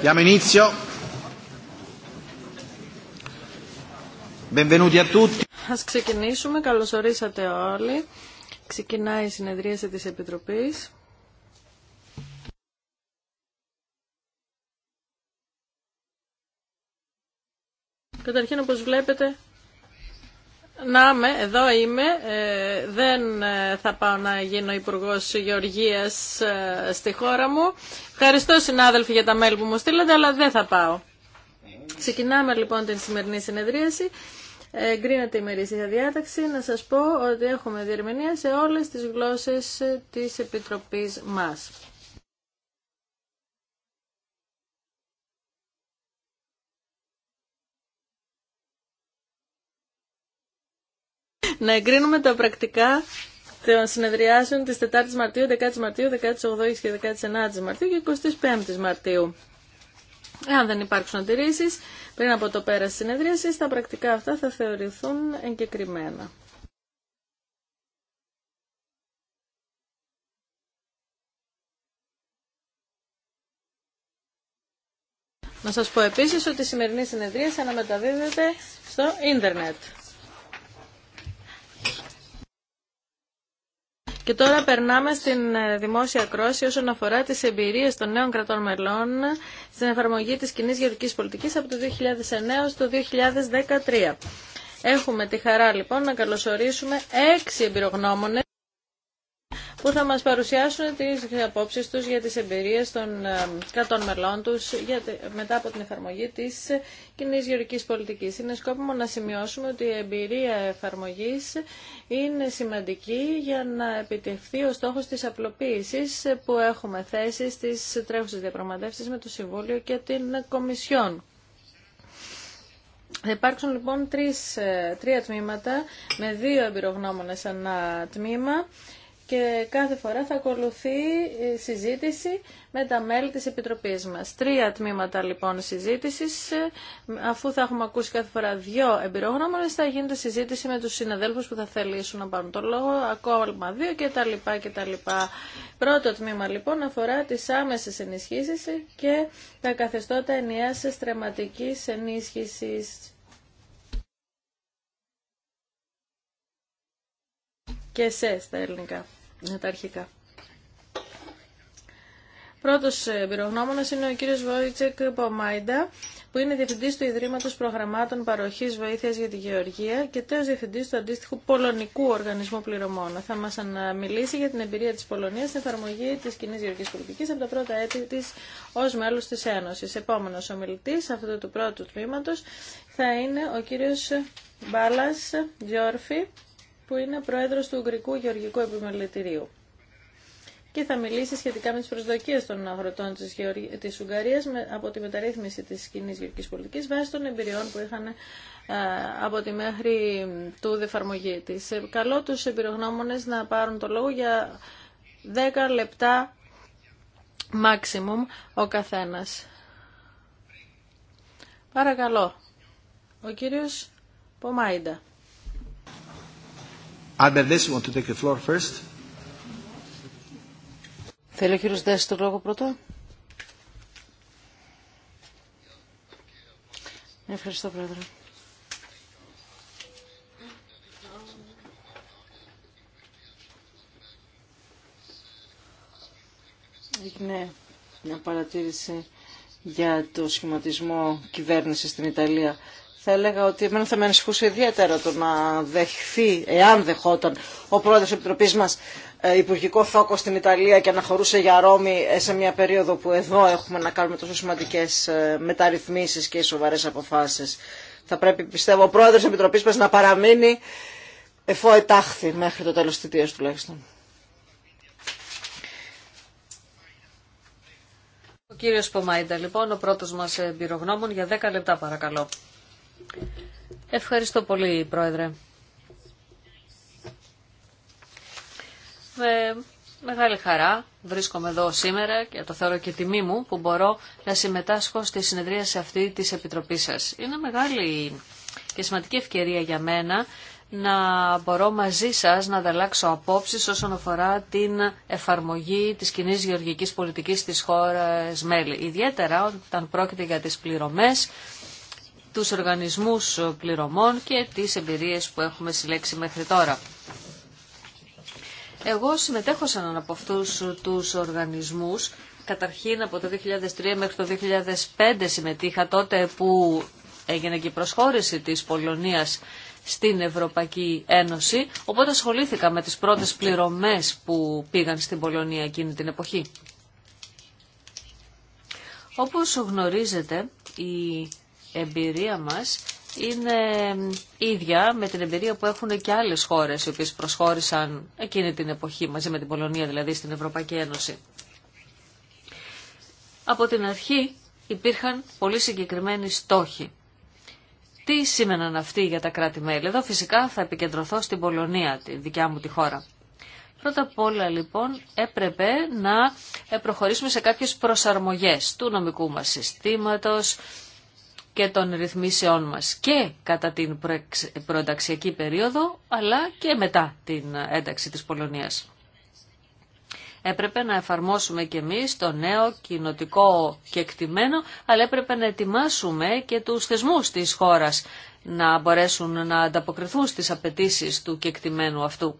Diamo inizio. Benvenuti a tutti. Ας ξεκινήσουμε. Καλωσορίσατε όλοι. Ξεκινάει η συνεδρίαση της Επιτροπής. Καταρχήν, όπως βλέπετε, να είμαι, εδώ είμαι. Ε, δεν ε, θα πάω να γίνω υπουργό Γεωργία ε, στη χώρα μου. Ευχαριστώ συνάδελφοι για τα mail που μου στείλατε, αλλά δεν θα πάω. Ξεκινάμε λοιπόν την σημερινή συνεδρίαση. Εγκρίνεται η μερίσια διάταξη. Να σας πω ότι έχουμε διερμηνία σε όλες τις γλώσσες της Επιτροπής μας. να εγκρίνουμε τα πρακτικά των συνεδριάσεων της 4ης Μαρτίου, 10ης Μαρτίου, 18ης και 19ης Μαρτίου και 25ης Μαρτίου. Εάν δεν υπάρξουν αντιρρήσεις, πριν από το πέρας της συνεδρίασης, τα πρακτικά αυτά θα θεωρηθούν εγκεκριμένα. Να σας πω επίσης ότι η σημερινή συνεδρία αναμεταδίδεται στο ίντερνετ. Και τώρα περνάμε στην ε, δημόσια κρόση όσον αφορά τις εμπειρίες των νέων κρατών μελών στην εφαρμογή της κοινή γεωργικής πολιτικής από το 2009 στο 2013. Έχουμε τη χαρά λοιπόν να καλωσορίσουμε έξι εμπειρογνώμονες που θα μας παρουσιάσουν τις απόψεις τους για τις εμπειρίες των ε, κρατών μελών τους μετά από την εφαρμογή της κοινή γεωρικής πολιτικής. Είναι σκόπιμο να σημειώσουμε ότι η εμπειρία εφαρμογής είναι σημαντική για να επιτευχθεί ο στόχος της απλοποίησης που έχουμε θέσει στις τρέχουσες διαπραγματεύσεις με το Συμβούλιο και την Κομισιόν. Θα υπάρξουν λοιπόν τρεις, ε, τρία τμήματα με δύο εμπειρογνώμονες ανά τμήμα και κάθε φορά θα ακολουθεί συζήτηση με τα μέλη της Επιτροπής μας. Τρία τμήματα λοιπόν συζήτησης, αφού θα έχουμε ακούσει κάθε φορά δύο εμπειρογνώμονες, θα γίνεται συζήτηση με τους συναδέλφους που θα θελήσουν να πάρουν τον λόγο, ακόμα δύο και τα λοιπά και τα Πρώτο τμήμα λοιπόν αφορά τις άμεσες ενισχύσεις και τα καθεστώτα ενιαίας στρεματικής ενίσχυσης. και σε στα ελληνικά. Ναι, τα αρχικά. Πρώτος ε, εμπειρογνώμονας είναι ο κύριος Βόιτσεκ Πομάιντα, που είναι διευθυντής του Ιδρύματος Προγραμμάτων Παροχής Βοήθειας για τη Γεωργία και τέος διευθυντής του αντίστοιχου Πολωνικού Οργανισμού Πληρωμών. Θα μας μιλήσει για την εμπειρία της Πολωνίας στην εφαρμογή της κοινή γεωργικής πολιτικής από τα πρώτα έτη της ως μέλος της Ένωσης. Επόμενος ομιλητής αυτού του πρώτου τμήματος θα είναι ο κύριος Μπάλας Γιόρφη, που είναι πρόεδρος του Ουγγρικού Γεωργικού Επιμελητηρίου και θα μιλήσει σχετικά με τις προσδοκίες των αγροτών της, Γεωργ... της Ουγγαρίας από τη μεταρρύθμιση της κοινή γεωργικής πολιτικής βάσει των εμπειριών που είχαν ε, από τη μέχρι του δεφαρμογή της. Ε, Καλώ τους εμπειρογνώμονες να πάρουν το λόγο για 10 λεπτά maximum ο καθένας. Παρακαλώ. Ο κύριος Πομάιντα. Θέλω, this, want Θέλει ο κύριος Δέσης λόγο πρώτα. Ευχαριστώ, Πρόεδρε. Έγινε μια παρατήρηση για το σχηματισμό κυβέρνησης στην Ιταλία θα έλεγα ότι εμένα θα με ανησυχούσε ιδιαίτερα το να δεχθεί, εάν δεχόταν, ο πρόεδρος της Επιτροπής μας ε, υπουργικό θόκο στην Ιταλία και να χωρούσε για Ρώμη ε, σε μια περίοδο που εδώ έχουμε να κάνουμε τόσο σημαντικές ε, μεταρρυθμίσεις και σοβαρές αποφάσεις. Θα πρέπει, πιστεύω, ο πρόεδρος της Επιτροπής μας να παραμείνει εφό ετάχθη μέχρι το τέλος της τουλάχιστον. Ο κύριος Πομάιντα, λοιπόν, ο πρώτος μας εμπειρογνώμων για 10 λεπτά παρακαλώ. Ευχαριστώ πολύ, Πρόεδρε. Με μεγάλη χαρά βρίσκομαι εδώ σήμερα και το θεωρώ και τιμή μου που μπορώ να συμμετάσχω στη συνεδρία σε αυτή της Επιτροπής σας. Είναι μεγάλη και σημαντική ευκαιρία για μένα να μπορώ μαζί σας να ανταλλάξω απόψεις όσον αφορά την εφαρμογή της κοινή γεωργικής πολιτικής της χώρας μέλη. Ιδιαίτερα όταν πρόκειται για τις πληρωμές τους οργανισμούς πληρωμών και τις εμπειρίες που έχουμε συλλέξει μέχρι τώρα. Εγώ συμμετέχω σε έναν από αυτούς τους οργανισμούς. Καταρχήν από το 2003 μέχρι το 2005 συμμετείχα τότε που έγινε και η προσχώρηση της Πολωνίας στην Ευρωπαϊκή Ένωση, οπότε ασχολήθηκα με τις πρώτες πληρωμές που πήγαν στην Πολωνία εκείνη την εποχή. Όπως γνωρίζετε, η εμπειρία μας είναι ίδια με την εμπειρία που έχουν και άλλες χώρες οι οποίες προσχώρησαν εκείνη την εποχή μαζί με την Πολωνία δηλαδή στην Ευρωπαϊκή Ένωση. Από την αρχή υπήρχαν πολύ συγκεκριμένοι στόχοι. Τι σήμαιναν αυτοί για τα κράτη-μέλη. Εδώ φυσικά θα επικεντρωθώ στην Πολωνία, τη δικιά μου τη χώρα. Πρώτα απ' όλα λοιπόν έπρεπε να ε, προχωρήσουμε σε κάποιες προσαρμογές του νομικού μας συστήματος, και των ρυθμίσεών μας και κατά την προενταξιακή περίοδο, αλλά και μετά την ένταξη της Πολωνίας. Έπρεπε να εφαρμόσουμε και εμείς το νέο κοινοτικό κεκτημένο, αλλά έπρεπε να ετοιμάσουμε και τους θεσμούς της χώρας να μπορέσουν να ανταποκριθούν στις απαιτήσεις του κεκτημένου αυτού.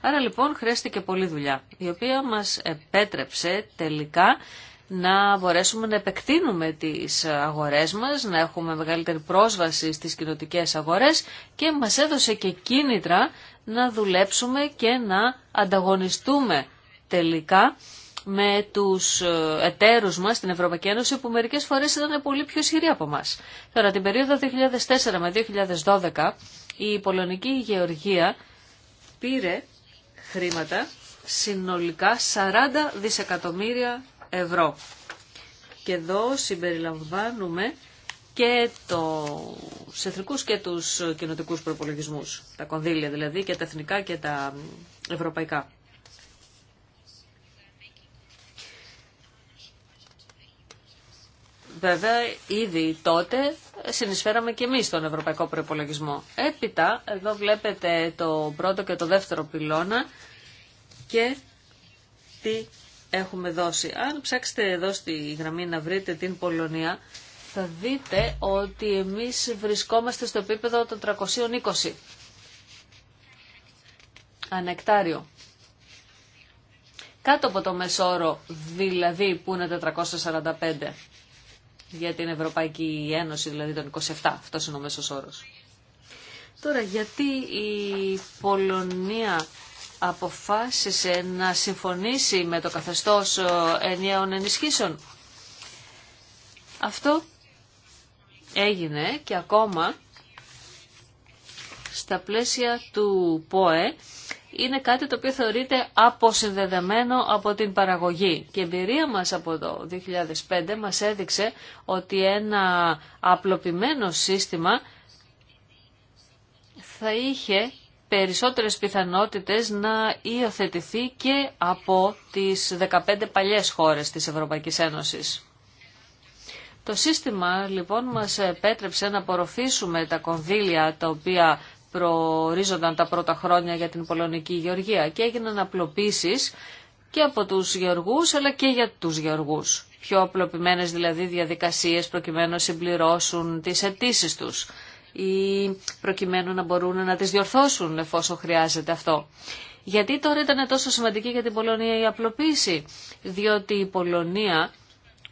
Άρα λοιπόν χρειάστηκε πολλή δουλειά, η οποία μας επέτρεψε τελικά να μπορέσουμε να επεκτείνουμε τις αγορές μας, να έχουμε μεγαλύτερη πρόσβαση στις κοινοτικέ αγορές και μας έδωσε και κίνητρα να δουλέψουμε και να ανταγωνιστούμε τελικά με τους ε, εταίρους μας στην Ευρωπαϊκή Ένωση που μερικές φορές ήταν πολύ πιο ισχυροί από μας. Τώρα την περίοδο 2004 με 2012 η Πολωνική Γεωργία πήρε χρήματα συνολικά 40 δισεκατομμύρια ευρώ. Και εδώ συμπεριλαμβάνουμε και το εθνικούς και τους κοινοτικούς προπολογισμούς, τα κονδύλια δηλαδή και τα εθνικά και τα ευρωπαϊκά. Βέβαια, ήδη τότε συνεισφέραμε και εμείς τον ευρωπαϊκό Προϋπολογισμό. Έπειτα, εδώ βλέπετε το πρώτο και το δεύτερο πυλώνα και τι έχουμε δώσει. Αν ψάξετε εδώ στη γραμμή να βρείτε την Πολωνία, θα δείτε ότι εμείς βρισκόμαστε στο επίπεδο των 320. Ανεκτάριο. Κάτω από το μεσόρο, δηλαδή, που είναι 445 για την Ευρωπαϊκή Ένωση, δηλαδή των 27. Αυτός είναι ο μέσος όρος. Τώρα, γιατί η Πολωνία αποφάσισε να συμφωνήσει με το καθεστώς ε, ενιαίων ενισχύσεων. Αυτό έγινε και ακόμα στα πλαίσια του ΠΟΕ είναι κάτι το οποίο θεωρείται αποσυνδεδεμένο από την παραγωγή. Και η εμπειρία μας από το 2005 μας έδειξε ότι ένα απλοποιημένο σύστημα θα είχε περισσότερες πιθανότητες να υιοθετηθεί και από τις 15 παλιές χώρες της Ευρωπαϊκής Ένωσης. Το σύστημα λοιπόν μας επέτρεψε να απορροφήσουμε τα κονδύλια τα οποία προορίζονταν τα πρώτα χρόνια για την πολωνική γεωργία και έγιναν απλοποίησεις και από τους γεωργούς αλλά και για τους γεωργούς. Πιο απλοποιημένες δηλαδή διαδικασίες προκειμένου να συμπληρώσουν τις αιτήσει τους ή προκειμένου να μπορούν να τις διορθώσουν εφόσον χρειάζεται αυτό. Γιατί τώρα ήταν τόσο σημαντική για την Πολωνία η απλοποίηση, διότι η Πολωνία,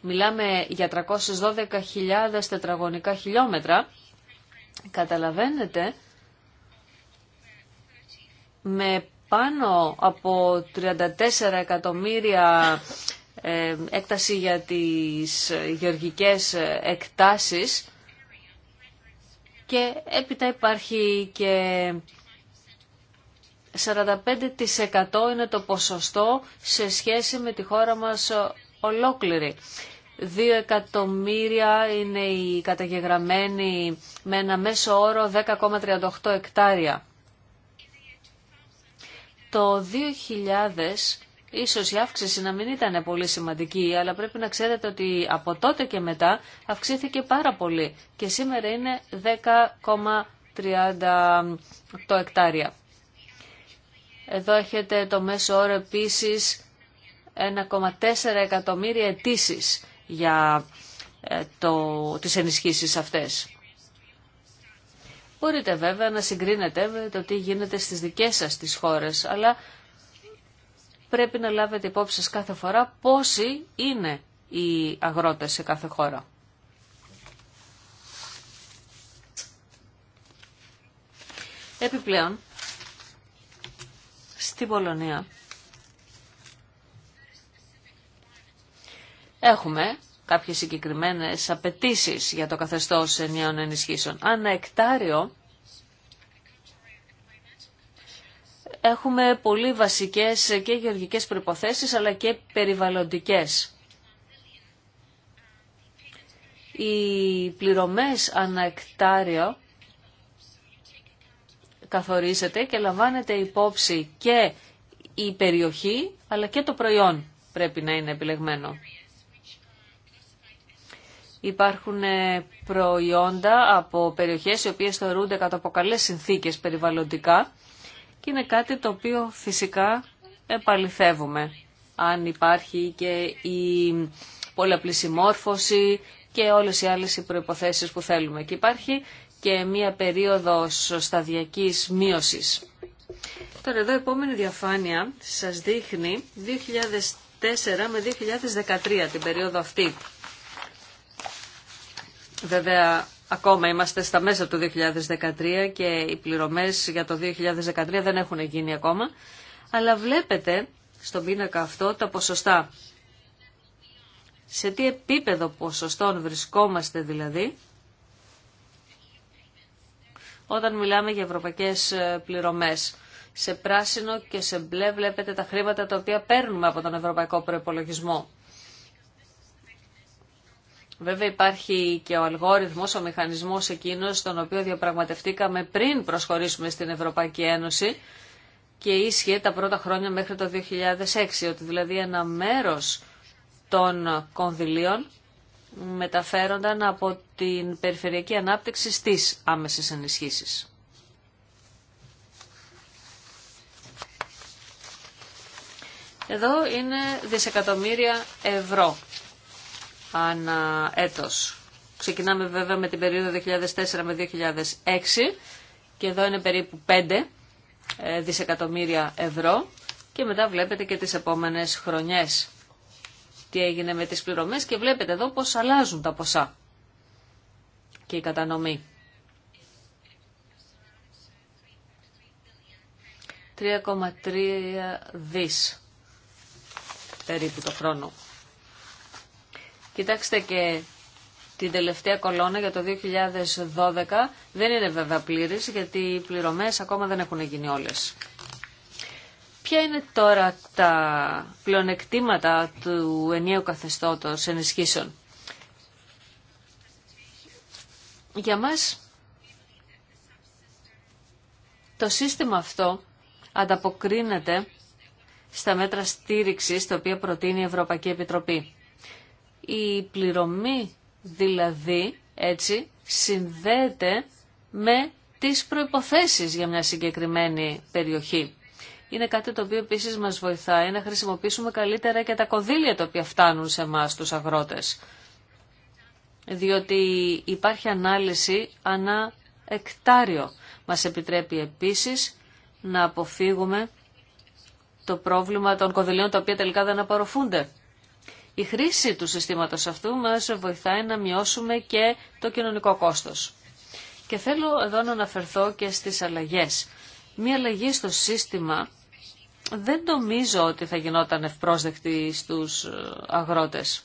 μιλάμε για 312.000 τετραγωνικά χιλιόμετρα, καταλαβαίνετε, με πάνω από 34 εκατομμύρια ε, έκταση για τις γεωργικές ε, εκτάσεις και έπειτα υπάρχει και 45% είναι το ποσοστό σε σχέση με τη χώρα μας ολόκληρη. 2 εκατομμύρια είναι οι καταγεγραμμένοι με ένα μέσο όρο 10,38 εκτάρια. Το 2000 Ίσως η αύξηση να μην ήταν πολύ σημαντική, αλλά πρέπει να ξέρετε ότι από τότε και μετά αυξήθηκε πάρα πολύ και σήμερα είναι 10,30 το εκτάρια. Εδώ έχετε το μέσο όρο επίσης 1,4 εκατομμύρια αιτήσει για ε, το, τις ενισχύσεις αυτές. Μπορείτε βέβαια να συγκρίνετε με το τι γίνεται στις δικές σας τις χώρες, αλλά πρέπει να λάβετε υπόψη σας κάθε φορά πόσοι είναι οι αγρότες σε κάθε χώρα. Επιπλέον, στην Πολωνία έχουμε κάποιες συγκεκριμένες απαιτήσει για το καθεστώς ενιαίων ενισχύσεων. Ανά εκτάριο έχουμε πολύ βασικές και γεωργικές προϋποθέσεις αλλά και περιβαλλοντικές. Οι πληρωμές αναεκτάριο καθορίζεται και λαμβάνεται υπόψη και η περιοχή αλλά και το προϊόν πρέπει να είναι επιλεγμένο. Υπάρχουν ε, προϊόντα από περιοχές οι οποίες θεωρούνται κατά από καλές συνθήκες περιβαλλοντικά και είναι κάτι το οποίο φυσικά επαληθεύουμε. Αν υπάρχει και η πολλαπλή και όλες οι άλλες οι προϋποθέσεις που θέλουμε. Και υπάρχει και μία περίοδος σταδιακής μείωσης. Τώρα εδώ η επόμενη διαφάνεια σας δείχνει 2004 με 2013 την περίοδο αυτή. Βέβαια Ακόμα είμαστε στα μέσα του 2013 και οι πληρωμές για το 2013 δεν έχουν γίνει ακόμα. Αλλά βλέπετε στον πίνακα αυτό τα ποσοστά. Σε τι επίπεδο ποσοστών βρισκόμαστε δηλαδή όταν μιλάμε για ευρωπαϊκές ε, πληρωμές. Σε πράσινο και σε μπλε βλέπετε τα χρήματα τα οποία παίρνουμε από τον ευρωπαϊκό προπολογισμό. Βέβαια υπάρχει και ο αλγόριθμος, ο μηχανισμός εκείνος τον οποίο διαπραγματευτήκαμε πριν προσχωρήσουμε στην Ευρωπαϊκή Ένωση και ίσχυε τα πρώτα χρόνια μέχρι το 2006, ότι δηλαδή ένα μέρος των κονδυλίων μεταφέρονταν από την περιφερειακή ανάπτυξη στις άμεσες ενισχύσεις. Εδώ είναι δισεκατομμύρια ευρώ ανά έτος. Ξεκινάμε βέβαια με την περίοδο 2004 με 2006 και εδώ είναι περίπου 5 ε, δισεκατομμύρια ευρώ και μετά βλέπετε και τις επόμενες χρονιές τι έγινε με τις πληρωμές και βλέπετε εδώ πως αλλάζουν τα ποσά και η κατανομή. 3,3 δις περίπου το χρόνο. Κοιτάξτε και την τελευταία κολόνα για το 2012. Δεν είναι βέβαια πλήρης γιατί οι πληρωμές ακόμα δεν έχουν γίνει όλες. Ποια είναι τώρα τα πλεονεκτήματα του ενιαίου καθεστώτος ενισχύσεων. Για μας το σύστημα αυτό ανταποκρίνεται στα μέτρα στήριξης τα οποία προτείνει η Ευρωπαϊκή Επιτροπή. Η πληρωμή δηλαδή έτσι συνδέεται με τις προϋποθέσεις για μια συγκεκριμένη περιοχή. Είναι κάτι το οποίο επίση μας βοηθάει να χρησιμοποιήσουμε καλύτερα και τα κονδύλια τα οποία φτάνουν σε εμά τους αγρότες. Διότι υπάρχει ανάλυση ανά εκτάριο. Μας επιτρέπει επίσης να αποφύγουμε το πρόβλημα των κονδυλίων τα οποία τελικά δεν απορροφούνται. Η χρήση του συστήματος αυτού μας βοηθάει να μειώσουμε και το κοινωνικό κόστος. Και θέλω εδώ να αναφερθώ και στις αλλαγές. Μία αλλαγή στο σύστημα δεν νομίζω ότι θα γινόταν ευπρόσδεκτη στους ε, αγρότες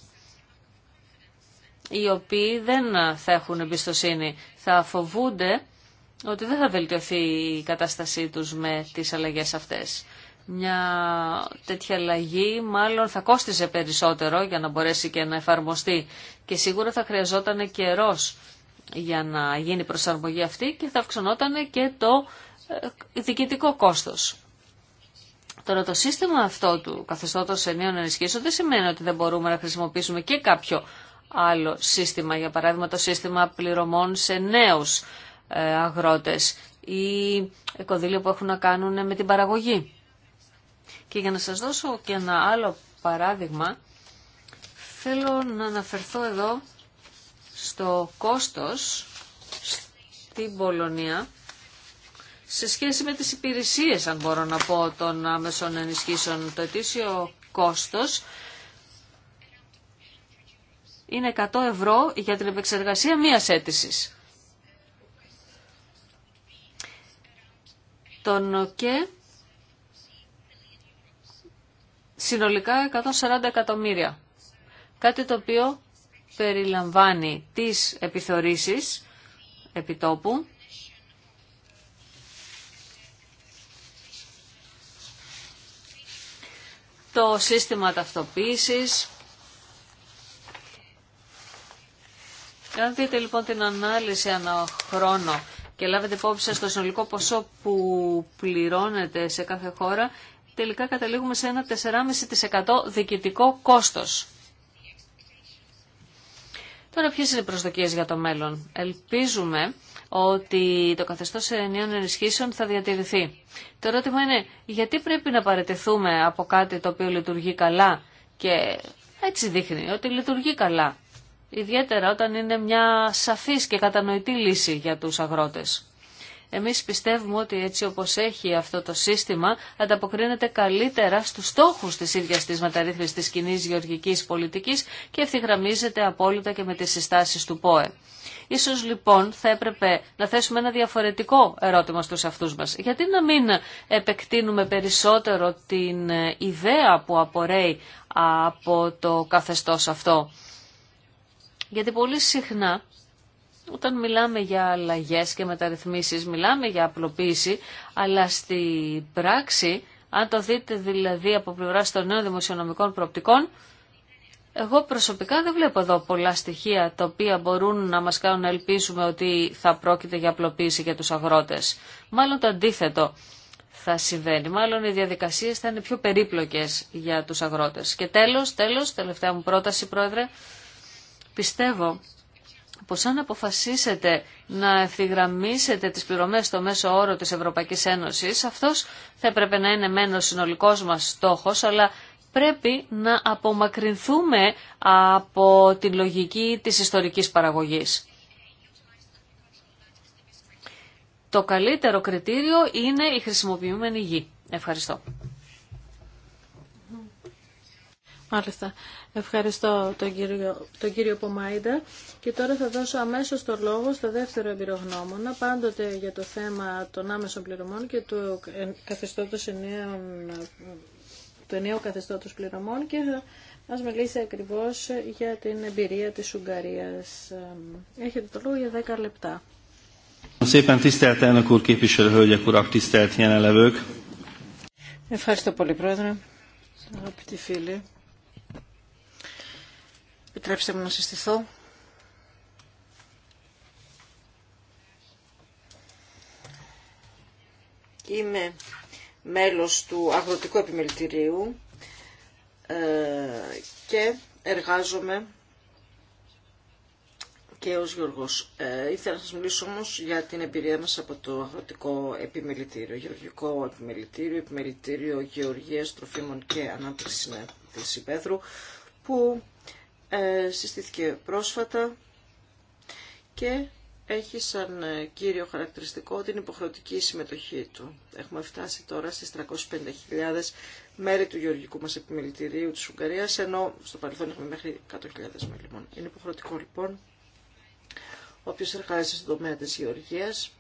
οι οποίοι δεν θα έχουν εμπιστοσύνη. Θα φοβούνται ότι δεν θα βελτιωθεί η κατάστασή τους με τις αλλαγές αυτές μια τέτοια αλλαγή μάλλον θα κόστιζε περισσότερο για να μπορέσει και να εφαρμοστεί και σίγουρα θα χρειαζόταν καιρός για να γίνει η προσαρμογή αυτή και θα αυξανόταν και το ε, διοικητικό κόστος. Τώρα το σύστημα αυτό του καθεστώτος ενίων ενισχύσεων δεν σημαίνει ότι δεν μπορούμε να χρησιμοποιήσουμε και κάποιο άλλο σύστημα, για παράδειγμα το σύστημα πληρωμών σε νέους ε, αγρότες ή κονδύλια που έχουν να κάνουν με την παραγωγή. Και για να σας δώσω και ένα άλλο παράδειγμα, θέλω να αναφερθώ εδώ στο κόστος στην Πολωνία σε σχέση με τις υπηρεσίες, αν μπορώ να πω, των άμεσων ενισχύσεων. Το ετήσιο κόστος είναι 100 ευρώ για την επεξεργασία μίας αίτησης. Τον ΟΚΕ συνολικά 140 εκατομμύρια. Κάτι το οποίο περιλαμβάνει τις επιθεωρήσεις επιτόπου, το σύστημα ταυτοποίησης. Αν δείτε λοιπόν την ανάλυση ανά χρόνο και λάβετε υπόψη σας το συνολικό ποσό που πληρώνεται σε κάθε χώρα, τελικά καταλήγουμε σε ένα 4,5% διοικητικό κόστος. Τώρα ποιες είναι οι προσδοκίες για το μέλλον. Ελπίζουμε ότι το καθεστώς ενιαίων ενισχύσεων θα διατηρηθεί. Το ερώτημα είναι γιατί πρέπει να παραιτηθούμε από κάτι το οποίο λειτουργεί καλά και έτσι δείχνει ότι λειτουργεί καλά. Ιδιαίτερα όταν είναι μια σαφής και κατανοητή λύση για τους αγρότες. Εμείς πιστεύουμε ότι έτσι όπως έχει αυτό το σύστημα ανταποκρίνεται καλύτερα στους στόχους της ίδιας της μεταρρύθμισης της κοινή γεωργικής πολιτικής και ευθυγραμμίζεται απόλυτα και με τις συστάσεις του ΠΟΕ. Ίσως λοιπόν θα έπρεπε να θέσουμε ένα διαφορετικό ερώτημα στους αυτούς μας. Γιατί να μην επεκτείνουμε περισσότερο την ιδέα που απορρέει από το καθεστώς αυτό. Γιατί πολύ συχνά όταν μιλάμε για αλλαγές και μεταρρυθμίσεις, μιλάμε για απλοποίηση, αλλά στη πράξη, αν το δείτε δηλαδή από πλευρά των νέων δημοσιονομικών προοπτικών, εγώ προσωπικά δεν βλέπω εδώ πολλά στοιχεία τα οποία μπορούν να μας κάνουν να ελπίσουμε ότι θα πρόκειται για απλοποίηση για τους αγρότες. Μάλλον το αντίθετο θα συμβαίνει. Μάλλον οι διαδικασίες θα είναι πιο περίπλοκες για τους αγρότες. Και τέλος, τέλος, τελευταία μου πρόταση πρόεδρε, πιστεύω πως αν αποφασίσετε να ευθυγραμμίσετε τις πληρωμές στο μέσο όρο της Ευρωπαϊκής Ένωσης, αυτός θα έπρεπε να είναι μένος συνολικός μας στόχος, αλλά πρέπει να απομακρυνθούμε από την λογική της ιστορικής παραγωγής. Το καλύτερο κριτήριο είναι η χρησιμοποιούμενη γη. Ευχαριστώ. Μάλιστα. Ευχαριστώ τον κύριο, τον κύριο Πομάιντα και τώρα θα δώσω αμέσως το λόγο στο δεύτερο εμπειρογνώμονα πάντοτε για το θέμα των άμεσων πληρωμών και του καθεστώτος του ενιαίου καθεστώτος πληρωμών και θα μας μιλήσει ακριβώς για την εμπειρία της Ουγγαρίας. Έχετε το λόγο για 10 λεπτά. Ευχαριστώ πολύ, Πρόεδρε. Αγαπητοί φίλοι, Επιτρέψτε μου να συστηθώ. Είμαι μέλος του Αγροτικού Επιμελητηρίου ε, και εργάζομαι και ως Γιώργος. Ε, ήθελα να σας μιλήσω όμως για την εμπειρία μας από το Αγροτικό Επιμελητήριο, Γεωργικό Επιμελητήριο, Επιμελητήριο Γεωργίας Τροφίμων και Ανάπτυξης της Υπέδρου, που ε, συστήθηκε πρόσφατα και έχει σαν ε, κύριο χαρακτηριστικό την υποχρεωτική συμμετοχή του. Έχουμε φτάσει τώρα στις 350.000 μέρη του γεωργικού μας επιμελητηρίου της Ουγγαρίας, ενώ στο παρελθόν έχουμε μέχρι 100.000 μέλη. Λοιπόν, είναι υποχρεωτικό λοιπόν όποιος εργάζεται στον τομέα της γεωργίας,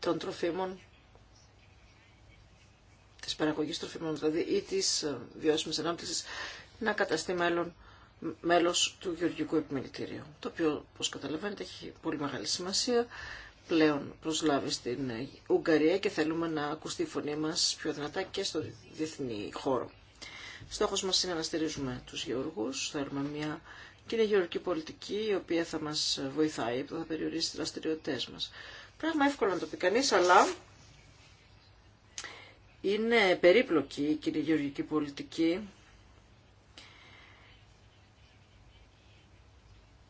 των τροφίμων, της παραγωγής τροφίμων δηλαδή ή της ε, βιώσιμης ανάπτυξης, να καταστεί μέλλον μέλος του Γεωργικού Επιμελητηρίου, το οποίο, όπως καταλαβαίνετε, έχει πολύ μεγάλη σημασία. Πλέον προσλάβει στην Ουγγαρία και θέλουμε να ακουστεί η φωνή μας πιο δυνατά και στο διεθνή χώρο. Στόχος μας είναι να στηρίζουμε τους γεωργούς, θέλουμε μια κοινή γεωργική πολιτική η οποία θα μας βοηθάει, που θα περιορίσει τις δραστηριότητε μας. Πράγμα εύκολο να το πει κανείς, αλλά είναι περίπλοκη η γεωργική πολιτική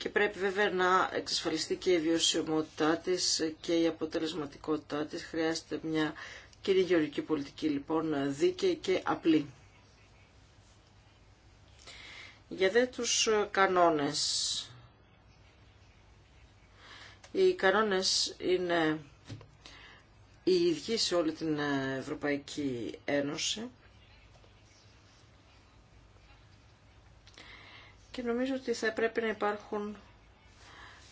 και πρέπει βέβαια να εξασφαλιστεί και η βιωσιμότητά της και η αποτελεσματικότητά της. Χρειάζεται μια κοινή πολιτική λοιπόν δίκαιη και απλή. Για δε τους κανόνες. Οι κανόνες είναι οι ίδιοι σε όλη την Ευρωπαϊκή Ένωση και νομίζω ότι θα πρέπει να υπάρχουν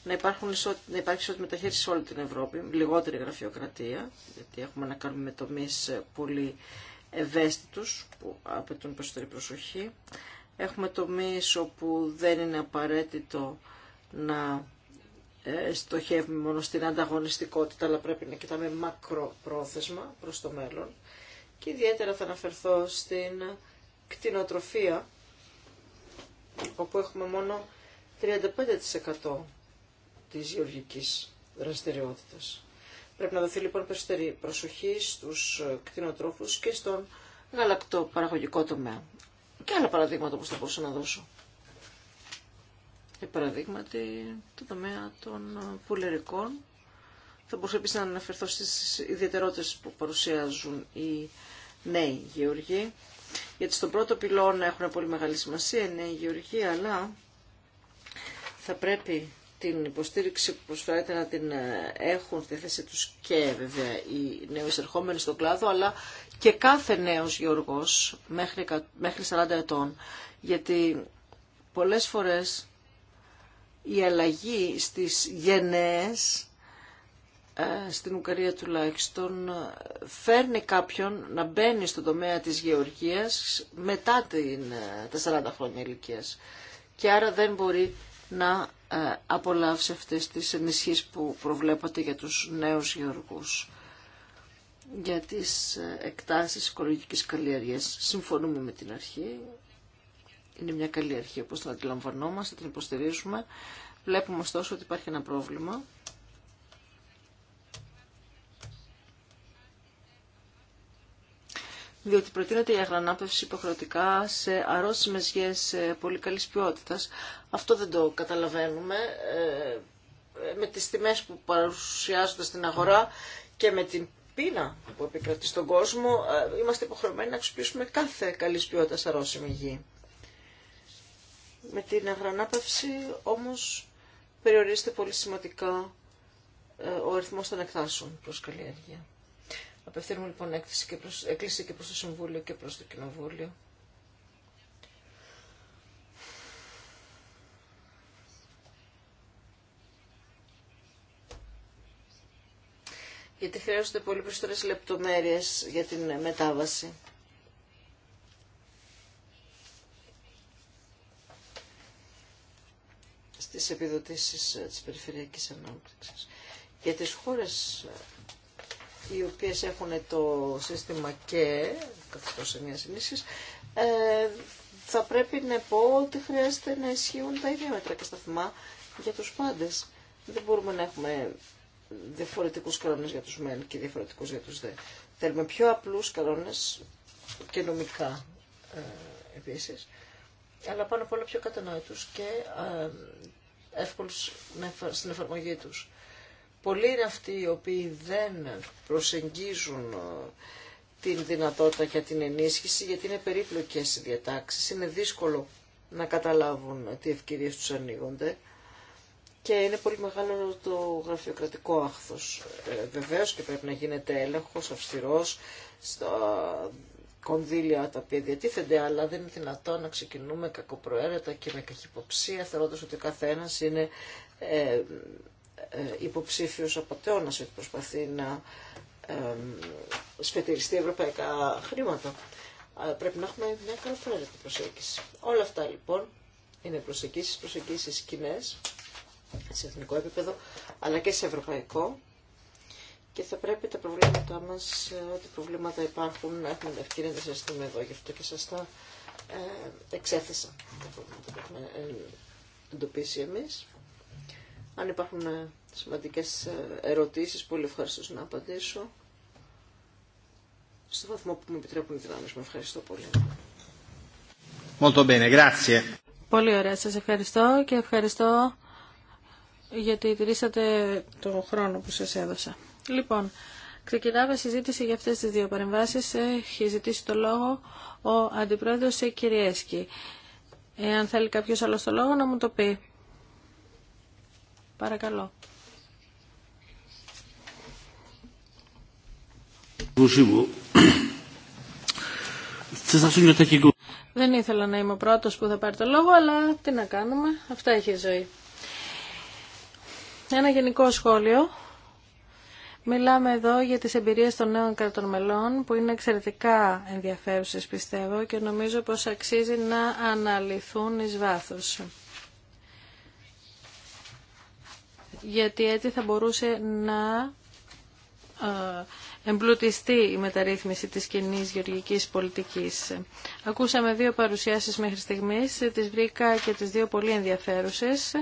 να, υπάρχουν να υπάρχει ισότητα μεταχείριση σε όλη την Ευρώπη, λιγότερη γραφειοκρατία, γιατί έχουμε να κάνουμε τομεί πολύ ευαίσθητου που απαιτούν περισσότερη προσοχή. Έχουμε τομείς όπου δεν είναι απαραίτητο να ε, στοχεύουμε μόνο στην ανταγωνιστικότητα, αλλά πρέπει να κοιτάμε μακροπρόθεσμα προς το μέλλον. Και ιδιαίτερα θα αναφερθώ στην κτηνοτροφία, όπου έχουμε μόνο 35% της γεωργικής δραστηριότητας. Πρέπει να δοθεί λοιπόν περισσότερη προσοχή στους κτηνοτρόφους και στον γαλακτοπαραγωγικό τομέα. Και άλλα παραδείγματα που θα μπορούσα να δώσω. Για παραδείγματι, το τομέα των πουλερικών. Θα μπορούσα επίσης να αναφερθώ στις ιδιαιτερότητες που παρουσιάζουν οι νέοι γεωργοί γιατί στον πρώτο πυλώνα έχουν πολύ μεγάλη σημασία, είναι η γεωργία, αλλά θα πρέπει την υποστήριξη που προσφέρεται να την ε, έχουν στη θέση τους και βέβαια οι νέοι εισερχόμενοι στον κλάδο, αλλά και κάθε νέος γεωργός μέχρι, μέχρι 40 ετών. Γιατί πολλές φορές η αλλαγή στις γενναίες ε, στην Ουγγαρία τουλάχιστον ε, φέρνει κάποιον να μπαίνει στον τομέα της γεωργίας μετά την, ε, τα 40 χρόνια ηλικία. και άρα δεν μπορεί να απολαύσει αυτές τις ενισχύσεις που προβλέπατε για τους νέους γεωργούς για τις εκτάσεις οικολογικής καλλιεργίας. Συμφωνούμε με την αρχή. Είναι μια καλή αρχή όπως την αντιλαμβανόμαστε, την υποστηρίζουμε. Βλέπουμε ωστόσο ότι υπάρχει ένα πρόβλημα διότι προτείνεται η αγρανάπευση υποχρεωτικά σε αρρώσιμες γης πολύ καλής ποιότητας. Αυτό δεν το καταλαβαίνουμε. Ε, ε, με τις τιμές που παρουσιάζονται στην αγορά και με την πείνα που επικρατεί στον κόσμο, ε, είμαστε υποχρεωμένοι να αξιοποιήσουμε κάθε καλή ποιότητα αρρώσιμη γη. Με την αγρανάπευση όμως περιορίζεται πολύ σημαντικά ο αριθμός των εκτάσεων προς καλλιέργεια. Απευθύνουμε λοιπόν έκκληση και, προς, έκκληση και προς το Συμβούλιο και προς το Κοινοβούλιο. γιατί χρειάζονται πολύ περισσότερες λεπτομέρειες για την μετάβαση. Στις επιδοτήσεις ε, της περιφερειακής ανάπτυξης. Για τις χώρες ε, οι οποίες έχουν το σύστημα και καθώς σε μια ε, θα πρέπει να πω ότι χρειάζεται να ισχύουν τα ίδια μέτρα και σταθμά για τους πάντες. Δεν μπορούμε να έχουμε διαφορετικούς κανόνες για τους μεν και διαφορετικούς για τους δε. Θέλουμε πιο απλούς κανόνες και νομικά ε, επίσης, αλλά πάνω απ' όλα πιο κατανοητούς και ε, εύκολους στην εφαρμογή τους. Πολλοί είναι αυτοί οι οποίοι δεν προσεγγίζουν ε, την δυνατότητα για την ενίσχυση, γιατί είναι περίπλοκες οι διατάξεις, είναι δύσκολο να καταλάβουν τι ευκαιρίες τους ανοίγονται και είναι πολύ μεγάλο το γραφειοκρατικό άχθος. Ε, βεβαίως και πρέπει να γίνεται έλεγχος αυστηρός στα κονδύλια τα οποία διατίθενται, αλλά δεν είναι δυνατό να ξεκινούμε κακοπροαίρετα και με καχυποψία, θεωρώντας ότι ο καθένας είναι ε, ε, υποψήφιος απαταιώνας ότι προσπαθεί να σφετηριστεί ευρωπαϊκά χρήματα. Πρέπει να έχουμε μια καλοφέρετη προσέγγιση. Όλα αυτά λοιπόν είναι προσεγγίσεις, προσεγγίσεις κοινέ σε εθνικό επίπεδο αλλά και σε ευρωπαϊκό και θα πρέπει τα προβλήματά μας, ε, ό,τι προβλήματα υπάρχουν, να έχουμε ευκαιρία να δούμε εδώ. Γι' αυτό και σας τα ε, εξέθεσα τα προβλήματα που έχουμε ε, εντοπίσει εμείς. Αν υπάρχουν ε, σημαντικές ε, ερωτήσεις, πολύ ευχαριστώ να απαντήσω. Στο βαθμό που μου επιτρέπουν οι δυνάμεις μου. Ευχαριστώ πολύ. Πολύ ωραία. Σας ευχαριστώ και ευχαριστώ γιατί τηρήσατε το χρόνο που σας έδωσα. Λοιπόν, ξεκινάμε συζήτηση για αυτές τις δύο παρεμβάσεις. Έχει ζητήσει το λόγο ο Αντιπρόεδρος Κυριέσκη. Εάν θέλει κάποιος άλλος το λόγο να μου το πει. Παρακαλώ. Δεν ήθελα να είμαι ο πρώτος που θα πάρει το λόγο, αλλά τι να κάνουμε, αυτά έχει η ζωή. Ένα γενικό σχόλιο. Μιλάμε εδώ για τις εμπειρίες των νέων κρατών μελών που είναι εξαιρετικά ενδιαφέρουσες πιστεύω και νομίζω πως αξίζει να αναλυθούν εις βάθος. γιατί έτσι θα μπορούσε να ε, εμπλουτιστεί η μεταρρύθμιση της κοινή γεωργικής πολιτικής. Ακούσαμε δύο παρουσιάσεις μέχρι στιγμής, τις βρήκα και τις δύο πολύ ενδιαφέρουσες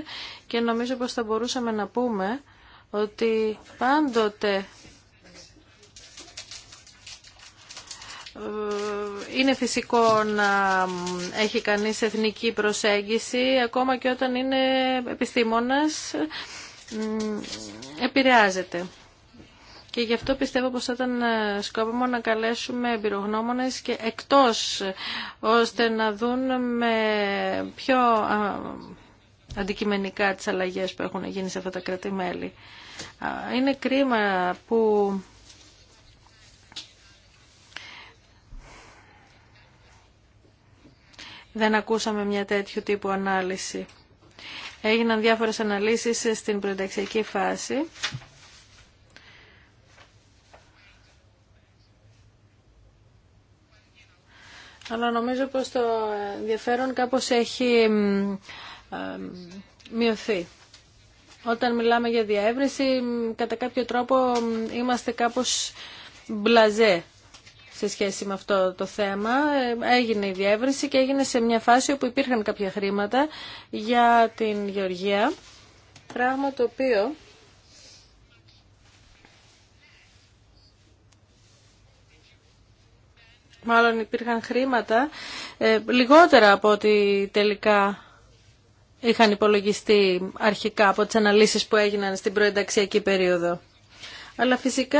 και νομίζω πως θα μπορούσαμε να πούμε ότι πάντοτε ε, είναι φυσικό να έχει κανείς εθνική προσέγγιση ακόμα και όταν είναι επιστήμονας επηρεάζεται. Και γι' αυτό πιστεύω πως θα ήταν ε, σκόπιμο να καλέσουμε εμπειρογνώμονες και εκτός, ώστε να δουν με πιο αντικειμενικά τις αλλαγές που έχουν γίνει σε αυτά τα κρατη Είναι κρίμα που δεν ακούσαμε μια τέτοιου τύπου ανάλυση. Έγιναν διάφορες αναλύσεις στην προεταξιακή φάση. Αλλά νομίζω πως το ενδιαφέρον κάπως έχει ε, μειωθεί. Όταν μιλάμε για διαέβρεση, κατά κάποιο τρόπο είμαστε κάπως μπλαζέ σε σχέση με αυτό το θέμα. Έγινε η διεύρυνση και έγινε σε μια φάση όπου υπήρχαν κάποια χρήματα για την Γεωργία, πράγμα το οποίο μάλλον υπήρχαν χρήματα ε, λιγότερα από ότι τελικά είχαν υπολογιστεί αρχικά από τις αναλύσεις που έγιναν στην προενταξιακή περίοδο. Αλλά φυσικά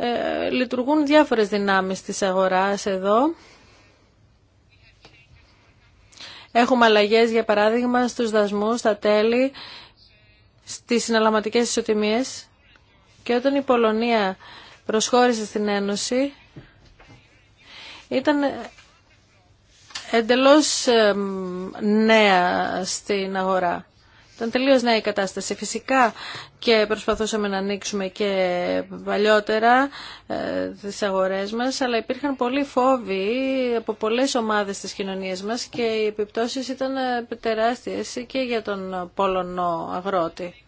ε, λειτουργούν διάφορες δυνάμεις της αγοράς εδώ. Έχουμε αλλαγές, για παράδειγμα, στους δασμούς, στα τέλη, στις συναλλαγματικές ισοτιμίες. Και όταν η Πολωνία προσχώρησε στην Ένωση, ήταν εντελώς νέα στην αγορά. Ήταν τελείως νέα η κατάσταση. Φυσικά και προσπαθούσαμε να ανοίξουμε και παλιότερα ε, τις αγορές μας, αλλά υπήρχαν πολλοί φόβοι από πολλές ομάδες της κοινωνίας μας και οι επιπτώσεις ήταν ε, τεράστιες και για τον Πολωνό αγρότη.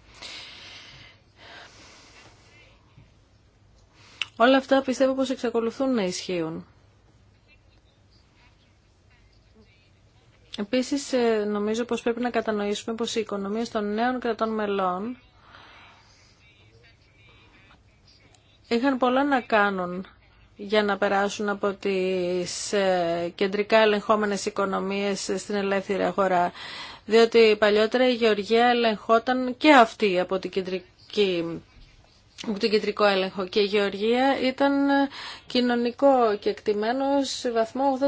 Όλα αυτά πιστεύω πως εξακολουθούν να ισχύουν. Επίσης, ε, νομίζω πως πρέπει να κατανοήσουμε πως οι οικονομίες των νέων κρατών μελών είχαν πολλά να κάνουν για να περάσουν από τις ε, κεντρικά ελεγχόμενες οικονομίες στην ελεύθερη αγορά. Διότι παλιότερα η Γεωργία ελεγχόταν και αυτή από την κεντρική από τον κεντρικό έλεγχο και η γεωργία ήταν ε, κοινωνικό και εκτιμένο σε βαθμό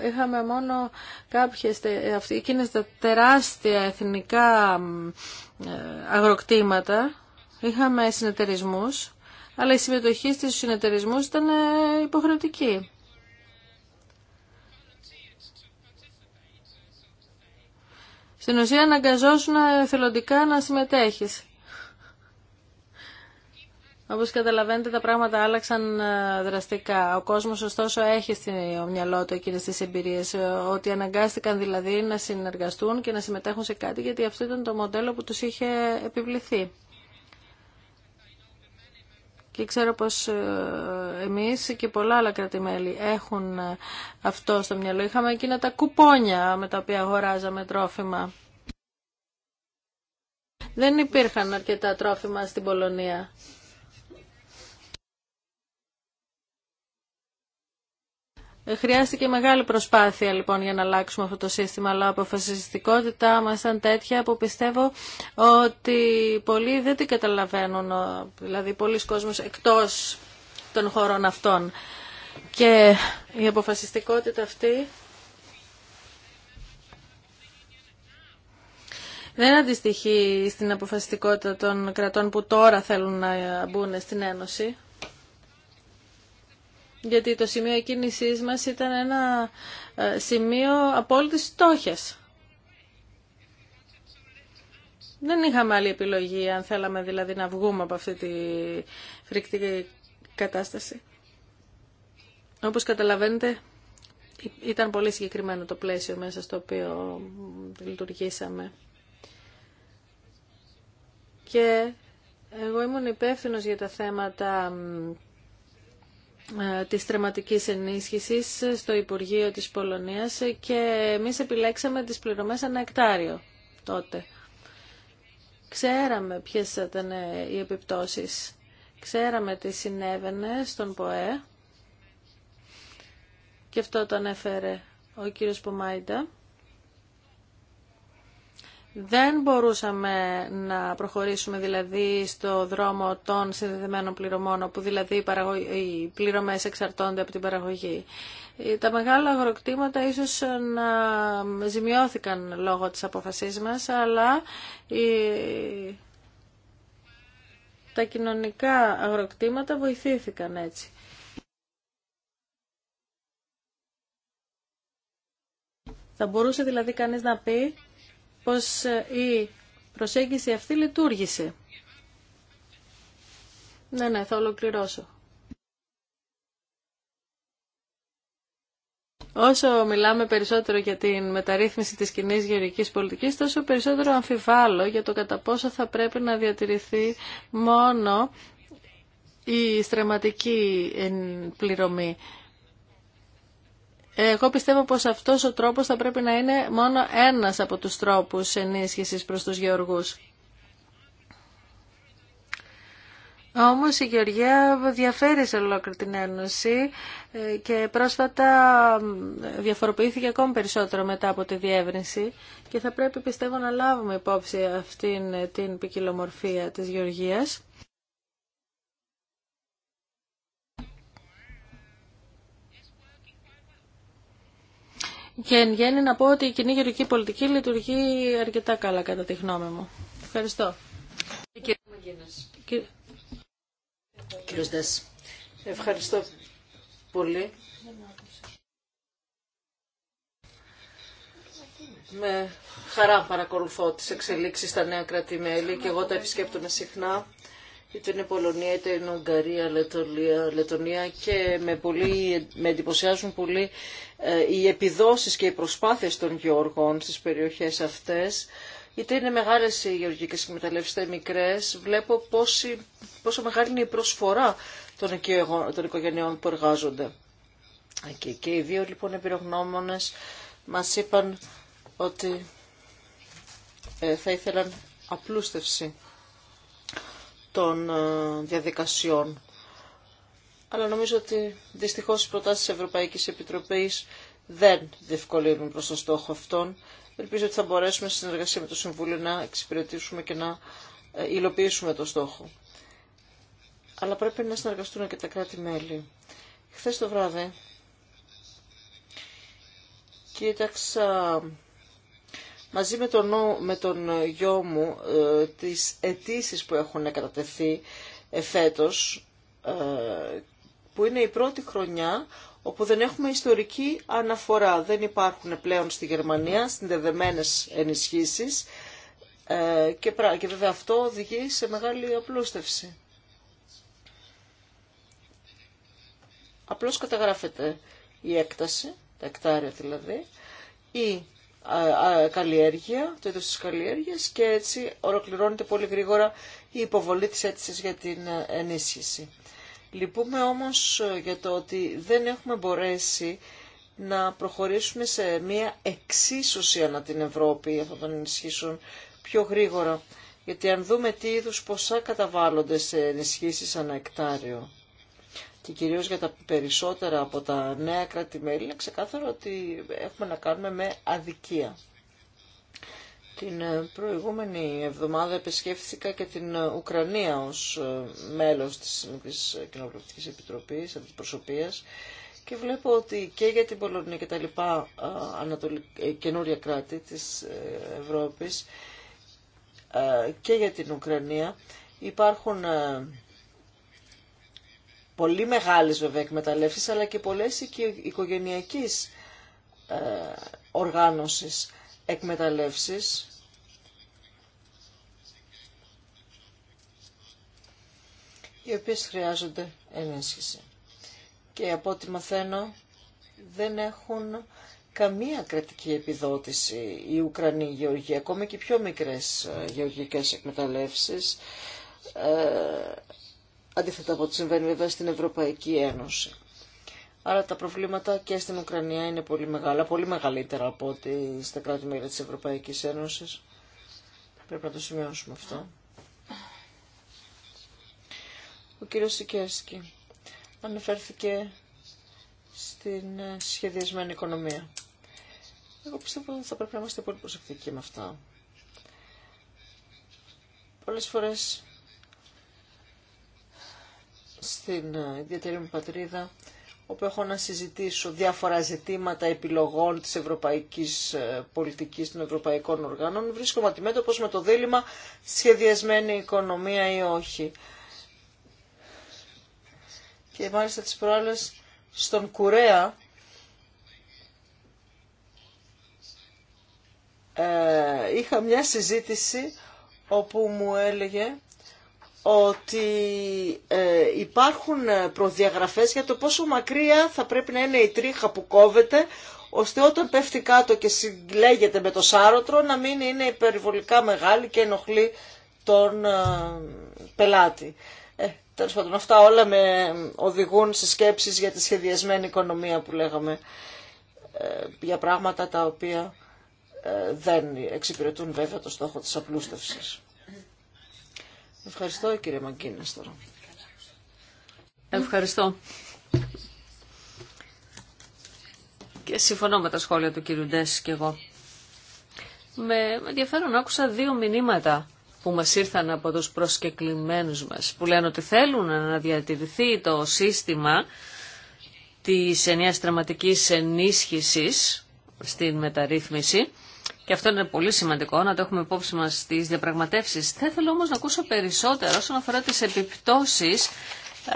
80%. Είχαμε μόνο κάποιες, ε, εκείνες τα τεράστια εθνικά ε, αγροκτήματα, είχαμε συνεταιρισμούς, αλλά η συμμετοχή στους συνεταιρισμούς ήταν υποχρεωτική. Στην ουσία αναγκαζόσουν θελοντικά να συμμετέχεις. Όπω καταλαβαίνετε τα πράγματα άλλαξαν ε, δραστικά. Ο κόσμος ωστόσο έχει στο μυαλό του εκείνες τις εμπειρίες, ε, ότι αναγκάστηκαν δηλαδή να συνεργαστούν και να συμμετέχουν σε κάτι γιατί αυτό ήταν το μοντέλο που τους είχε επιβληθεί. Και ξέρω πως ε, εμείς και πολλά άλλα κρατημέλη έχουν αυτό στο μυαλό. Είχαμε εκείνα τα κουπόνια με τα οποία αγοράζαμε τρόφιμα. Δεν υπήρχαν αρκετά τρόφιμα στην Πολωνία. Ε, χρειάστηκε μεγάλη προσπάθεια λοιπόν για να αλλάξουμε αυτό το σύστημα, αλλά αποφασιστικότητά μα ήταν τέτοια που πιστεύω ότι πολλοί δεν την καταλαβαίνουν, δηλαδή πολλοί κόσμοι εκτός των χωρών αυτών. Και η αποφασιστικότητα αυτή δεν αντιστοιχεί στην αποφασιστικότητα των κρατών που τώρα θέλουν να μπουν στην Ένωση γιατί το σημείο εκκίνησης μας ήταν ένα ε, σημείο απόλυτης στόχιας. Δεν είχαμε άλλη επιλογή, αν θέλαμε δηλαδή να βγούμε από αυτή τη φρικτική κατάσταση. Όπως καταλαβαίνετε, ήταν πολύ συγκεκριμένο το πλαίσιο μέσα στο οποίο λειτουργήσαμε. Και εγώ ήμουν υπεύθυνος για τα θέματα ε, της τρεματικής ενίσχυσης στο Υπουργείο της Πολωνίας και εμείς επιλέξαμε τις πληρωμές ένα εκτάριο τότε. Ξέραμε ποιες ήταν ε, οι επιπτώσεις. Ξέραμε τι συνέβαινε στον ΠΟΕ και αυτό το ανέφερε ο κύριος Πομάιντα. Δεν μπορούσαμε να προχωρήσουμε δηλαδή στο δρόμο των συνδεδεμένων πληρωμών, όπου δηλαδή οι πληρωμές εξαρτώνται από την παραγωγή. Ε, τα μεγάλα αγροκτήματα ίσως να ζημιώθηκαν λόγω της αποφασής μας, αλλά τα κοινωνικά αγροκτήματα βοηθήθηκαν έτσι. Θα μπορούσε δηλαδή κανείς να πει πως ε, η προσέγγιση αυτή λειτουργήσε. Ναι, ναι, θα ολοκληρώσω. Όσο μιλάμε περισσότερο για την μεταρρύθμιση της κοινή γεωργικής πολιτικής, τόσο περισσότερο αμφιβάλλω για το κατά πόσο θα πρέπει να διατηρηθεί μόνο η στρεματική πληρωμή. Εγώ πιστεύω πως αυτός ο τρόπος θα πρέπει να είναι μόνο ένας από τους τρόπους ενίσχυσης προς τους γεωργούς. Όμως η Γεωργία διαφέρει σε ολόκληρη την Ένωση ε, και πρόσφατα διαφοροποιήθηκε ακόμη περισσότερο μετά από τη διεύρυνση και θα πρέπει πιστεύω να λάβουμε υπόψη αυτήν ε, την ποικιλομορφία της Γεωργίας. Και εν γέννη να πω ότι η κοινή γεωργική πολιτική λειτουργεί αρκετά καλά κατά τη γνώμη μου. Ευχαριστώ. Κύριε Δες, ευχαριστώ πολύ. Με χαρά παρακολουθώ τις εξελίξεις στα νεα κρατημέλη κράτη-μέλη και εγώ τα επισκέπτομαι συχνά είτε είναι Πολωνία, είτε είναι Ουγγαρία, Λετωνία, Λετωνία και με, πολύ, με εντυπωσιάζουν πολύ ε, οι επιδόσεις και οι προσπάθειες των γεωργών στις περιοχές αυτές. Είτε είναι μεγάλες οι γεωργικές εκμεταλλεύσεις, είτε μικρές, βλέπω πόσο μεγάλη είναι η προσφορά των, των οικογενειών που εργάζονται. Και, και οι δύο λοιπόν εμπειρογνώμονες μας είπαν ότι ε, θα ήθελαν απλούστευση των ε, διαδικασιών. Αλλά νομίζω ότι δυστυχώς οι προτάσεις της Ευρωπαϊκής Επιτροπής δεν διευκολύνουν προς το στόχο αυτόν. Ελπίζω ότι θα μπορέσουμε στη συνεργασία με το Συμβούλιο να εξυπηρετήσουμε και να ε, υλοποιήσουμε το στόχο. Αλλά πρέπει να συνεργαστούν και τα κράτη-μέλη. Χθες το βράδυ κοίταξα μαζί με τον, με τον ε, γιο μου ε, τις αιτήσει που έχουν κατατεθεί ε, φέτος, ε, που είναι η πρώτη χρονιά όπου δεν έχουμε ιστορική αναφορά. Δεν υπάρχουν πλέον στη Γερμανία συνδεδεμένες ενισχύσεις ε, και, και βέβαια αυτό οδηγεί σε μεγάλη απλούστευση. Απλώς καταγράφεται η έκταση, τα εκτάρια δηλαδή, ή καλλιέργεια, το είδος της καλλιέργειας και έτσι ολοκληρώνεται πολύ γρήγορα η υποβολή της αίτησης για την ε, ενίσχυση. Λυπούμε όμως ε, για το ότι δεν έχουμε μπορέσει να προχωρήσουμε σε μια εξίσωση ανά την Ευρώπη αυτών των ενισχύσεων πιο γρήγορα. Γιατί αν δούμε τι είδους ποσά καταβάλλονται σε ενισχύσεις ανά εκτάριο και κυρίως για τα περισσότερα από τα νέα κράτη-μέλη είναι ξεκάθαρο ότι έχουμε να κάνουμε με αδικία. Την ε, προηγούμενη εβδομάδα επισκέφθηκα και την ε, Ουκρανία ως ε, μέλος της Κοινοβουλευτικής Επιτροπής, αντιπροσωπείας και βλέπω ότι και για την Πολωνία και τα λοιπά καινούρια κράτη της Ευρώπης και για την Ουκρανία υπάρχουν πολύ μεγάλες βέβαια εκμεταλλεύσεις, αλλά και πολλές οικογενειακής ε, οργάνωσης εκμεταλλεύσεις. οι οποίες χρειάζονται ενίσχυση. Και από ό,τι μαθαίνω δεν έχουν καμία κρατική επιδότηση οι Ουκρανοί γεωργοί, ακόμα και οι πιο μικρές ε, γεωργικές εκμεταλλεύσεις. Ε, αντίθετα από ό,τι συμβαίνει βέβαια στην Ευρωπαϊκή Ένωση. Άρα τα προβλήματα και στην Ουκρανία είναι πολύ μεγάλα, πολύ μεγαλύτερα από ό,τι στα κράτη-μέλη της Ευρωπαϊκής Ένωσης. Πρέπει να το σημειώσουμε αυτό. Ο κύριος Σικέρσκι αναφέρθηκε στην ε, σχεδιασμένη οικονομία. Εγώ πιστεύω ότι θα πρέπει να είμαστε πολύ προσεκτικοί με αυτά. Πολλές φορές στην ε, ιδιαίτερη μου πατρίδα, όπου έχω να συζητήσω διάφορα ζητήματα επιλογών της ευρωπαϊκής ε, πολιτικής των ευρωπαϊκών οργάνων, βρίσκομαι αντιμέτωπος με το δίλημα σχεδιασμένη οικονομία ή όχι. Και μάλιστα τις προάλλες στον Κουρέα, ε, είχα μια συζήτηση όπου μου έλεγε ότι ε, υπάρχουν προδιαγραφές για το πόσο μακριά θα πρέπει να είναι η τρίχα που κόβεται ώστε όταν πέφτει κάτω και συλλέγεται με το σάρωτρο να μην είναι υπερβολικά μεγάλη και ενοχλεί τον ε, πελάτη. Ε, τέλος πάντων, αυτά όλα με οδηγούν σε σκέψεις για τη σχεδιασμένη οικονομία που λέγαμε, ε, για πράγματα τα οποία δεν εξυπηρετούν βέβαια το στόχο της απλούστευσης. Ευχαριστώ κύριε Μαγκίνες τώρα. Ευχαριστώ. Και συμφωνώ με τα σχόλια του κύριου και εγώ. Με ενδιαφέρον άκουσα δύο μηνύματα που μας ήρθαν από τους προσκεκλημένους μας, που λένε ότι θέλουν να διατηρηθεί το σύστημα της ενιαίας τραματικής ενίσχυσης στην μεταρρύθμιση, και αυτό είναι πολύ σημαντικό να το έχουμε υπόψη μας στις διαπραγματεύσεις. Θα ήθελα όμως να ακούσω περισσότερο όσον αφορά τις επιπτώσεις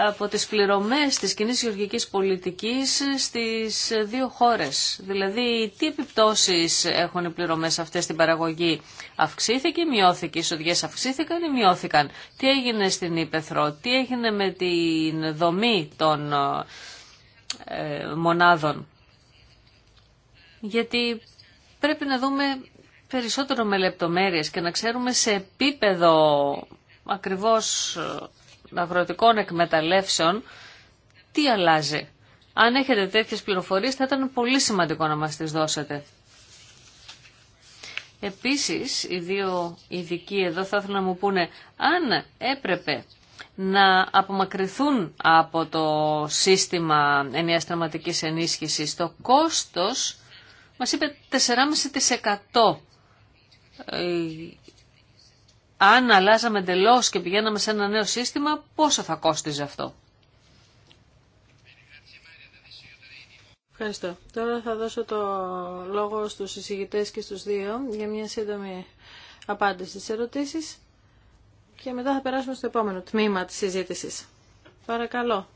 από τις πληρωμές της κοινή γεωργικής πολιτικής στις δύο χώρες. Δηλαδή, τι επιπτώσεις έχουν οι πληρωμές αυτές στην παραγωγή. Αυξήθηκε, μειώθηκε, οι εισοδιέ αυξήθηκαν ή μειώθηκαν. Τι έγινε στην Ήπεθρο, τι έγινε με την δομή των ε, μονάδων. Γιατί πρέπει να δούμε περισσότερο με λεπτομέρειες και να ξέρουμε σε επίπεδο ακριβώς ε, αγροτικών εκμεταλλεύσεων τι αλλάζει. Αν έχετε τέτοιες πληροφορίες θα ήταν πολύ σημαντικό να μας τις δώσετε. Επίσης, οι δύο ειδικοί εδώ θα ήθελαν να μου πούνε αν έπρεπε να απομακρυνθούν από το σύστημα ενιαίας ενίσχυσης το κόστος μας είπε 4,5% ε, αν αλλάζαμε εντελώ και πηγαίναμε σε ένα νέο σύστημα, πόσο θα κόστιζε αυτό. Ευχαριστώ. Τώρα θα δώσω το λόγο στους εισηγητές και στους δύο για μια σύντομη απάντηση στις ερωτήσεις και μετά θα περάσουμε στο επόμενο τμήμα της συζήτησης. Παρακαλώ.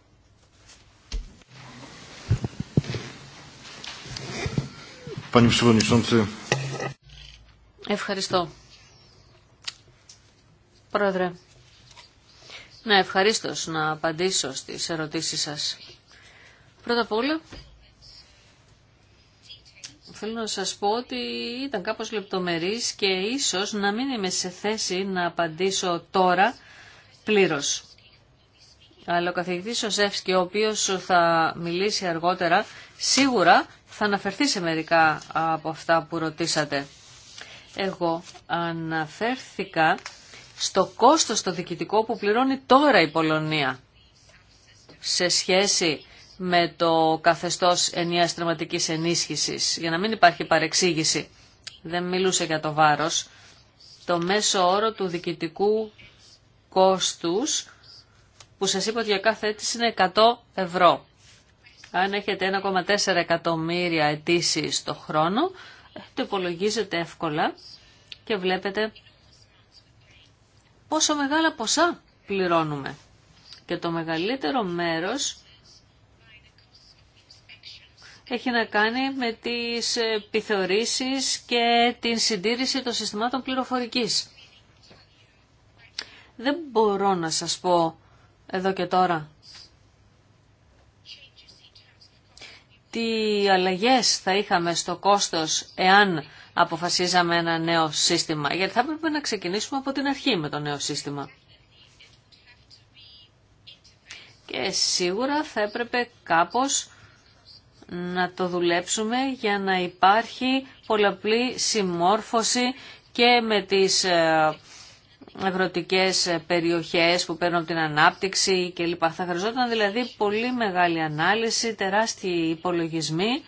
Ευχαριστώ. Πρόεδρε, να ευχαρίστω να απαντήσω στις ερωτήσεις σας. Πρώτα απ' όλα, θέλω να σας πω ότι ήταν κάπως λεπτομερής και ίσως να μην είμαι σε θέση να απαντήσω τώρα πλήρως. Αλλά ο καθηγητής Ζεύσκη, ο οποίος θα μιλήσει αργότερα, σίγουρα θα αναφερθεί σε μερικά από αυτά που ρωτήσατε. Εγώ αναφέρθηκα στο κόστος το διοικητικό που πληρώνει τώρα η Πολωνία σε σχέση με το καθεστώς ενιαίας τραυματικής ενίσχυσης, για να μην υπάρχει παρεξήγηση. Δεν μιλούσε για το βάρος. Το μέσο όρο του διοικητικού κόστους, που σας είπα ότι για κάθε αίτηση είναι 100 ευρώ. Αν έχετε 1,4 εκατομμύρια αιτήσει το χρόνο, το υπολογίζετε εύκολα και βλέπετε πόσο μεγάλα ποσά πληρώνουμε. Και το μεγαλύτερο μέρος έχει να κάνει με τις επιθεωρήσεις και την συντήρηση των συστημάτων πληροφορικής. Δεν μπορώ να σας πω εδώ και τώρα τι αλλαγές θα είχαμε στο κόστος εάν αποφασίζαμε ένα νέο σύστημα. Γιατί θα έπρεπε να ξεκινήσουμε από την αρχή με το νέο σύστημα. Και σίγουρα θα έπρεπε κάπως να το δουλέψουμε για να υπάρχει πολλαπλή συμμόρφωση και με τις ε, Ευρωτικέ περιοχές που παίρνουν την ανάπτυξη κλπ. Θα χρειαζόταν δηλαδή πολύ μεγάλη ανάλυση, τεράστιοι υπολογισμοί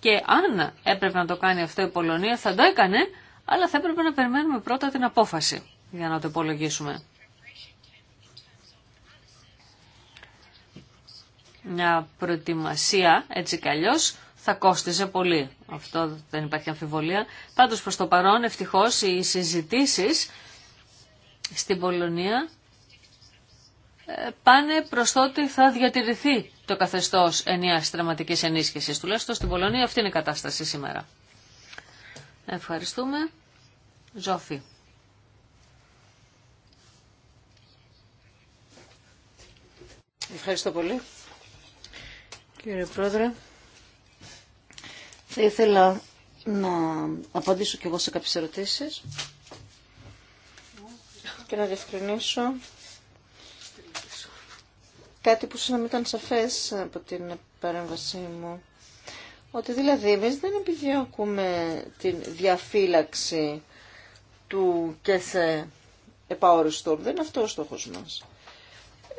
και αν έπρεπε να το κάνει αυτό η Πολωνία θα το έκανε, αλλά θα έπρεπε να περιμένουμε πρώτα την απόφαση για να το υπολογίσουμε. Μια προετοιμασία έτσι κι θα κόστιζε πολύ. Αυτό δεν υπάρχει αμφιβολία. Πάντως προς το παρόν ευτυχώς οι συζητήσεις στην Πολωνία ε, πάνε προς το ότι θα διατηρηθεί το καθεστώς ενιαίας τραυματικής ενίσχυσης. Τουλάχιστον στην Πολωνία αυτή είναι η κατάσταση σήμερα. Ευχαριστούμε. Ζόφι. Ευχαριστώ πολύ. Κύριε Πρόεδρε. Θα ήθελα να απαντήσω κι εγώ σε κάποιες ερωτήσεις και να διευκρινίσω κάτι που να ήταν σαφές από την παρέμβασή μου. Ότι δηλαδή εμεί δεν επιδιώκουμε την διαφύλαξη του και σε επαόριστον. Δεν είναι αυτό ο στόχος μας.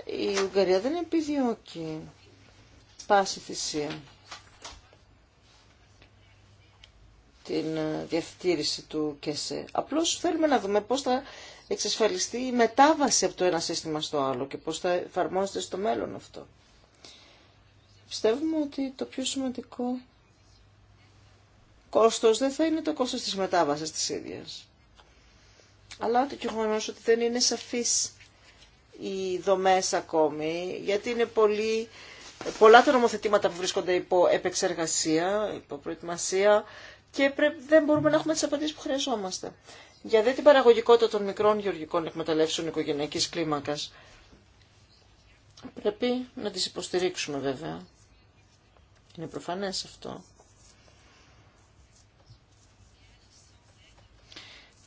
Η Ουγγαρία δεν επιδιώκει πάση θυσία την ε, διαθετήρηση του ΚΕΣΕ. Απλώς θέλουμε να δούμε πώς θα εξασφαλιστεί η μετάβαση από το ένα σύστημα στο άλλο και πώς θα εφαρμόζεται στο μέλλον αυτό. Πιστεύουμε ότι το πιο σημαντικό κόστος δεν θα είναι το κόστος της μετάβασης της ίδιας. Αλλά το γεγονό ότι δεν είναι σαφής οι δομές ακόμη, γιατί είναι πολύ, πολλά τα νομοθετήματα που βρίσκονται υπό επεξεργασία, υπό προετοιμασία, και δεν μπορούμε να έχουμε τι απαντήσει που χρειαζόμαστε. Για δε την παραγωγικότητα των μικρών γεωργικών εκμεταλλεύσεων οικογενειακή κλίμακα. Πρέπει να τις υποστηρίξουμε βέβαια. Είναι προφανές αυτό.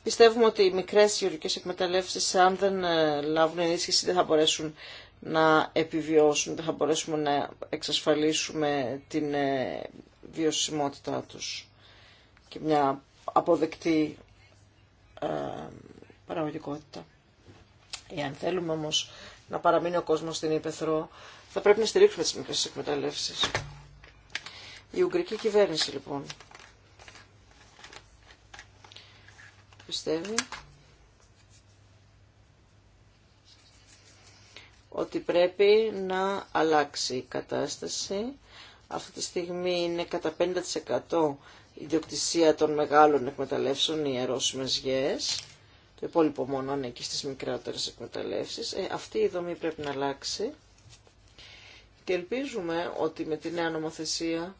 Πιστεύουμε ότι οι μικρές γεωργικές εκμεταλλεύσεις, αν δεν ε, λάβουν ενίσχυση, δεν θα μπορέσουν να επιβιώσουν, δεν θα μπορέσουμε να εξασφαλίσουμε την ε, βιωσιμότητά τους και μια αποδεκτή ε, παραγωγικότητα. Εάν θέλουμε όμως να παραμείνει ο κόσμος στην Ήπεθρο, θα πρέπει να στηρίξουμε τις μικρές εκμεταλλεύσεις. Η Ουγγρική κυβέρνηση λοιπόν πιστεύει ότι πρέπει να αλλάξει η κατάσταση. Αυτή τη στιγμή είναι κατά 50% ιδιοκτησία των μεγάλων εκμεταλλεύσεων, οι αερόσιμες γέες. Το υπόλοιπο μόνο εκεί στις μικρότερες εκμεταλλεύσεις. Ε, αυτή η δομή πρέπει να αλλάξει. Και ελπίζουμε ότι με τη νέα νομοθεσία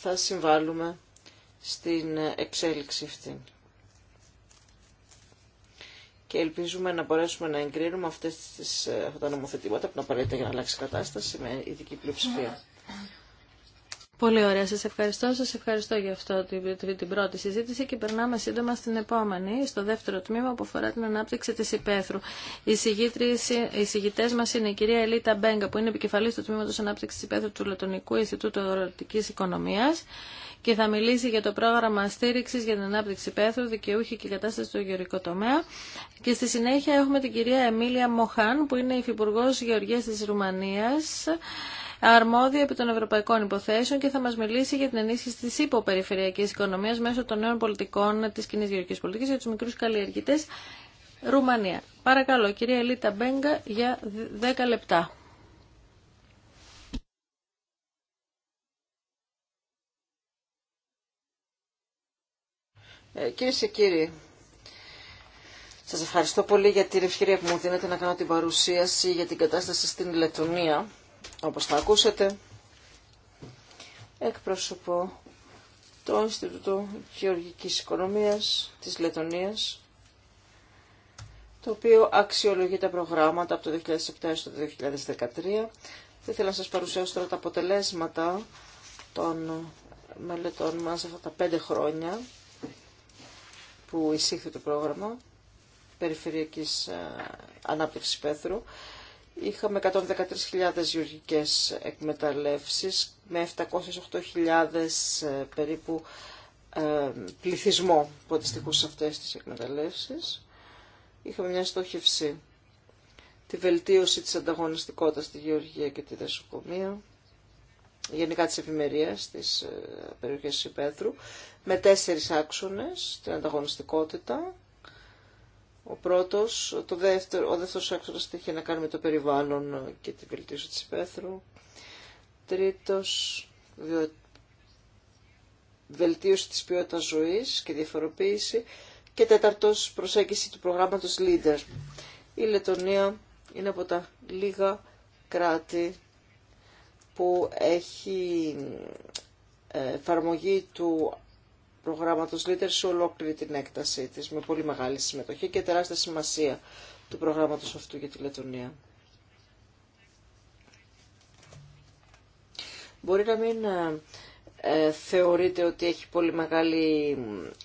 θα συμβάλλουμε στην εξέλιξη αυτή. Και ελπίζουμε να μπορέσουμε να εγκρίνουμε αυτές τις, ε, αυτά τα νομοθετήματα που είναι απαραίτητα για να αλλάξει η κατάσταση με ειδική πλειοψηφία. Πολύ ωραία. Σας ευχαριστώ. Σας ευχαριστώ για αυτό την πρώτη συζήτηση και περνάμε σύντομα στην επόμενη, στο δεύτερο τμήμα που αφορά την ανάπτυξη της υπαίθρου. Οι συγητές μας είναι η κυρία Ελίτα Μπέγκα που είναι επικεφαλής του Τμήματος Ανάπτυξης Υπαίθρου του Λετωνικού Ινστιτούτου Αγροτικής Οικονομίας και θα μιλήσει για το πρόγραμμα στήριξης για την ανάπτυξη υπαίθρου, δικαιούχη και κατάσταση του γεωργικού τομέα. Και στη συνέχεια έχουμε την κυρία Εμίλια Μοχάν που είναι υφυπουργός Γεωργίας της Ρουμανίας αρμόδια επί των ευρωπαϊκών υποθέσεων και θα μα μιλήσει για την ενίσχυση τη υποπεριφερειακή οικονομία μέσω των νέων πολιτικών τη κοινή γεωργική πολιτική για του μικρού καλλιεργητέ Ρουμανία. Παρακαλώ, κυρία Ελίτα Μπέγκα, για 10 λεπτά. Ε, Κυρίε και κύριοι, σας ευχαριστώ πολύ για την ευκαιρία που μου δίνετε να κάνω την παρουσίαση για την κατάσταση στην Λετωνία όπως θα ακούσετε, εκπροσωπώ το Ινστιτούτο Γεωργικής Οικονομίας της Λετωνίας, το οποίο αξιολογεί τα προγράμματα από το 2007 στο το 2013. Θα ήθελα να σας παρουσιάσω τώρα τα αποτελέσματα των μελετών μας αυτά τα πέντε χρόνια που εισήχθη το πρόγραμμα περιφερειακής ε, ανάπτυξης πέθρου. Είχαμε 113.000 γεωργικές εκμεταλλεύσεις με 708.000 ε, περίπου ε, πληθυσμό που αντιστοιχούσε αυτές τις εκμεταλλεύσεις. Είχαμε μια στόχευση τη βελτίωση της ανταγωνιστικότητας στη γεωργία και τη δασοκομεία, γενικά της ευημερίας της ε, περιοχής Υπέθρου, με τέσσερις άξονες, την ανταγωνιστικότητα, ο πρώτος, το δεύτερο, ο δεύτερος άξονας είχε να κάνει με το περιβάλλον και τη βελτίωση της υπαίθρου. Τρίτος, βελτίωση της ποιότητας ζωής και διαφοροποίηση. Και τέταρτος, προσέγγιση του προγράμματος LEADER. Η Λετωνία είναι από τα λίγα κράτη που έχει ε, εφαρμογή του προγράμματος Λίτερ σε ολόκληρη την έκτασή της, με πολύ μεγάλη συμμετοχή και τεράστια σημασία του προγράμματος αυτού για τη Λετωνία. Μπορεί να μην ε, ε ότι έχει πολύ μεγάλη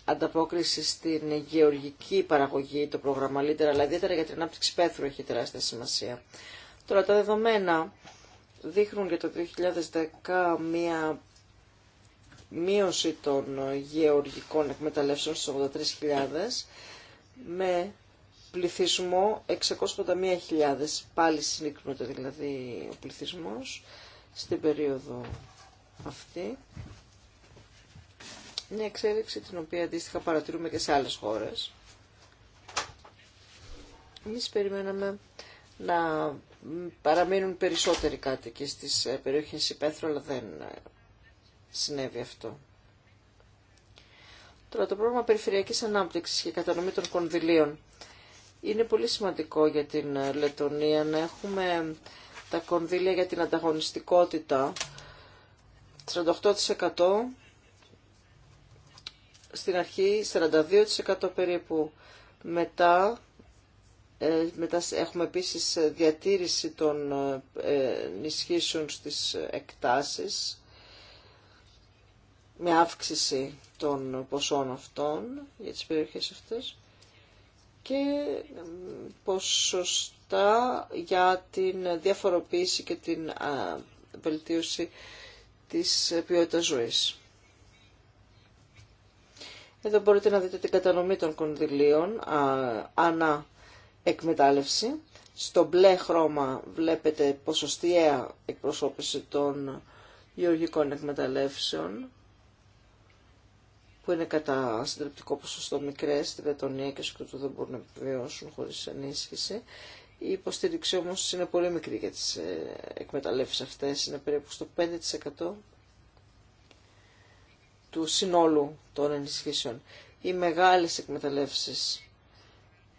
ανταπόκριση στην γεωργική παραγωγή το πρόγραμμα Λίτερ, αλλά ιδιαίτερα για την ανάπτυξη πέθρου έχει τεράστια σημασία. Τώρα τα δεδομένα δείχνουν για το 2010 μία μείωση των γεωργικών εκμεταλλεύσεων στις 83.000 με πληθυσμό 651.000. Πάλι συνήκνονται δηλαδή ο πληθυσμός στην περίοδο αυτή. Μια εξέλιξη την οποία αντίστοιχα παρατηρούμε και σε άλλες χώρες. Εμείς περιμέναμε να παραμείνουν περισσότεροι κάτοικοι στις περιοχές υπαίθρου, αλλά δεν συνέβη αυτό. Τώρα το πρόγραμμα περιφερειακής ανάπτυξης και κατανομή των κονδυλίων. Είναι πολύ σημαντικό για την ε, Λετωνία να έχουμε ε, τα κονδύλια για την ανταγωνιστικότητα 38% στην αρχή 42% περίπου μετά ε, μετά έχουμε επίσης διατήρηση των ενισχύσεων στις εκτάσεις με αύξηση των ποσών αυτών για τις περιοχές αυτές και ποσοστά για την διαφοροποίηση και την βελτίωση της ποιότητας ζωής. Εδώ μπορείτε να δείτε την κατανομή των κονδυλίων ανά εκμετάλλευση. Στο μπλε χρώμα βλέπετε ποσοστιαία εκπροσώπηση των γεωργικών εκμεταλλεύσεων που είναι κατά συντριπτικό ποσοστό μικρέ στη Βετονία και στο δεν μπορούν να επιβιώσουν χωρί ενίσχυση. Η υποστήριξη όμω είναι πολύ μικρή για τι ε, εκμεταλλεύσεις αυτέ, είναι περίπου στο 5% του συνόλου των ενισχύσεων. Οι μεγάλε εκμεταλλεύσεις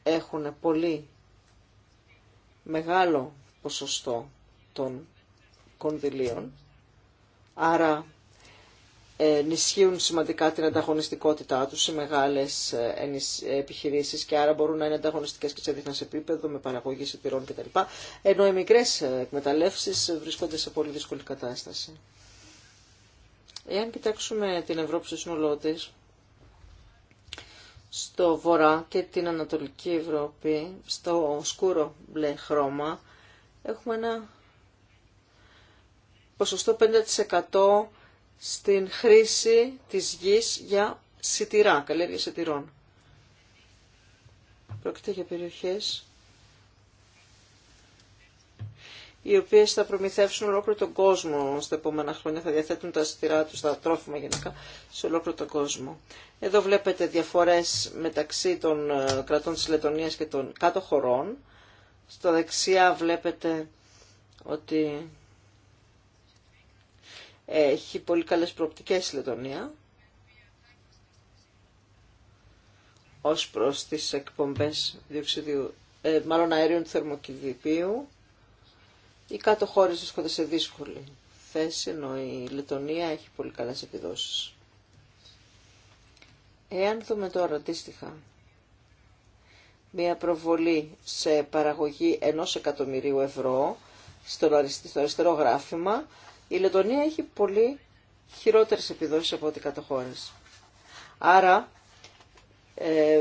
έχουν πολύ μεγάλο ποσοστό των κονδυλίων, άρα ενισχύουν σημαντικά την ανταγωνιστικότητά τους σε μεγάλες ε, επιχειρήσεις και άρα μπορούν να είναι ανταγωνιστικές και σε διεθνές επίπεδο με παραγωγή σιτηρών κτλ. Ενώ οι μικρές ε, εκμεταλλεύσεις βρίσκονται σε πολύ δύσκολη κατάσταση. Εάν κοιτάξουμε την Ευρώπη στο σύνολό τη, στο βορρά και την Ανατολική Ευρώπη, στο σκούρο μπλε χρώμα, έχουμε ένα ποσοστό 5% στην χρήση της γης για σιτηρά, καλλιέργεια σιτηρών. Πρόκειται για περιοχές οι οποίες θα προμηθεύσουν ολόκληρο τον κόσμο στα επόμενα χρόνια, θα διαθέτουν τα σιτηρά τους, τα τρόφιμα γενικά, σε ολόκληρο τον κόσμο. Εδώ βλέπετε διαφορές μεταξύ των ε, κρατών της Λετωνίας και των κάτω χωρών. Στο δεξιά βλέπετε ότι έχει πολύ καλές προοπτικές η Λετωνία ως προς τις εκπομπές διοξιδίου, ε, μάλλον αερίων του Οι κάτω χώρες βρίσκονται σε δύσκολη θέση, ενώ η Λετωνία έχει πολύ καλές επιδόσεις. Εάν δούμε τώρα αντίστοιχα μία προβολή σε παραγωγή ενός εκατομμυρίου ευρώ στο αριστερό γράφημα, η Λετωνία έχει πολύ χειρότερες επιδόσεις από ό,τι κατά χώρες. Άρα ε,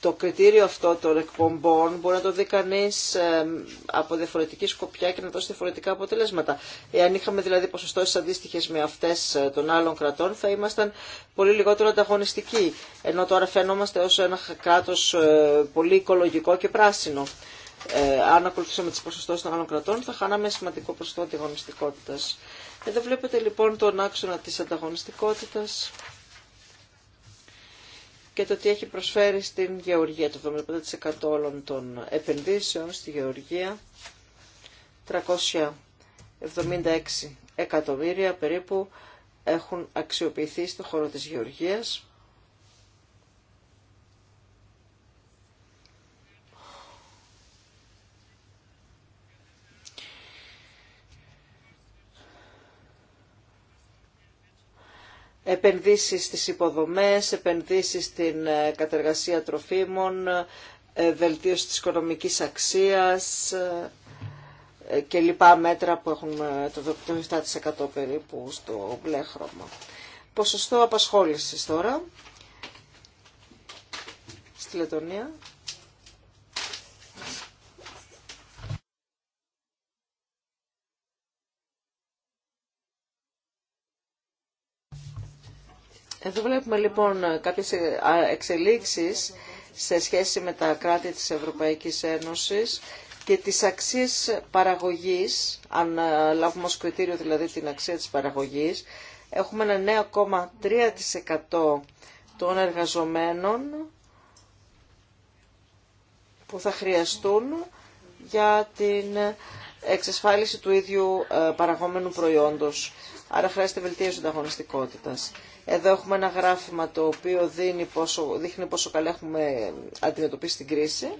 το κριτήριο αυτό των εκπομπών μπορεί να το δει κανεί ε, από διαφορετική σκοπιά και να δώσει διαφορετικά αποτελέσματα. Εάν είχαμε δηλαδή ποσοστώσει αντίστοιχε με αυτέ ε, των άλλων κρατών, θα ήμασταν πολύ λιγότερο ανταγωνιστικοί. Ενώ τώρα φαινόμαστε ω ένα κράτο πολύ οικολογικό και πράσινο. Ε, αν ακολουθήσαμε τις ποσοστώσεις των άλλων κρατών, θα χάναμε σημαντικό ποσοστό ανταγωνιστικότητας. Εδώ βλέπετε λοιπόν τον άξονα της ανταγωνιστικότητας και το τι έχει προσφέρει στην γεωργία. Το 75% όλων των επενδύσεων στη γεωργία, 376 εκατομμύρια περίπου, έχουν αξιοποιηθεί στο χώρο της γεωργίας. επενδύσεις στις υποδομές, επενδύσεις στην ε, κατεργασία τροφίμων, ε, βελτίωση της οικονομικής αξίας ε, και λοιπά μέτρα που έχουν το 7% περίπου στο μπλε χρώμα. Ποσοστό απασχόλησης τώρα στη Λετωνία. Εδώ βλέπουμε λοιπόν κάποιες ε, εξελίξεις σε σχέση με τα κράτη της Ευρωπαϊκής Ένωσης και τις αξίες παραγωγής, αν ε, λάβουμε ως κριτήριο δηλαδή την αξία της παραγωγής, έχουμε ένα 9,3% των εργαζομένων που θα χρειαστούν για την εξασφάλιση του ίδιου ε, παραγόμενου προϊόντος άρα χρειάζεται βελτίωση ανταγωνιστικότητα. Εδώ έχουμε ένα γράφημα το οποίο πόσο, δείχνει πόσο καλά έχουμε αντιμετωπίσει την κρίση.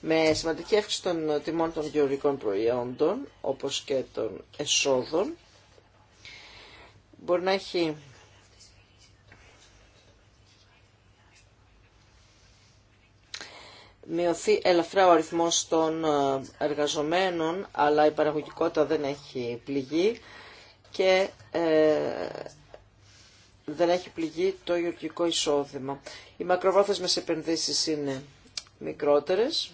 Με σημαντική αύξηση των τιμών των γεωργικών προϊόντων, όπως και των εσόδων, μπορεί να έχει μειωθεί ελαφρά ο αριθμός των ε, εργαζομένων, αλλά η παραγωγικότητα δεν έχει πληγεί και ε, δεν έχει πληγεί το γεωργικό εισόδημα. Οι μακροβρόθεσμες επενδύσεις είναι μικρότερες.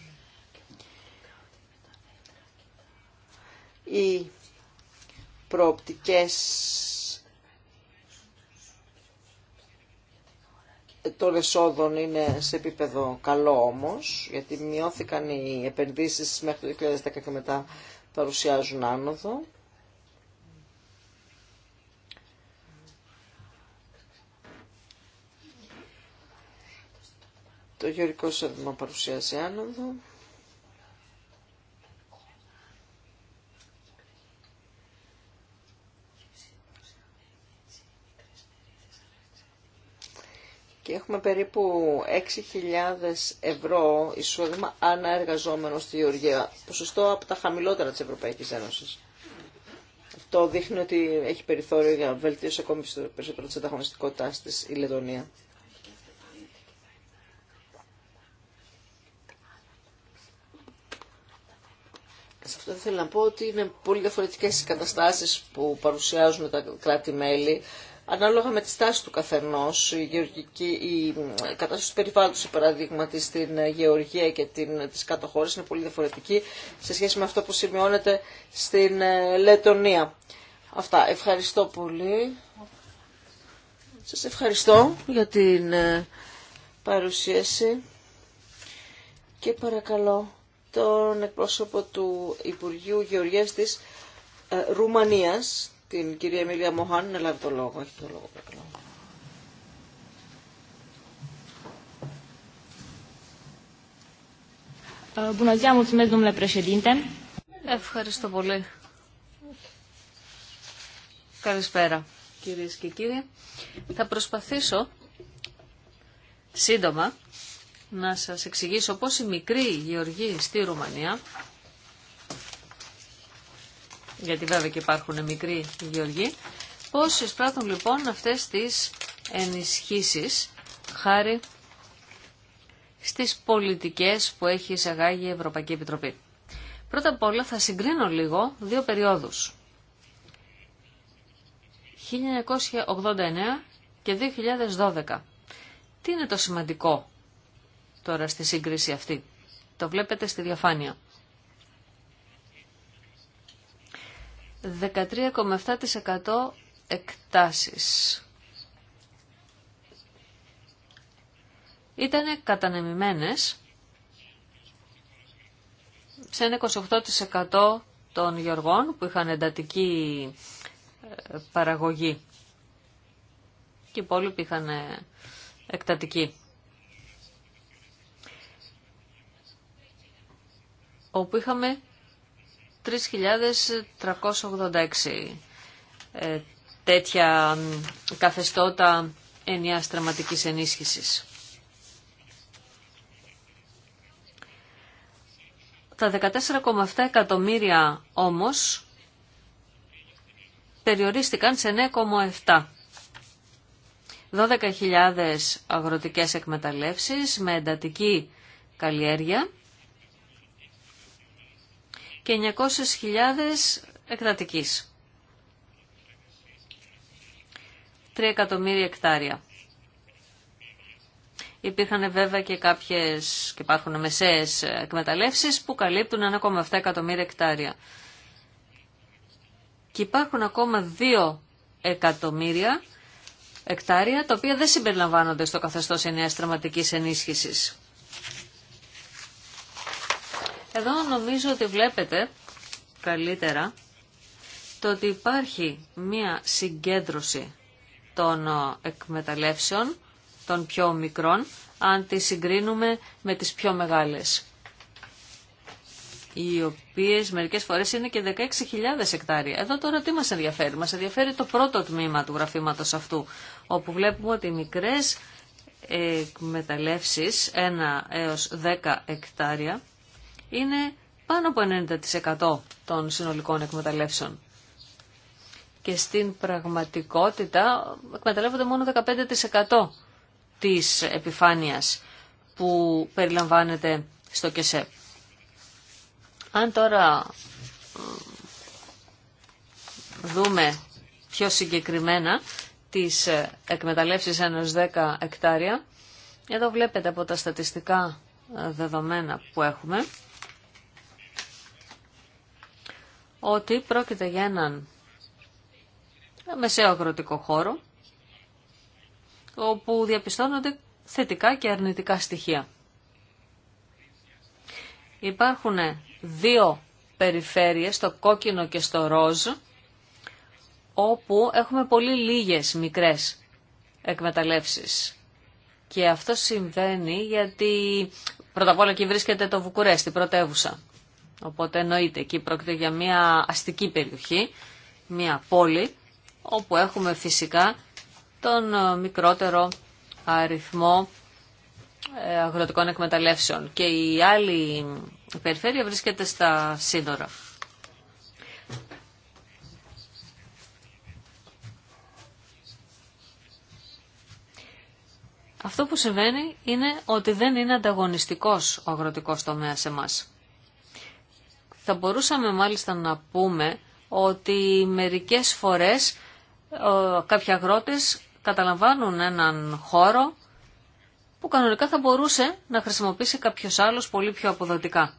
Οι προοπτικές Το εσόδων είναι σε επίπεδο καλό όμως, γιατί μειώθηκαν οι επενδύσεις μέχρι το 2010 και μετά παρουσιάζουν άνοδο. Το γεωρικό σύνδεμα παρουσιάζει άνοδο. έχουμε περίπου 6.000 ευρώ εισόδημα ανά στη Γεωργία. Ποσοστό από τα χαμηλότερα της Ευρωπαϊκής Ένωσης. Αυτό δείχνει ότι έχει περιθώριο για βελτίωση ακόμη περισσότερο της ανταγωνιστικότητάς της η Λετωνία. Σε αυτό θέλω να πω ότι είναι πολύ διαφορετικές οι καταστάσεις που παρουσιάζουν τα κράτη-μέλη ανάλογα με τη στάση του καθενό, η, η ε, κατάσταση του περιβάλλοντος, παραδείγματι, στην ε, γεωργία και την, ε, τις κάτω είναι πολύ διαφορετική σε σχέση με αυτό που σημειώνεται στην Λετωνία. Αυτά. Ευχαριστώ πολύ. Σας ευχαριστώ για την παρουσίαση και παρακαλώ τον εκπρόσωπο του Υπουργείου Γεωργίας της Ρουμανίας, την κυρία Εμίλια Μοχάνου να λάβει το λόγο. Έχει το λόγο, παρακαλώ. Ε, Ευχαριστώ πολύ. Καλησπέρα κυρίες και κύριοι. Θα προσπαθήσω σύντομα να σας εξηγήσω πώς η μικρή Γεωργή στη Ρουμανία γιατί βέβαια και υπάρχουν μικροί γεωργοί, πώς εισπράττουν λοιπόν αυτές τις ενισχύσεις χάρη στις πολιτικές που έχει εισαγάγει η Ευρωπαϊκή Επιτροπή. Πρώτα απ' όλα θα συγκρίνω λίγο δύο περιόδους. 1989 και 2012. Τι είναι το σημαντικό τώρα στη σύγκριση αυτή. Το βλέπετε στη διαφάνεια. 13,7% εκτάσεις. Ήταν κατανεμημένες σε ένα 28% των γεωργών που είχαν εντατική ε, παραγωγή και οι υπόλοιποι είχαν ε, εκτατική. Όπου είχαμε 3.386 ε, τέτοια καθεστώτα ενιαίας τραυματικής ενίσχυσης. Τα 14,7 εκατομμύρια όμως περιορίστηκαν σε 9,7. 12.000 αγροτικές εκμεταλλεύσεις με εντατική καλλιέργεια και 900.000 εκτατικής. 3 εκατομμύρια εκτάρια. Υπήρχαν βέβαια και κάποιες και υπάρχουν μεσαίες εκμεταλλεύσεις που καλύπτουν 1,7 εκατομμύρια εκτάρια. Και υπάρχουν ακόμα 2 εκατομμύρια εκτάρια τα οποία δεν συμπεριλαμβάνονται στο καθεστώς ενιαίας τραυματικής ενίσχυσης. Εδώ νομίζω ότι βλέπετε καλύτερα το ότι υπάρχει μία συγκέντρωση των ε, εκμεταλλεύσεων, των πιο μικρών, αν τη συγκρίνουμε με τις πιο μεγάλες, οι οποίες μερικές φορές είναι και 16.000 εκτάρια. Εδώ τώρα τι μας ενδιαφέρει. Μας ενδιαφέρει το πρώτο τμήμα του γραφήματος αυτού, όπου βλέπουμε ότι οι μικρές ε, εκμεταλλεύσεις, 1 έως 10 εκτάρια, είναι πάνω από 90% των συνολικών εκμεταλλεύσεων. Και στην πραγματικότητα εκμεταλλεύονται μόνο 15% της επιφάνειας που περιλαμβάνεται στο ΚΕΣΕΠ. Αν τώρα ε, δούμε πιο συγκεκριμένα τις ε, εκμεταλλεύσεις ενός 10 εκτάρια, εδώ βλέπετε από τα στατιστικά ε, δεδομένα που έχουμε, ότι πρόκειται για έναν μεσαίο αγροτικό χώρο όπου διαπιστώνονται θετικά και αρνητικά στοιχεία. Υπάρχουν δύο περιφέρειες, το κόκκινο και στο ροζ, όπου έχουμε πολύ λίγες μικρές εκμεταλλεύσεις. Και αυτό συμβαίνει γιατί πρώτα απ' όλα εκεί βρίσκεται το Βουκουρέστι, πρωτεύουσα. Οπότε εννοείται εκεί πρόκειται για μια αστική περιοχή, μια πόλη, όπου έχουμε φυσικά τον ε, μικρότερο αριθμό ε, αγροτικών εκμεταλλεύσεων και η άλλη περιφέρεια βρίσκεται στα σύνορα. Αυτό που συμβαίνει είναι ότι δεν είναι ανταγωνιστικός ο αγροτικός τομέας σε θα μπορούσαμε μάλιστα να πούμε ότι μερικές φορές κάποιοι αγρότες καταλαμβάνουν έναν χώρο που κανονικά θα μπορούσε να χρησιμοποιήσει κάποιος άλλος πολύ πιο αποδοτικά.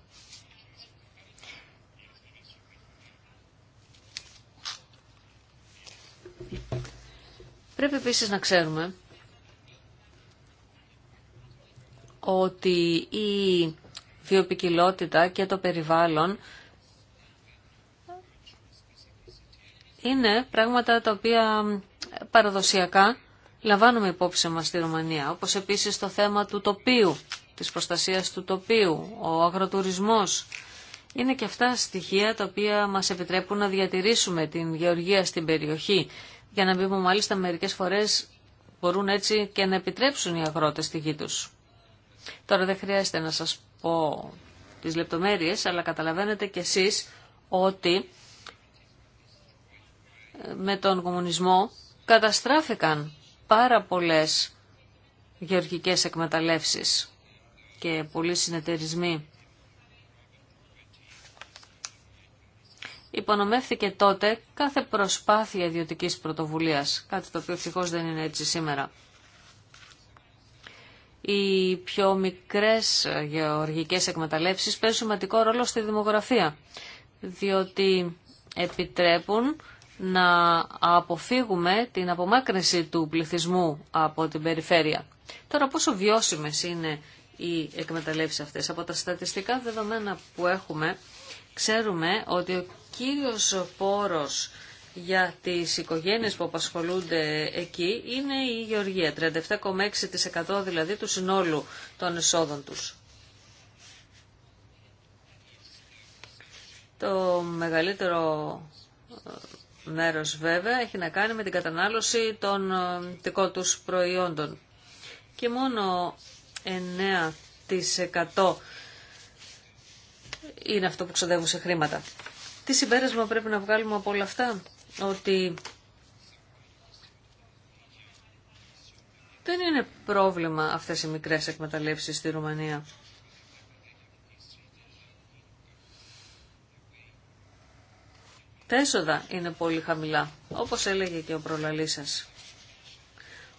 Πρέπει επίσης να ξέρουμε ότι η βιοπικιλότητα και το περιβάλλον είναι πράγματα τα οποία παραδοσιακά λαμβάνουμε υπόψη μας στη Ρουμανία, όπως επίσης το θέμα του τοπίου, της προστασίας του τοπίου, ο αγροτουρισμός. Είναι και αυτά στοιχεία τα οποία μας επιτρέπουν να διατηρήσουμε την γεωργία στην περιοχή, για να μην μάλιστα μερικές φορές μπορούν έτσι και να επιτρέψουν οι αγρότες τη γη τους. Τώρα δεν χρειάζεται να σας πω τις λεπτομέρειες, αλλά καταλαβαίνετε κι εσείς ότι ε, με τον κομμουνισμό καταστράφηκαν πάρα πολλές γεωργικές εκμεταλλεύσεις και πολλοί συνεταιρισμοί. Υπονομεύθηκε τότε κάθε προσπάθεια ιδιωτική πρωτοβουλίας, κάτι το οποίο ευτυχώ δεν είναι έτσι σήμερα οι πιο μικρές γεωργικές εκμεταλλεύσεις παίζουν σημαντικό ρόλο στη δημογραφία, διότι επιτρέπουν να αποφύγουμε την απομάκρυνση του πληθυσμού από την περιφέρεια. Τώρα πόσο βιώσιμες είναι οι εκμεταλλεύσει αυτές. Από τα στατιστικά δεδομένα που έχουμε, ξέρουμε ότι ο κύριος πόρος για τις οικογένειες που απασχολούνται εκεί είναι η γεωργία, 37,6% δηλαδή του συνόλου των εσόδων τους. Το μεγαλύτερο ε, μέρος βέβαια έχει να κάνει με την κατανάλωση των ε, δικών τους προϊόντων. Και μόνο 9% είναι αυτό που ξοδεύουν σε χρήματα. Τι συμπέρασμα πρέπει να βγάλουμε από όλα αυτά ότι δεν είναι πρόβλημα αυτές οι μικρές εκμεταλλεύσεις στη Ρουμανία. Τα έσοδα είναι πολύ χαμηλά, όπως έλεγε και ο προλαλής σας.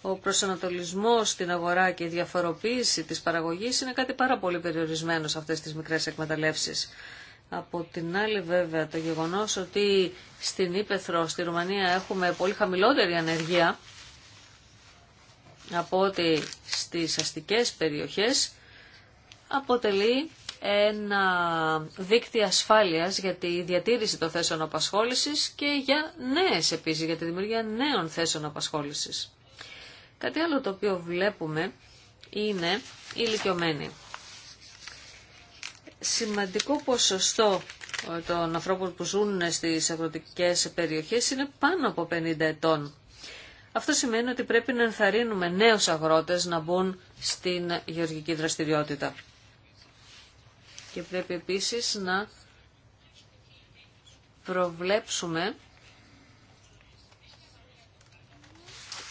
Ο προσανατολισμός στην αγορά και η διαφοροποίηση της παραγωγής είναι κάτι πάρα πολύ περιορισμένο σε αυτές τις μικρές εκμεταλλεύσεις. Από την άλλη βέβαια το γεγονός ότι στην Ήπεθρο, στη Ρουμανία έχουμε πολύ χαμηλότερη ανεργία από ότι στις αστικές περιοχές αποτελεί ένα δίκτυο ασφάλειας για τη διατήρηση των θέσεων απασχόλησης και για νέες επίσης, για τη δημιουργία νέων θέσεων απασχόλησης. Κάτι άλλο το οποίο βλέπουμε είναι οι ηλικιωμένοι σημαντικό ποσοστό ε, των ανθρώπων που ζουν στις αγροτικές περιοχές είναι πάνω από 50 ετών. Αυτό σημαίνει ότι πρέπει να ενθαρρύνουμε νέους αγρότες να μπουν στην γεωργική δραστηριότητα. Και πρέπει επίσης να προβλέψουμε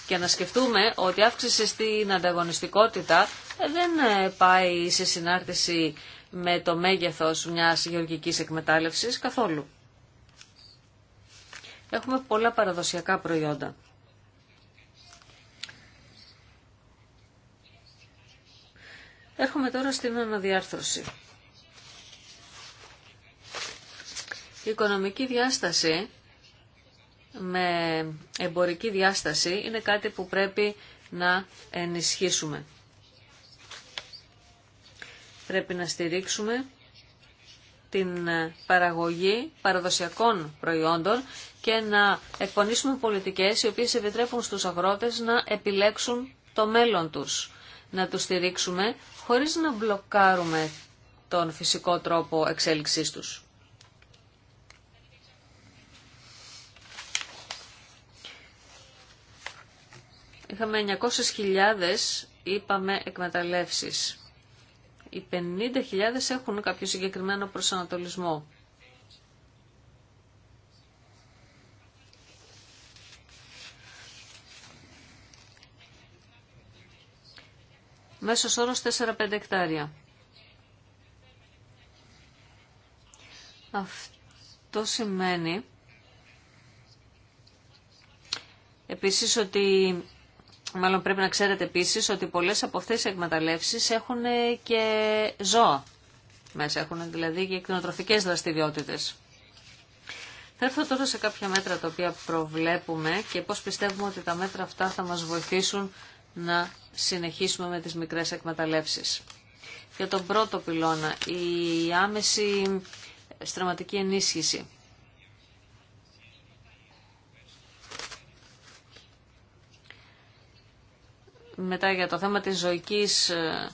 και να σκεφτούμε ότι η αύξηση στην ανταγωνιστικότητα δεν πάει σε συνάρτηση με το μέγεθος μιας γεωργικής εκμετάλλευσης καθόλου. Έχουμε πολλά παραδοσιακά προϊόντα. Έρχομαι τώρα στην αναδιάρθρωση. Η οικονομική διάσταση με εμπορική διάσταση είναι κάτι που πρέπει να ενισχύσουμε πρέπει να στηρίξουμε την παραγωγή παραδοσιακών προϊόντων και να εκπονήσουμε πολιτικές οι οποίες επιτρέπουν στους αγρότες να επιλέξουν το μέλλον τους. Να τους στηρίξουμε χωρίς να μπλοκάρουμε τον φυσικό τρόπο εξέλιξής τους. Είχαμε 900.000, είπαμε, εκμεταλλεύσεις οι 50.000 έχουν κάποιο συγκεκριμένο προσανατολισμό. Μέσος όρος 4-5 εκτάρια. Αυτό σημαίνει επίσης ότι Μάλλον πρέπει να ξέρετε επίσης ότι πολλές από αυτές οι εκμεταλλεύσεις έχουν ε, και ζώα μέσα, έχουν δηλαδή και εκτινοτροφικέ δραστηριότητες. Θα έρθω τώρα σε κάποια μέτρα τα οποία προβλέπουμε και πώς πιστεύουμε ότι τα μέτρα αυτά θα μας βοηθήσουν να συνεχίσουμε με τις μικρές εκμεταλλεύσεις. Για τον πρώτο πυλώνα, η άμεση στραματική ενίσχυση. Μετά για το θέμα της ζωικής ε,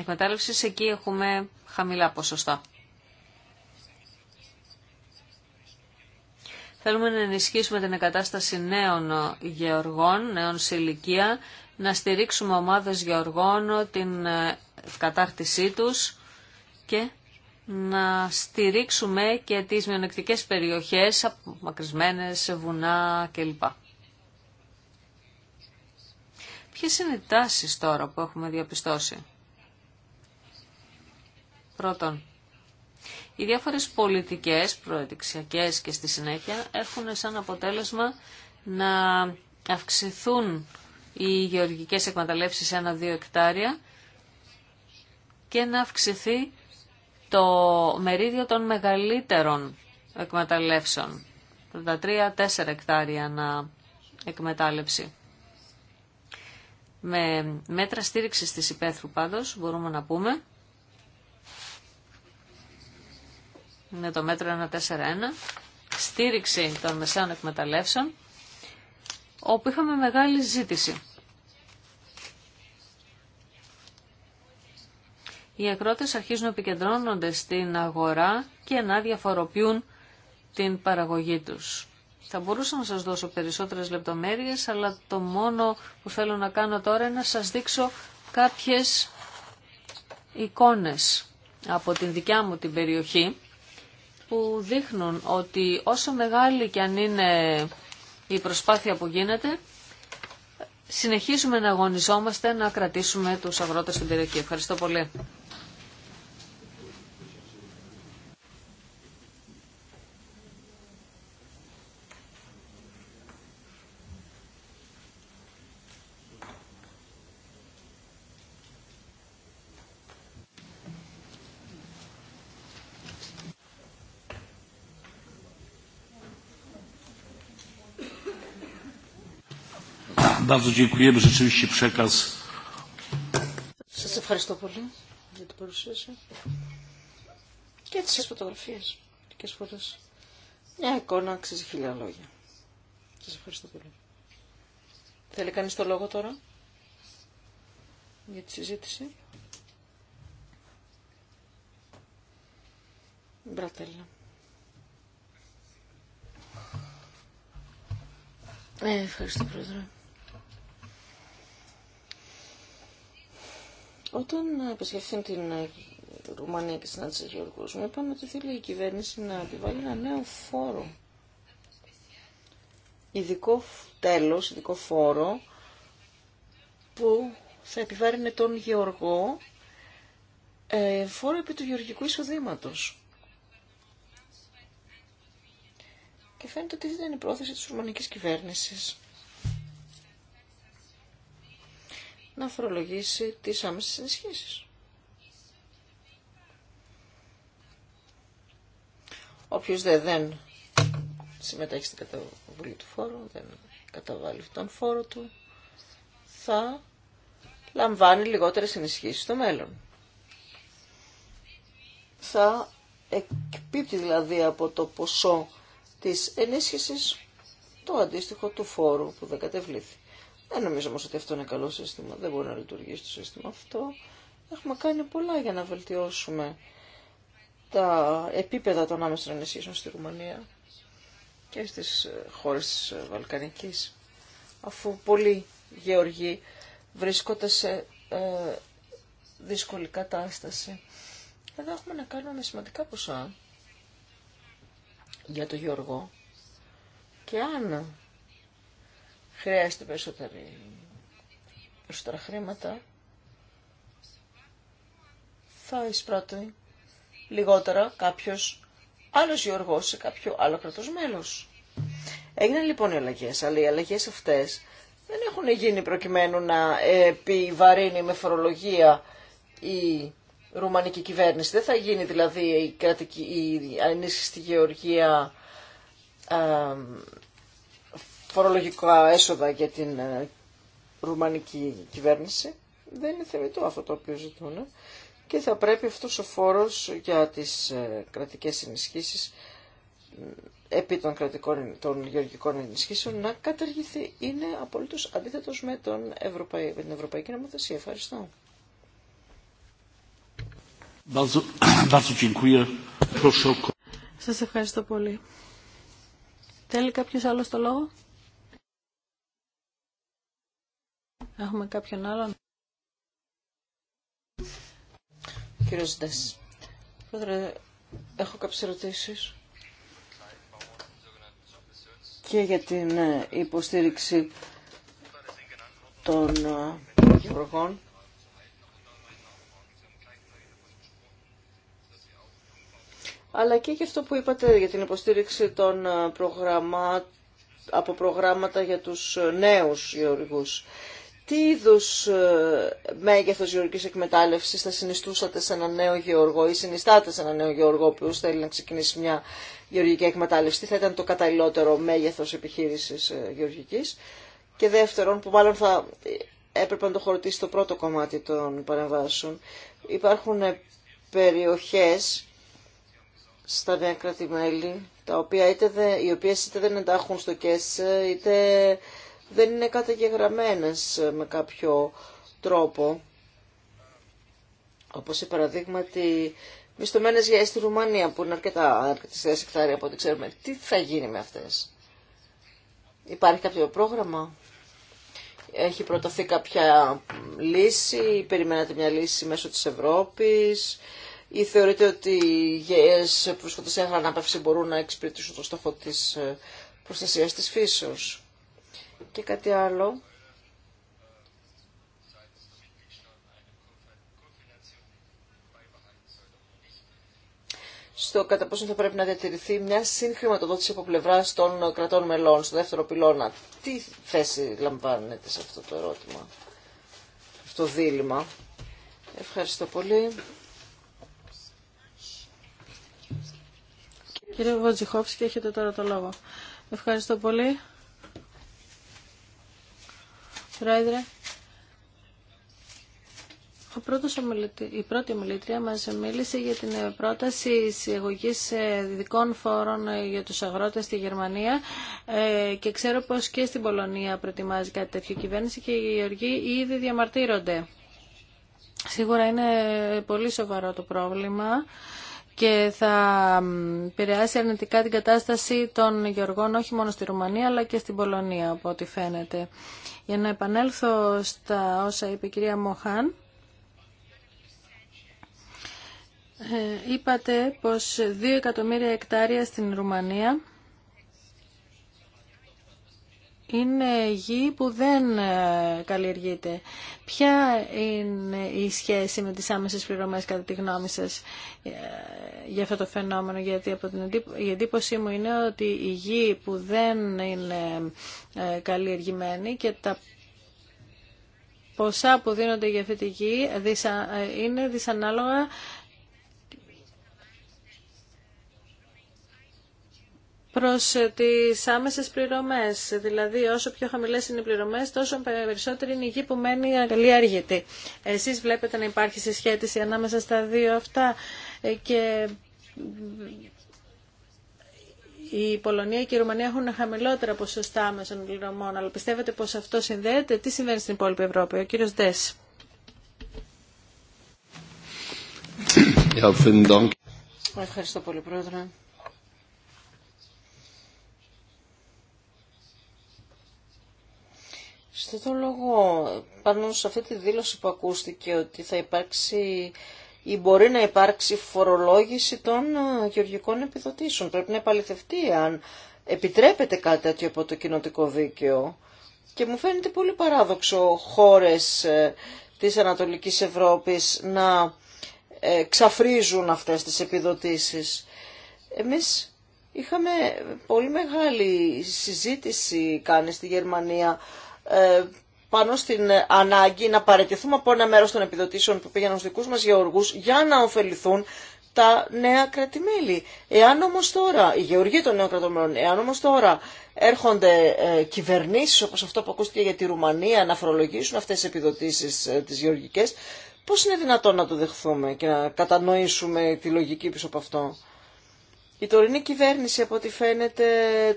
εκμετάλλευσης, εκεί έχουμε χαμηλά ποσοστά. Θέλουμε να ενισχύσουμε την εγκατάσταση νέων γεωργών, νέων σε ηλικία, να στηρίξουμε ομάδες γεωργών, την ε, κατάρτισή τους και να στηρίξουμε και τις μειονεκτικές περιοχές, απομακρυσμένες, βουνά κλπ. Ποιες είναι οι τάσεις τώρα που έχουμε διαπιστώσει. Πρώτον, οι διάφορες πολιτικές, προεδρυξιακές και στη συνέχεια, έχουν σαν αποτέλεσμα να αυξηθούν οι γεωργικές εκμεταλλεύσεις σε ένα-δύο εκτάρια και να αυξηθεί το μερίδιο των μεγαλύτερων τρία-τέσσερα εκτάρια να εκμετάλλευση. Με μέτρα στήριξης της υπαίθρου πάντως μπορούμε να πούμε είναι το μέτρο 141 στήριξη των μεσαίων εκμεταλλεύσεων όπου είχαμε μεγάλη ζήτηση. Οι ακρότες αρχίζουν να επικεντρώνονται στην αγορά και να διαφοροποιούν την παραγωγή τους. Θα μπορούσα να σας δώσω περισσότερες λεπτομέρειες, αλλά το μόνο που θέλω να κάνω τώρα είναι να σας δείξω κάποιες εικόνες από την δικιά μου την περιοχή που δείχνουν ότι όσο μεγάλη και αν είναι η προσπάθεια που γίνεται, συνεχίζουμε να αγωνιζόμαστε να κρατήσουμε τους αγρότες στην περιοχή. Ευχαριστώ πολύ. Σας ευχαριστώ πολύ για την παρουσίαση και τις φωτογραφίες Μια εικόνα αξίζει χίλια λόγια. Σας ευχαριστώ πολύ. Θέλει κανείς το λόγο τώρα για τη συζήτηση. Μπρατέλα. Ε, ευχαριστώ πρόεδρε. Όταν επισκεφθήν την ε, Ρουμανία και συνάντησα Γεωργό, μου είπαν ότι θέλει η κυβέρνηση να επιβάλλει ένα νέο φόρο. Ειδικό τέλος, ειδικό φόρο που θα επιβάρυνε τον Γεωργό ε, φόρο επί του γεωργικού εισοδήματο. Και φαίνεται ότι δεν είναι η πρόθεση της ρουμανικής κυβέρνησης. να φορολογήσει τις άμεσες ενισχύσεις. Όποιος δε δεν συμμετέχει στην καταβολή του φόρου, δεν καταβάλει τον φόρο του, θα λαμβάνει λιγότερες ενισχύσεις στο μέλλον. Θα εκπίπτει δηλαδή από το ποσό της ενίσχυσης το αντίστοιχο του φόρου που δεν κατεβλήθη. Δεν νομίζω όμως ότι αυτό είναι καλό σύστημα. Δεν μπορεί να λειτουργήσει το σύστημα αυτό. Έχουμε κάνει πολλά για να βελτιώσουμε τα επίπεδα των άμεσων ενισχύσεων στη Ρουμανία και στις χώρες της Βαλκανικής, αφού πολλοί γεωργοί βρίσκονται σε ε, δύσκολη κατάσταση. Εδώ έχουμε να κάνουμε σημαντικά ποσά για το Γιώργο. Και αν Χρειάζεται περισσότερη, περισσότερα χρήματα. Θα εισπράττει λιγότερα κάποιος άλλος γεωργός σε κάποιο άλλο κρατός μέλος. Έγιναν λοιπόν οι αλλαγές, αλλά οι αλλαγές αυτές δεν έχουν γίνει προκειμένου να επιβαρύνει με φορολογία η ρουμανική κυβέρνηση. Δεν θα γίνει δηλαδή η, κρατική, η ανίσχυστη γεωργία φορολογικά έσοδα για την ε, ρουμανική κυβέρνηση. Δεν είναι θεμητό αυτό το οποίο ζητούν και θα πρέπει αυτός ο φόρος για τις ε, κρατικές ενισχύσεις επί των, κρατικών, των γεωργικών ενισχύσεων να καταργηθεί. Είναι απολύτως αντίθετος με, τον την Ευρωπαϊκή Νομοθεσία. Ευχαριστώ. Σας ευχαριστώ πολύ. Θέλει κάποιος άλλος το λόγο. Έχουμε κάποιον άλλον. Κύριο Πρόεδρε, έχω κάποιες ερωτήσεις. Και για την ε, υποστήριξη των γεωργών. αλλά και για αυτό που είπατε για την υποστήριξη των ε, προγραμμάτων από προγράμματα για τους ε, νέους γεωργούς τι είδου ε, μέγεθο γεωργική εκμετάλλευση θα συνιστούσατε σε ένα νέο γεωργό ή συνιστάτε σε ένα νέο γεωργό που θέλει να ξεκινήσει μια γεωργική εκμετάλλευση, τι θα ήταν το καταλληλότερο μέγεθο επιχείρηση ε, γεωργική. Και δεύτερον, που μάλλον θα ε, έπρεπε να το χωρωτήσει το πρώτο κομμάτι των παρεμβάσεων, υπάρχουν περιοχέ στα νέα κράτη-μέλη, οι οποίε είτε δεν εντάχουν στο ΚΕΣ, είτε δεν είναι καταγεγραμμένες ε, με κάποιο τρόπο. Όπως οι παραδείγματι μισθωμένες για στη Ρουμανία που είναι αρκετά αρκετές εκτάρια από ό,τι ξέρουμε. Τι θα γίνει με αυτές. Υπάρχει κάποιο πρόγραμμα. Έχει προταθεί κάποια λύση, περιμένατε μια λύση μέσω της Ευρώπης ή θεωρείτε ότι οι γεές που βρίσκονται σε μπορούν να εξυπηρετήσουν το στόχο της ε, προστασίας της φύσεως. Και κάτι άλλο. στο κατά πόσο θα πρέπει να διατηρηθεί μια συγχρηματοδότηση από πλευρά των κρατών μελών στο δεύτερο πυλώνα. Τι θέση λαμβάνετε σε αυτό το ερώτημα, αυτό το δίλημα. Ευχαριστώ πολύ. Κύριε Βοτζιχόφσκι, έχετε τώρα το λόγο. Ευχαριστώ πολύ. Πρόεδρε, ο πρώτος η πρώτη ομιλήτρια μας μίλησε για την πρόταση εισαγωγή ε, διδικών φόρων ε, για τους αγρότες στη Γερμανία ε, και ξέρω πως και στην Πολωνία προετοιμάζει κάτι τέτοιο κυβέρνηση και οι γεωργοί ήδη διαμαρτύρονται. Σίγουρα είναι πολύ σοβαρό το πρόβλημα και θα επηρεάσει αρνητικά την κατάσταση των γεωργών όχι μόνο στη Ρουμανία αλλά και στην Πολωνία από ό,τι φαίνεται. Για να επανέλθω στα όσα είπε η κυρία Μοχάν, ε, είπατε πως 2 εκατομμύρια εκτάρια στην Ρουμανία είναι γη που δεν ε, καλλιεργείται. Ποια είναι η σχέση με τις άμεσες πληρωμές κατά τη γνώμη σας ε, για αυτό το φαινόμενο, γιατί από την η εντύπωσή μου είναι ότι η γη που δεν είναι ε, καλλιεργημένη και τα ποσά που δίνονται για αυτή τη γη είναι δυσανάλογα προς ε, τις άμεσες πληρωμές. Δηλαδή όσο πιο χαμηλές είναι οι πληρωμές τόσο περισσότερη είναι η γη που μένει αργητή. Εσείς βλέπετε να υπάρχει συσχέτιση ανάμεσα στα δύο αυτά ε, και η Πολωνία και η Ρουμανία έχουν χαμηλότερα ποσοστά άμεσων πληρωμών, αλλά πιστεύετε πως αυτό συνδέεται. Τι συμβαίνει στην υπόλοιπη Ευρώπη, ο κύριος Ντες. Ευχαριστώ πολύ, Πρόεδρε. λόγο, πάνω σε αυτή τη δήλωση που ακούστηκε ότι θα υπάρξει ή μπορεί να υπάρξει φορολόγηση των ε, γεωργικών επιδοτήσεων. Πρέπει να επαληθευτεί αν επιτρέπεται κάτι από το κοινοτικό δίκαιο. Και μου φαίνεται πολύ παράδοξο χώρες ε, της Ανατολικής Ευρώπης να ε, ξαφρίζουν αυτές τις επιδοτήσεις. Εμείς είχαμε πολύ μεγάλη συζήτηση κάνει στη Γερμανία ε, πάνω στην ανάγκη να παραιτηθούμε από ένα μέρος των επιδοτήσεων που πήγαιναν στους δικούς μας γεωργούς για να ωφεληθούν τα νέα κρατημέλη. Εάν όμως τώρα, οι γεωργοί των νέων κρατομέλων, εάν όμως τώρα έρχονται ε, κυβερνήσεις όπως αυτό που ακούστηκε για τη Ρουμανία να φορολογήσουν αυτές τις επιδοτήσεις ε, τις γεωργικές, πώς είναι δυνατόν να το δεχθούμε και να κατανοήσουμε τη λογική πίσω από αυτό. Η τωρινή κυβέρνηση, από ό,τι φαίνεται,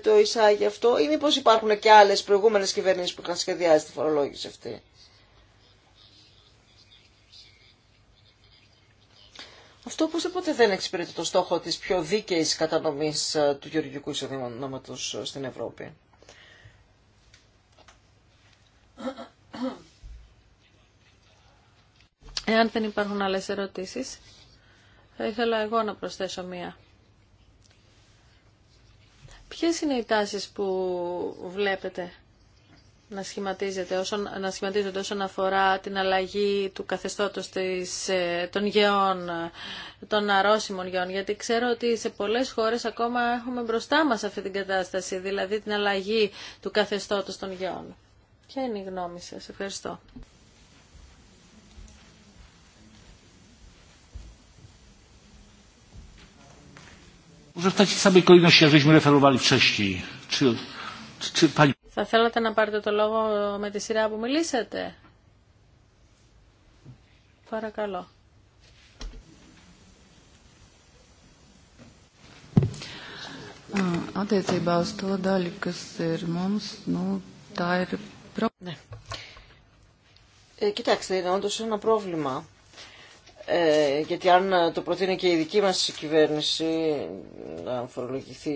το εισάγει αυτό ή μήπω υπάρχουν και άλλες προηγούμενες κυβερνήσεις που είχαν σχεδιάσει τη φορολόγηση αυτή. Αυτό οπωσδήποτε δεν εξυπηρετεί το στόχο της πιο δίκαιης κατανομής ε, του γεωργικού εισοδήματος ε, στην Ευρώπη. Εάν δεν υπάρχουν άλλες ερωτήσεις, θα ήθελα εγώ να προσθέσω μία. Ποιες είναι οι τάσεις που βλέπετε να, σχηματίζεται όσον, να σχηματίζονται όσον αφορά την αλλαγή του καθεστώτος της, ε, των γεών, των αρρώσιμων γεών, γιατί ξέρω ότι σε πολλές χώρες ακόμα έχουμε μπροστά μας αυτή την κατάσταση, δηλαδή την αλλαγή του καθεστώτος των γεών. Ποια είναι η γνώμη σας. Ευχαριστώ. Θα θέλατε να πάρετε το λόγο ε, με τη σειρά που μιλήσατε. Παρακαλώ. Ναι. Э, κοιτάξτε, είναι όντω ένα πρόβλημα ε, γιατί αν ε, το προτείνει και η δική μας κυβέρνηση να, φορολογηθεί,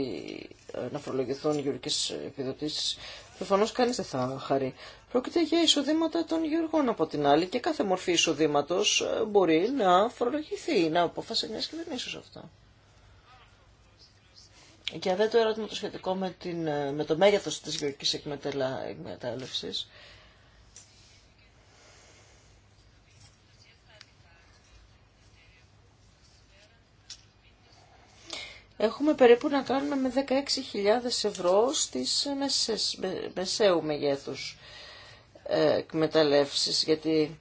ε, να φορολογηθούν γεωργικές επιδοτήσεις, προφανώς κανείς δεν θα χαρεί. Πρόκειται για εισοδήματα των γεωργών από την άλλη και κάθε μορφή εισοδήματο ε, μπορεί να φορολογηθεί, να αποφάσει μια κυβερνήσεως αυτό. Και δε το ερώτημα το σχετικό με, την, με το μέγεθος της γεωργικής εκμετάλλευσης, έχουμε περίπου να κάνουμε με 16.000 ευρώ στις μεσαίου μεγέθους ε, εκμεταλλεύσεις, γιατί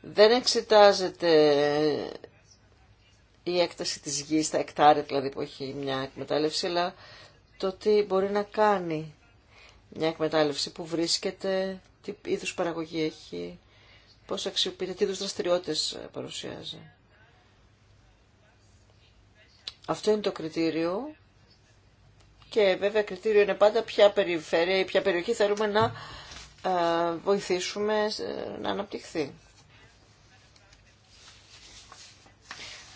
δεν εξετάζεται η έκταση της γης, τα εκτάρια δηλαδή που έχει μια εκμετάλλευση, αλλά το τι μπορεί να κάνει μια εκμετάλλευση, που βρίσκεται, τι είδους παραγωγή έχει, πώς αξιοποιείται, τι είδους δραστηριότητες παρουσιάζει. Αυτό είναι το κριτήριο και βέβαια κριτήριο είναι πάντα ποια περιφέρεια ή ποια περιοχή θέλουμε να ε, βοηθήσουμε να αναπτυχθεί.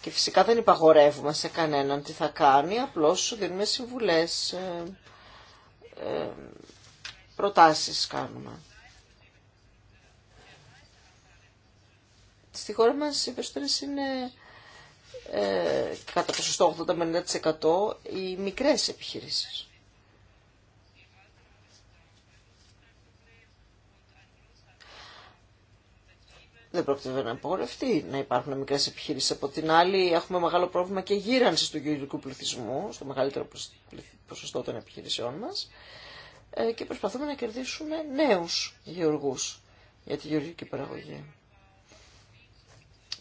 Και φυσικά δεν υπαγορεύουμε σε κανέναν τι θα κάνει, απλώς δίνουμε συμβουλές, ε, ε, προτάσεις κάνουμε. Στη χώρα μας οι περισσότερες είναι ε, κατά ποσοστό 80-90% οι μικρές επιχειρήσεις. Δεν πρόκειται να απογορευτεί να υπάρχουν μικρέ επιχειρήσει. Από την άλλη, έχουμε μεγάλο πρόβλημα και γύρανση του γεωργικού πληθυσμού, στο μεγαλύτερο ποσοστό των επιχειρήσεών μα. Ε, και προσπαθούμε να κερδίσουμε νέου γεωργού για τη γεωργική παραγωγή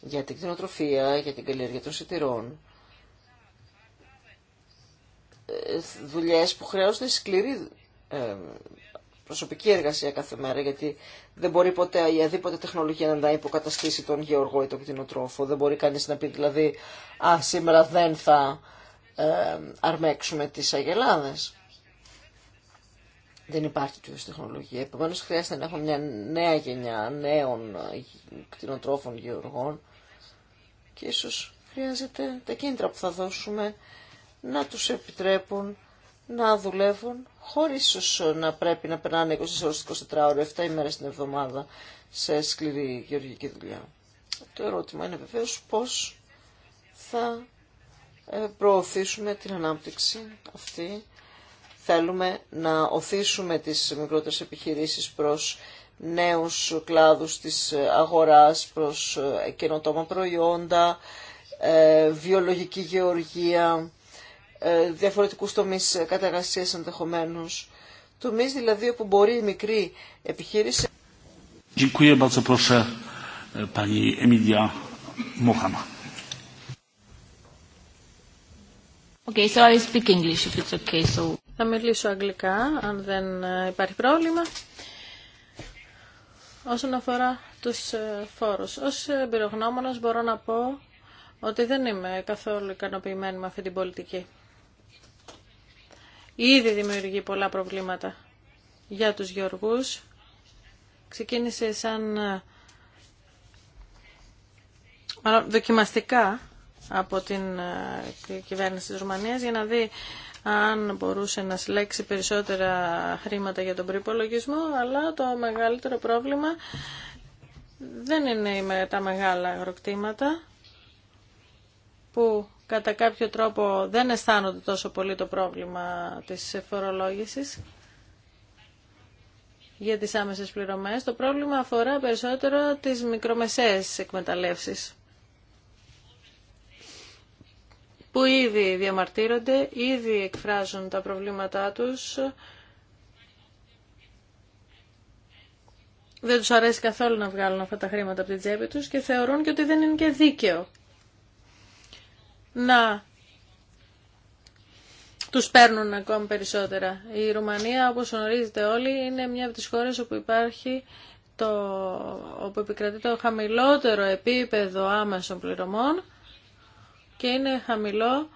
για την κτηνοτροφία, για την καλλιέργεια των σιτηρών. Ε, δουλειές που χρειάζονται σκληρή ε, προσωπική εργασία κάθε μέρα, γιατί δεν μπορεί ποτέ η αδίποτε τεχνολογία να υποκαταστήσει τον γεωργό ή τον κτηνοτρόφο. Δεν μπορεί κανείς να πει δηλαδή, α, σήμερα δεν θα ε, αρμέξουμε τις αγελάδες. Δεν υπάρχει τέτοια τεχνολογία. Επομένω, χρειάζεται να έχουμε μια νέα γενιά νέων ε, κτηνοτρόφων γεωργών και ίσως χρειάζεται τα κίνητρα που θα δώσουμε να τους επιτρέπουν να δουλεύουν χωρίς ίσως να πρέπει να περνάνε 20 ώρες 24 ώρες, 7 ημέρες την εβδομάδα σε σκληρή γεωργική δουλειά. Το ερώτημα είναι βεβαίως πώς θα ε, προωθήσουμε την ανάπτυξη αυτή. Θέλουμε να οθήσουμε τις μικρότερες επιχειρήσεις προς νέους κλάδους της αγοράς προς ε, καινοτόμα προϊόντα, ε, βιολογική γεωργία, ε, διαφορετικούς τομείς καταργασίας ενδεχομένω. Τομείς δηλαδή όπου μπορεί η μικρή επιχείρηση... E, okay, so I speak English if it's okay. So... Θα μιλήσω αγγλικά, αν δεν υπάρχει πρόβλημα. Όσον αφορά τους ε, φόρους, ως εμπειρογνώμονας μπορώ να πω ότι δεν είμαι καθόλου ικανοποιημένη με αυτή την πολιτική. Ήδη δημιουργεί πολλά προβλήματα για τους γεωργούς. Ξεκίνησε σαν ε, δοκιμαστικά από την ε, κυβέρνηση της Ρουμανίας για να δει αν μπορούσε να συλλέξει περισσότερα χρήματα για τον προπολογισμό, αλλά το μεγαλύτερο πρόβλημα δεν είναι τα μεγάλα αγροκτήματα που κατά κάποιο τρόπο δεν αισθάνονται τόσο πολύ το πρόβλημα της φορολόγησης για τις άμεσες πληρωμές. Το πρόβλημα αφορά περισσότερο τις μικρομεσαίες εκμεταλλεύσεις. που ήδη διαμαρτύρονται, ήδη εκφράζουν τα προβλήματά τους. Δεν τους αρέσει καθόλου να βγάλουν αυτά τα χρήματα από την τσέπη τους και θεωρούν και ότι δεν είναι και δίκαιο να τους παίρνουν ακόμη περισσότερα. Η Ρουμανία, όπως γνωρίζετε όλοι, είναι μια από τις χώρες όπου υπάρχει το, όπου επικρατεί το χαμηλότερο επίπεδο άμεσων πληρωμών και είναι χαμηλό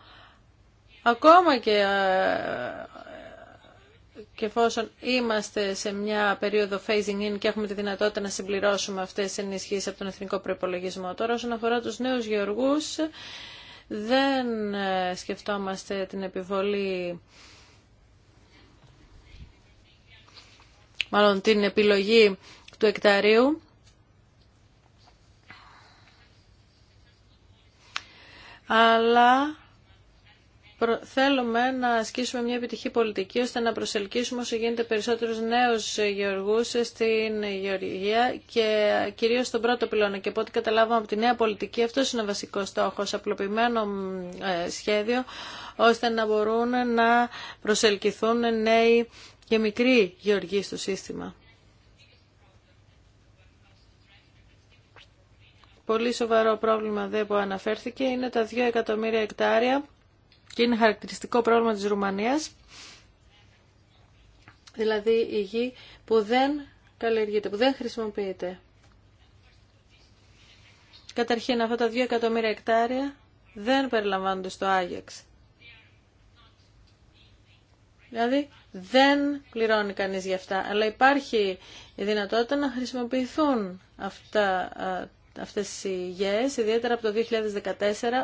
ακόμα και, ε, και εφόσον είμαστε σε μια περίοδο phasing in και έχουμε τη δυνατότητα να συμπληρώσουμε αυτές τις ενισχύσεις από τον Εθνικό Προϋπολογισμό. Τώρα όσον αφορά τους νέους γεωργούς δεν ε, σκεφτόμαστε την επιβολή μάλλον την επιλογή του εκταρίου αλλά θέλουμε να ασκήσουμε μια επιτυχή πολιτική ώστε να προσελκύσουμε όσο γίνεται περισσότερους νέους γεωργούς στην γεωργία και κυρίως στον πρώτο πυλώνα. Και από ό,τι καταλάβαμε από τη νέα πολιτική, αυτό είναι ο βασικός στόχος, απλοποιημένο ε, σχέδιο, ώστε να μπορούν να προσελκυθούν νέοι και μικροί γεωργοί στο σύστημα. πολύ σοβαρό πρόβλημα δε που αναφέρθηκε είναι τα 2 εκατομμύρια εκτάρια και είναι χαρακτηριστικό πρόβλημα της Ρουμανίας, δηλαδή η γη που δεν καλλιεργείται, που δεν χρησιμοποιείται. Καταρχήν αυτά τα 2 εκατομμύρια εκτάρια δεν περιλαμβάνονται στο Άγιαξ. Δηλαδή δεν πληρώνει κανείς για αυτά, αλλά υπάρχει η δυνατότητα να χρησιμοποιηθούν αυτά αυτές οι γέες, ιδιαίτερα από το 2014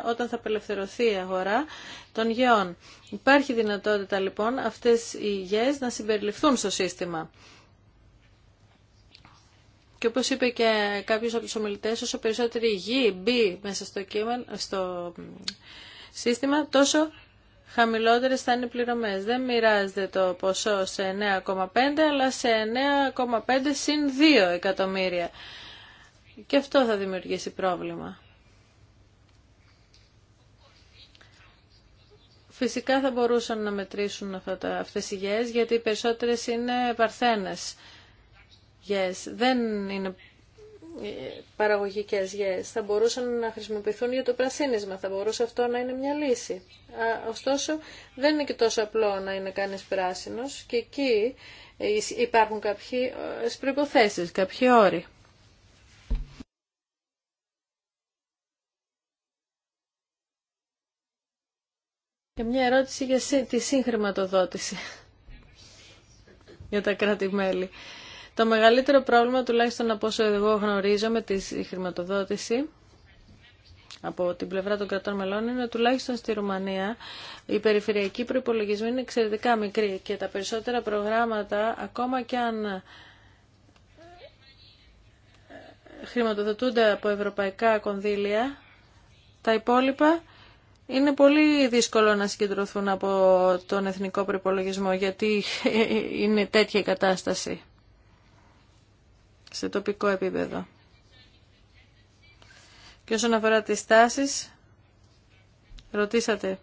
όταν θα απελευθερωθεί η αγορά των γεών. Υπάρχει δυνατότητα λοιπόν αυτές οι γέες να συμπεριληφθούν στο σύστημα. Και όπως είπε και κάποιος από τους ομιλητές, όσο περισσότερη γη μπει μέσα στο, στο σύστημα, τόσο χαμηλότερες θα είναι οι πληρωμές. Δεν μοιράζεται το ποσό σε 9,5 αλλά σε 9,5 συν 2 εκατομμύρια. Και αυτό θα δημιουργήσει πρόβλημα. Φυσικά θα μπορούσαν να μετρήσουν αυτά τα, αυτές οι γιές, γιατί οι περισσότερες είναι παρθένες γιές. Δεν είναι ε, παραγωγικές γιές. Θα μπορούσαν να χρησιμοποιηθούν για το πρασίνισμα. Θα μπορούσε αυτό να είναι μια λύση. ωστόσο, δεν είναι και τόσο απλό να είναι κανείς πράσινος και εκεί ε, υπάρχουν κάποιες προϋποθέσεις, κάποιοι όροι. Και μια ερώτηση για τη συγχρηματοδότηση για τα κράτη-μέλη. Το μεγαλύτερο πρόβλημα, τουλάχιστον από όσο εγώ γνωρίζω με τη συγχρηματοδότηση από την πλευρά των κρατών μελών, είναι τουλάχιστον στη Ρουμανία οι περιφερειακοί προπολογισμοί είναι εξαιρετικά μικροί και τα περισσότερα προγράμματα, ακόμα και αν ε, ε, χρηματοδοτούνται από ευρωπαϊκά κονδύλια, τα υπόλοιπα είναι πολύ δύσκολο να συγκεντρωθούν από τον εθνικό προπολογισμό γιατί είναι τέτοια η κατάσταση σε τοπικό επίπεδο. Και όσον αφορά τις τάσεις, ρωτήσατε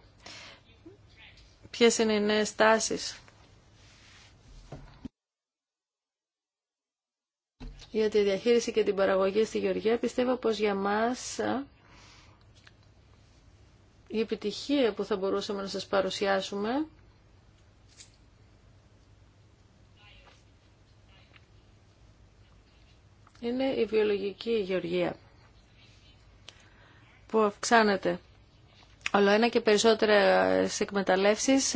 ποιες είναι οι νέες τάσεις. Για τη διαχείριση και την παραγωγή στη Γεωργία πιστεύω πως για μας η επιτυχία που θα μπορούσαμε να σας παρουσιάσουμε είναι η βιολογική γεωργία που αυξάνεται. Όλο ένα και περισσότερες εκμεταλλεύσεις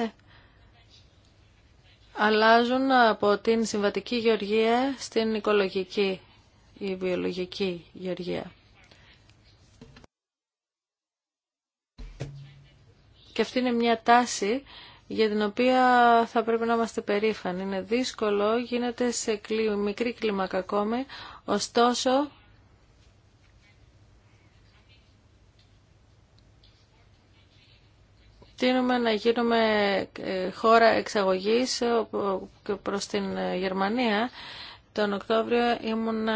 αλλάζουν από την συμβατική γεωργία στην οικολογική ή βιολογική γεωργία. Και αυτή είναι μια τάση για την οποία θα πρέπει να είμαστε περήφανοι. Είναι δύσκολο, γίνεται σε μικρή κλίμακα ακόμη, ωστόσο τίνουμε να γίνουμε ε, χώρα εξαγωγής ε, προς την ε, Γερμανία τον Οκτώβριο ήμουν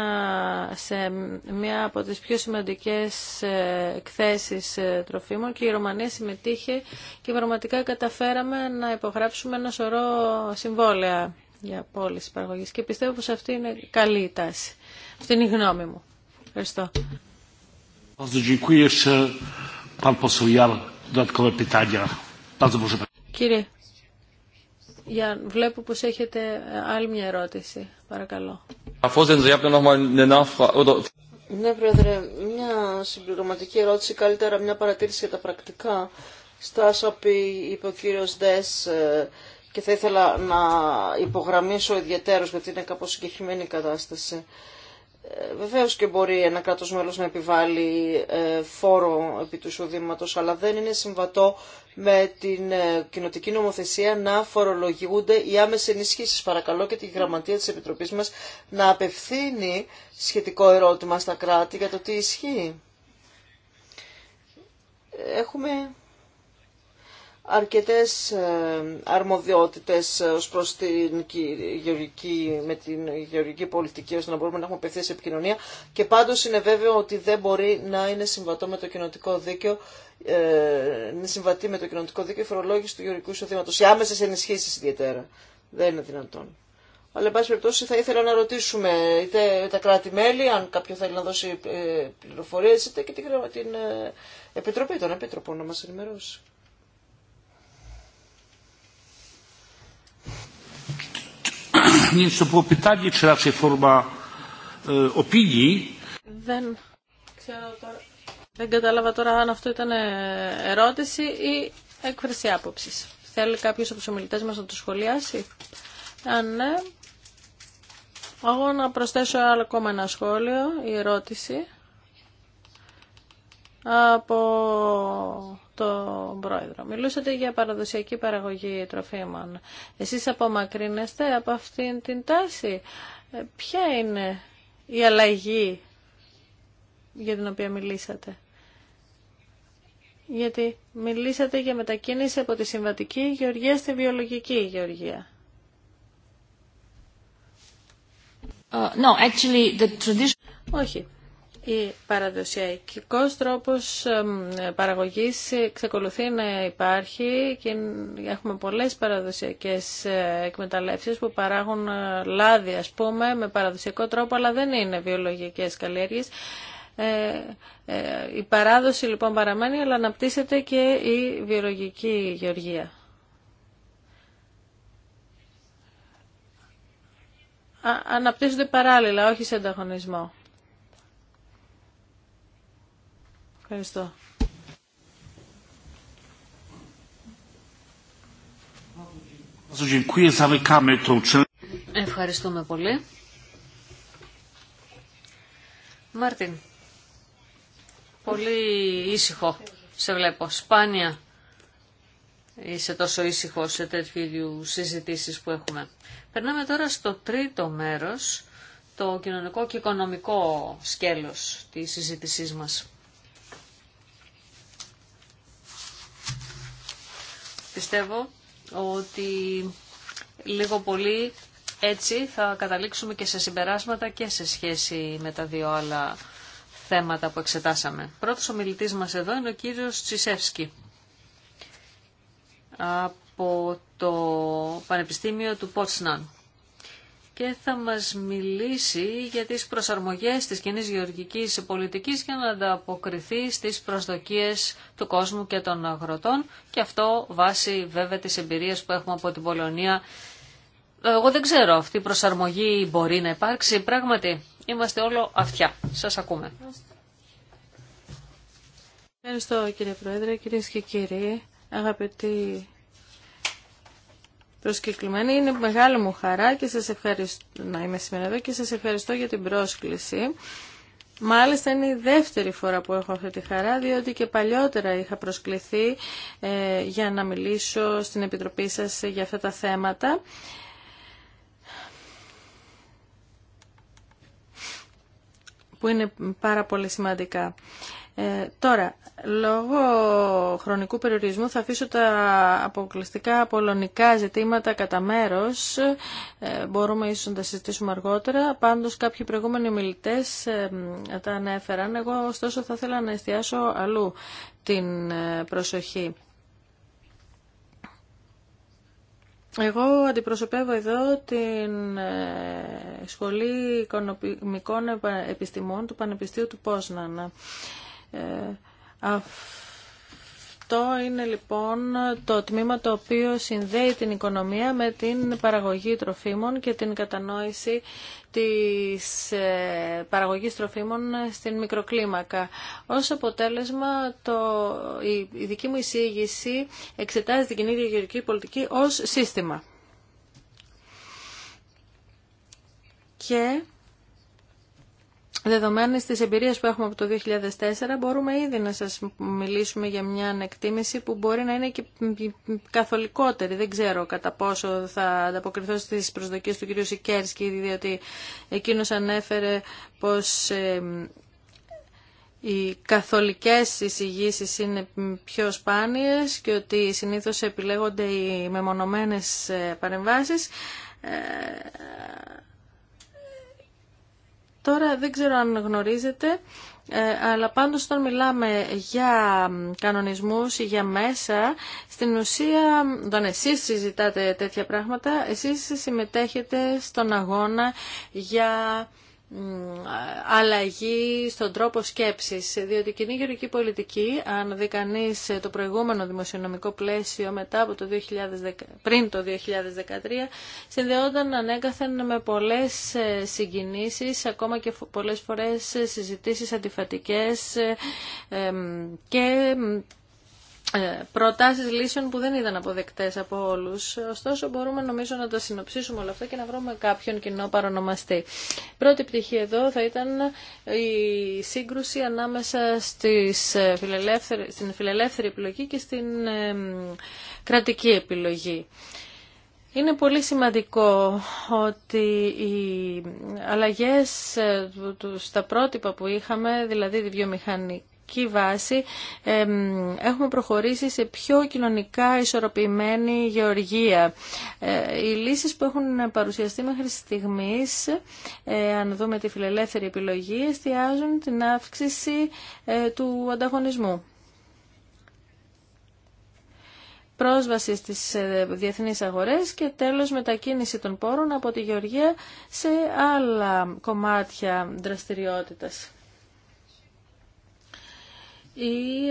σε μία από τις πιο σημαντικές ε, εκθέσεις ε, τροφίμων και η Ρωμανία συμμετείχε και πραγματικά καταφέραμε να υπογράψουμε ένα σωρό συμβόλαια για πόλεις παραγωγής και πιστεύω πως αυτή είναι καλή η τάση. Αυτή είναι η γνώμη μου. Ευχαριστώ. Κύριε για, βλέπω πως έχετε ε, άλλη μια ερώτηση. Παρακαλώ. Ναι, Πρόεδρε, μια συμπληρωματική ερώτηση, καλύτερα μια παρατήρηση για τα πρακτικά. Στα πει, είπε ο κύριος Ντες, ε, και θα ήθελα να υπογραμμίσω ιδιαίτερως, γιατί είναι κάπως συγκεκριμένη η κατάσταση. Ε, βεβαίως και μπορεί ένα κράτος μέλος να επιβάλλει φόρο επί του εισοδήματος, αλλά δεν είναι συμβατό με την ε, κοινοτική νομοθεσία να φορολογούνται οι άμεσε ενισχύσει. Παρακαλώ και τη γραμματεία τη Επιτροπή μα να απευθύνει σχετικό ερώτημα στα κράτη για το τι ισχύει. Έχουμε αρκετές ε, αρμοδιότητες ε, ως προς την γεωργική, με την γεωργική πολιτική ώστε να μπορούμε να έχουμε απευθείας επικοινωνία και πάντως είναι βέβαιο ότι δεν μπορεί να είναι συμβατό με το κοινοτικό δίκαιο ε, να συμβατεί με το κοινωνικό δίκαιο η φορολόγηση του γεωργικού εισοδήματος οι άμεσες ενισχύσεις ιδιαίτερα δεν είναι δυνατόν αλλά, εν πάση περιπτώσει, θα ήθελα να ρωτήσουμε είτε τα κράτη-μέλη, αν κάποιο θέλει να δώσει πληροφορίες, είτε και την Επιτροπή των Επίτροπων να μα ενημερώσει. E, Δεν ξέρω τώρα. κατάλαβα τώρα αν αυτό ήταν ε, ερώτηση ή έκφραση άποψη. Θέλει κάποιο από του ομιλητέ μα να το σχολιάσει. Αν ναι, εγώ να προσθέσω άλλο ακόμα ένα σχόλιο ή ερώτηση από το πρόεδρο. Μιλούσατε για παραδοσιακή παραγωγή τροφίμων. Εσείς απομακρύνεστε από αυτήν την τάση. Ε, ποια είναι η αλλαγή για την οποία μιλήσατε. Γιατί μιλήσατε για μετακίνηση από τη συμβατική γεωργία στη βιολογική γεωργία. Uh, no, actually, the tradition... Όχι η παραδοσιακός τρόπος παραγωγής ξεκολουθεί να υπάρχει και έχουμε πολλές παραδοσιακές ε, εκμεταλλεύσεις που παράγουν ε, λάδι ας πούμε με παραδοσιακό τρόπο αλλά δεν είναι βιολογικές καλλιέργειες. Ε, η παράδοση λοιπόν παραμένει αλλά αναπτύσσεται και η βιολογική γεωργία. αναπτύσσονται παράλληλα, όχι σε ανταγωνισμό. Ευχαριστώ. Ευχαριστούμε πολύ. Μάρτιν, πολύ ήσυχο σε βλέπω. Σπάνια είσαι τόσο ήσυχο σε τέτοιου είδου συζητήσει που έχουμε. Περνάμε τώρα στο τρίτο μέρος, το κοινωνικό και οικονομικό σκέλος της συζήτησής μας. πιστεύω ότι λίγο πολύ έτσι θα καταλήξουμε και σε συμπεράσματα και σε σχέση με τα δύο άλλα θέματα που εξετάσαμε. Πρώτος μιλητής μας εδώ είναι ο κύριος Τσισεύσκη από το Πανεπιστήμιο του Πότσναν και θα μας μιλήσει για τις προσαρμογές της κοινή γεωργικής πολιτικής για να ανταποκριθεί στις προσδοκίες του κόσμου και των αγροτών και αυτό βάσει βέβαια τις εμπειρίες που έχουμε από την Πολωνία. Εγώ δεν ξέρω, αυτή η προσαρμογή μπορεί να υπάρξει. Πράγματι, είμαστε όλο αυτιά. Σας ακούμε. Ευχαριστώ κύριε Πρόεδρε, κυρίε και κύριοι, αγαπητοί προσκεκλημένη. Είναι μεγάλη μου χαρά και σας ευχαριστώ να είμαι σήμερα εδώ και σας ευχαριστώ για την πρόσκληση. Μάλιστα είναι η δεύτερη φορά που έχω αυτή τη χαρά, διότι και παλιότερα είχα προσκληθεί ε, για να μιλήσω στην Επιτροπή σας για αυτά τα θέματα. που είναι πάρα πολύ σημαντικά. Ε, τώρα, λόγω χρονικού περιορισμού θα αφήσω τα αποκλειστικά πολωνικά ζητήματα κατά μέρο. Ε, μπορούμε ίσως να τα συζητήσουμε αργότερα. Πάντως κάποιοι προηγούμενοι μιλητές ε, τα ανέφεραν. Εγώ ωστόσο θα ήθελα να εστιάσω αλλού την προσοχή. Εγώ αντιπροσωπεύω εδώ την Σχολή Οικονομικών Επιστημών του Πανεπιστήμιου του Πόσνανα. Ε, αυτό είναι λοιπόν το τμήμα το οποίο συνδέει την οικονομία με την παραγωγή τροφίμων και την κατανόηση της ε, παραγωγής τροφίμων στην μικροκλίμακα. Ως αποτέλεσμα, το, η, δική μου εισήγηση εξετάζει την κοινή γεωργική πολιτική ως σύστημα. Και Δεδομένης της εμπειρίας που έχουμε από το 2004, μπορούμε ήδη να σας μιλήσουμε για μια ανεκτίμηση που μπορεί να είναι και καθολικότερη. Δεν ξέρω κατά πόσο θα ανταποκριθώ στις προσδοκίες του κ. Σικέρσκη, διότι εκείνος ανέφερε πως ε, οι καθολικές εισηγήσεις είναι πιο σπάνιες και ότι συνήθως επιλέγονται οι μεμονωμένες ε, παρεμβάσεις. Ε, Τώρα δεν ξέρω αν γνωρίζετε, ε, αλλά πάντως όταν μιλάμε για κανονισμούς ή για μέσα, στην ουσία όταν εσείς συζητάτε τέτοια πράγματα, εσείς συμμετέχετε στον αγώνα για αλλαγή στον τρόπο σκέψης, διότι η κοινή γεωργική πολιτική, αν δει κανεί το προηγούμενο δημοσιονομικό πλαίσιο μετά από το 2010, πριν το 2013, συνδεόταν ανέκαθεν με πολλές ε, συγκινήσεις, ακόμα και πολλές φορές συζητήσεις αντιφατικές ε, ε, και ε, προτάσεις λύσεων που δεν ήταν αποδεκτές από όλους. Ωστόσο μπορούμε νομίζω να τα συνοψίσουμε όλα αυτά και να βρούμε κάποιον κοινό παρονομαστή. Πρώτη πτυχή εδώ θα ήταν η σύγκρουση ανάμεσα στις ε, στην φιλελεύθερη επιλογή και στην ε, κρατική επιλογή. Είναι πολύ σημαντικό ότι οι αλλαγές στα πρότυπα που είχαμε, δηλαδή τη βιομηχανική, κοινωνική βάση έχουμε προχωρήσει σε πιο κοινωνικά ισορροπημένη γεωργία. Ε, οι λύσεις που έχουν παρουσιαστεί μέχρι στιγμής, ε, αν δούμε τη φιλελεύθερη επιλογή, εστιάζουν την αύξηση ε, του ανταγωνισμού πρόσβαση στις διεθνείς αγορές και τέλος μετακίνηση των πόρων από τη Γεωργία σε άλλα κομμάτια δραστηριότητας η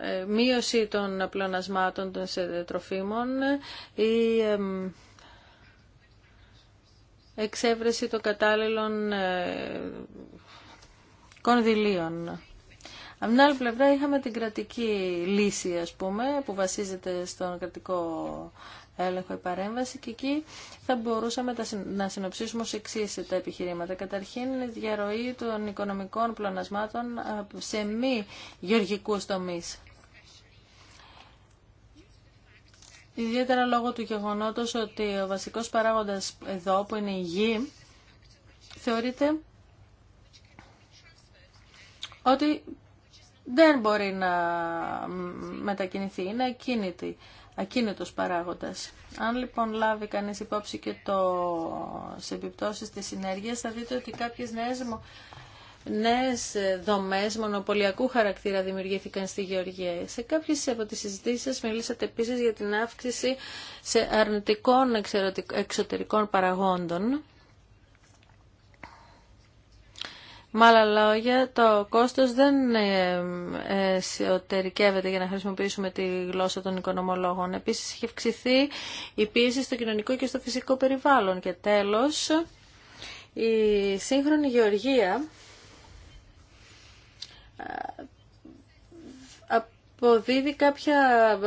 ε, μείωση των πλονασμάτων των ε, τροφίμων, η εξέβρεση των κατάλληλων ε, κονδυλίων. Από την άλλη πλευρά είχαμε την κρατική λύση, ας πούμε, που βασίζεται στον κρατικό έλεγχο η παρέμβαση και εκεί θα μπορούσαμε να συνοψίσουμε ως εξή τα επιχειρήματα. Καταρχήν, η διαρροή των οικονομικών πλονασμάτων σε μη γεωργικούς τομείς. Ιδιαίτερα λόγω του γεγονότος ότι ο βασικός παράγοντας εδώ που είναι η γη θεωρείται ότι δεν μπορεί να μετακινηθεί, είναι ακίνητη ακίνητος παράγοντας. Αν λοιπόν λάβει κανείς υπόψη και το σε επιπτώσεις της συνέργειας θα δείτε ότι κάποιες νέες, νέες ε, δομές μονοπωλιακού χαρακτήρα δημιουργήθηκαν στη Γεωργία. Σε κάποιες από τις συζητήσεις σας μιλήσατε επίσης για την αύξηση σε αρνητικών εξωτερικών παραγόντων Με άλλα λόγια, το κόστος δεν ε, ε, εσωτερικεύεται για να χρησιμοποιήσουμε τη γλώσσα των οικονομολόγων. Επίσης, έχει αυξηθεί η πίεση στο κοινωνικό και στο φυσικό περιβάλλον. Και τέλος, η σύγχρονη γεωργία υποδίδει κάποια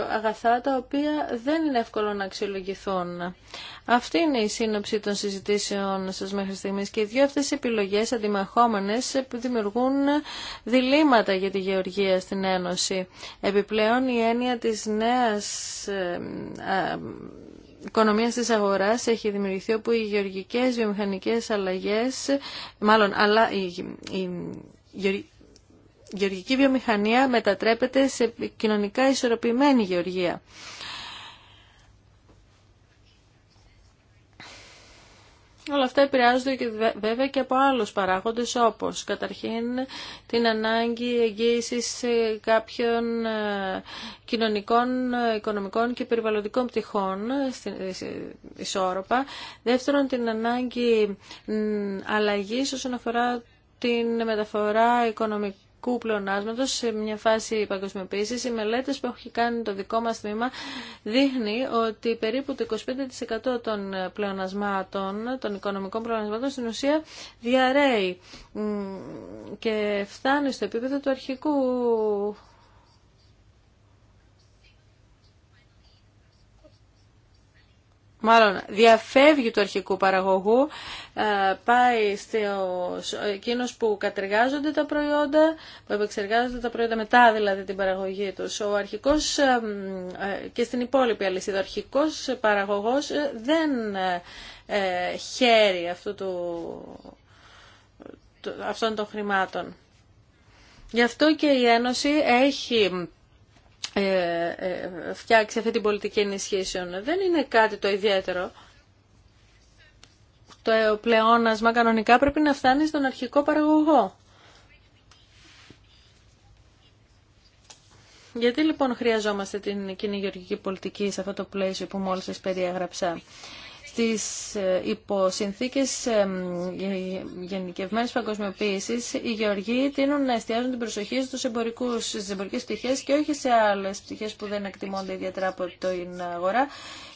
αγαθά τα οποία δεν είναι εύκολο να αξιολογηθούν. Αυτή είναι η σύνοψη των συζητήσεων σας μέχρι στιγμής και οι δύο αυτές οι επιλογές αντιμαχόμενες που δημιουργούν διλήμματα για τη γεωργία στην Ένωση. Επιπλέον η έννοια της νέας ε, οικονομία τη αγορά έχει δημιουργηθεί όπου οι γεωργικές βιομηχανικέ αλλαγέ, μάλλον αλλά, οι, οι, γεωργική βιομηχανία μετατρέπεται σε κοινωνικά ισορροπημένη γεωργία. Όλα αυτά επηρεάζονται και βέβαια και από άλλους παράγοντες όπως καταρχήν την ανάγκη εγγύησης κάποιων ε, κοινωνικών, ε, οικονομικών και περιβαλλοντικών πτυχών στην ε, ισόρροπα. Δεύτερον την ανάγκη αλλαγής όσον αφορά την μεταφορά οικονομικών πλεονάσματος σε μια φάση παγκοσμιοποίησης, οι μελέτες που έχει κάνει το δικό μας τμήμα δείχνει ότι περίπου το 25% των πλεονασμάτων, των οικονομικών πλεονασμάτων στην ουσία διαρρέει και φτάνει στο επίπεδο του αρχικού μάλλον διαφεύγει του αρχικού παραγωγού, ε, πάει στο εκείνους που κατεργάζονται τα προϊόντα, που επεξεργάζονται τα προϊόντα μετά δηλαδή την παραγωγή του. Ο αρχικός ε, ε, και στην υπόλοιπη αλυσίδα, ο αρχικός παραγωγός δεν χαίρει αυτού του, αυτών των χρημάτων. Γι' αυτό και η Ένωση έχει ε, ε, φτιάξει αυτή την πολιτική ενισχύσεων. Δεν είναι κάτι το ιδιαίτερο. Το πλεόνασμα κανονικά πρέπει να φτάνει στον αρχικό παραγωγό. Γιατί λοιπόν χρειαζόμαστε την κοινή γεωργική πολιτική σε αυτό το πλαίσιο που μόλις σας περιέγραψα στις ε, υποσυνθήκες γενικευμένης παγκοσμιοποίησης οι γεωργοί τείνουν να εστιάζουν την προσοχή στους εμπορικούς, στις εμπορικές πτυχές και όχι σε άλλες πτυχές που δεν εκτιμώνται ιδιαίτερα από την αγορά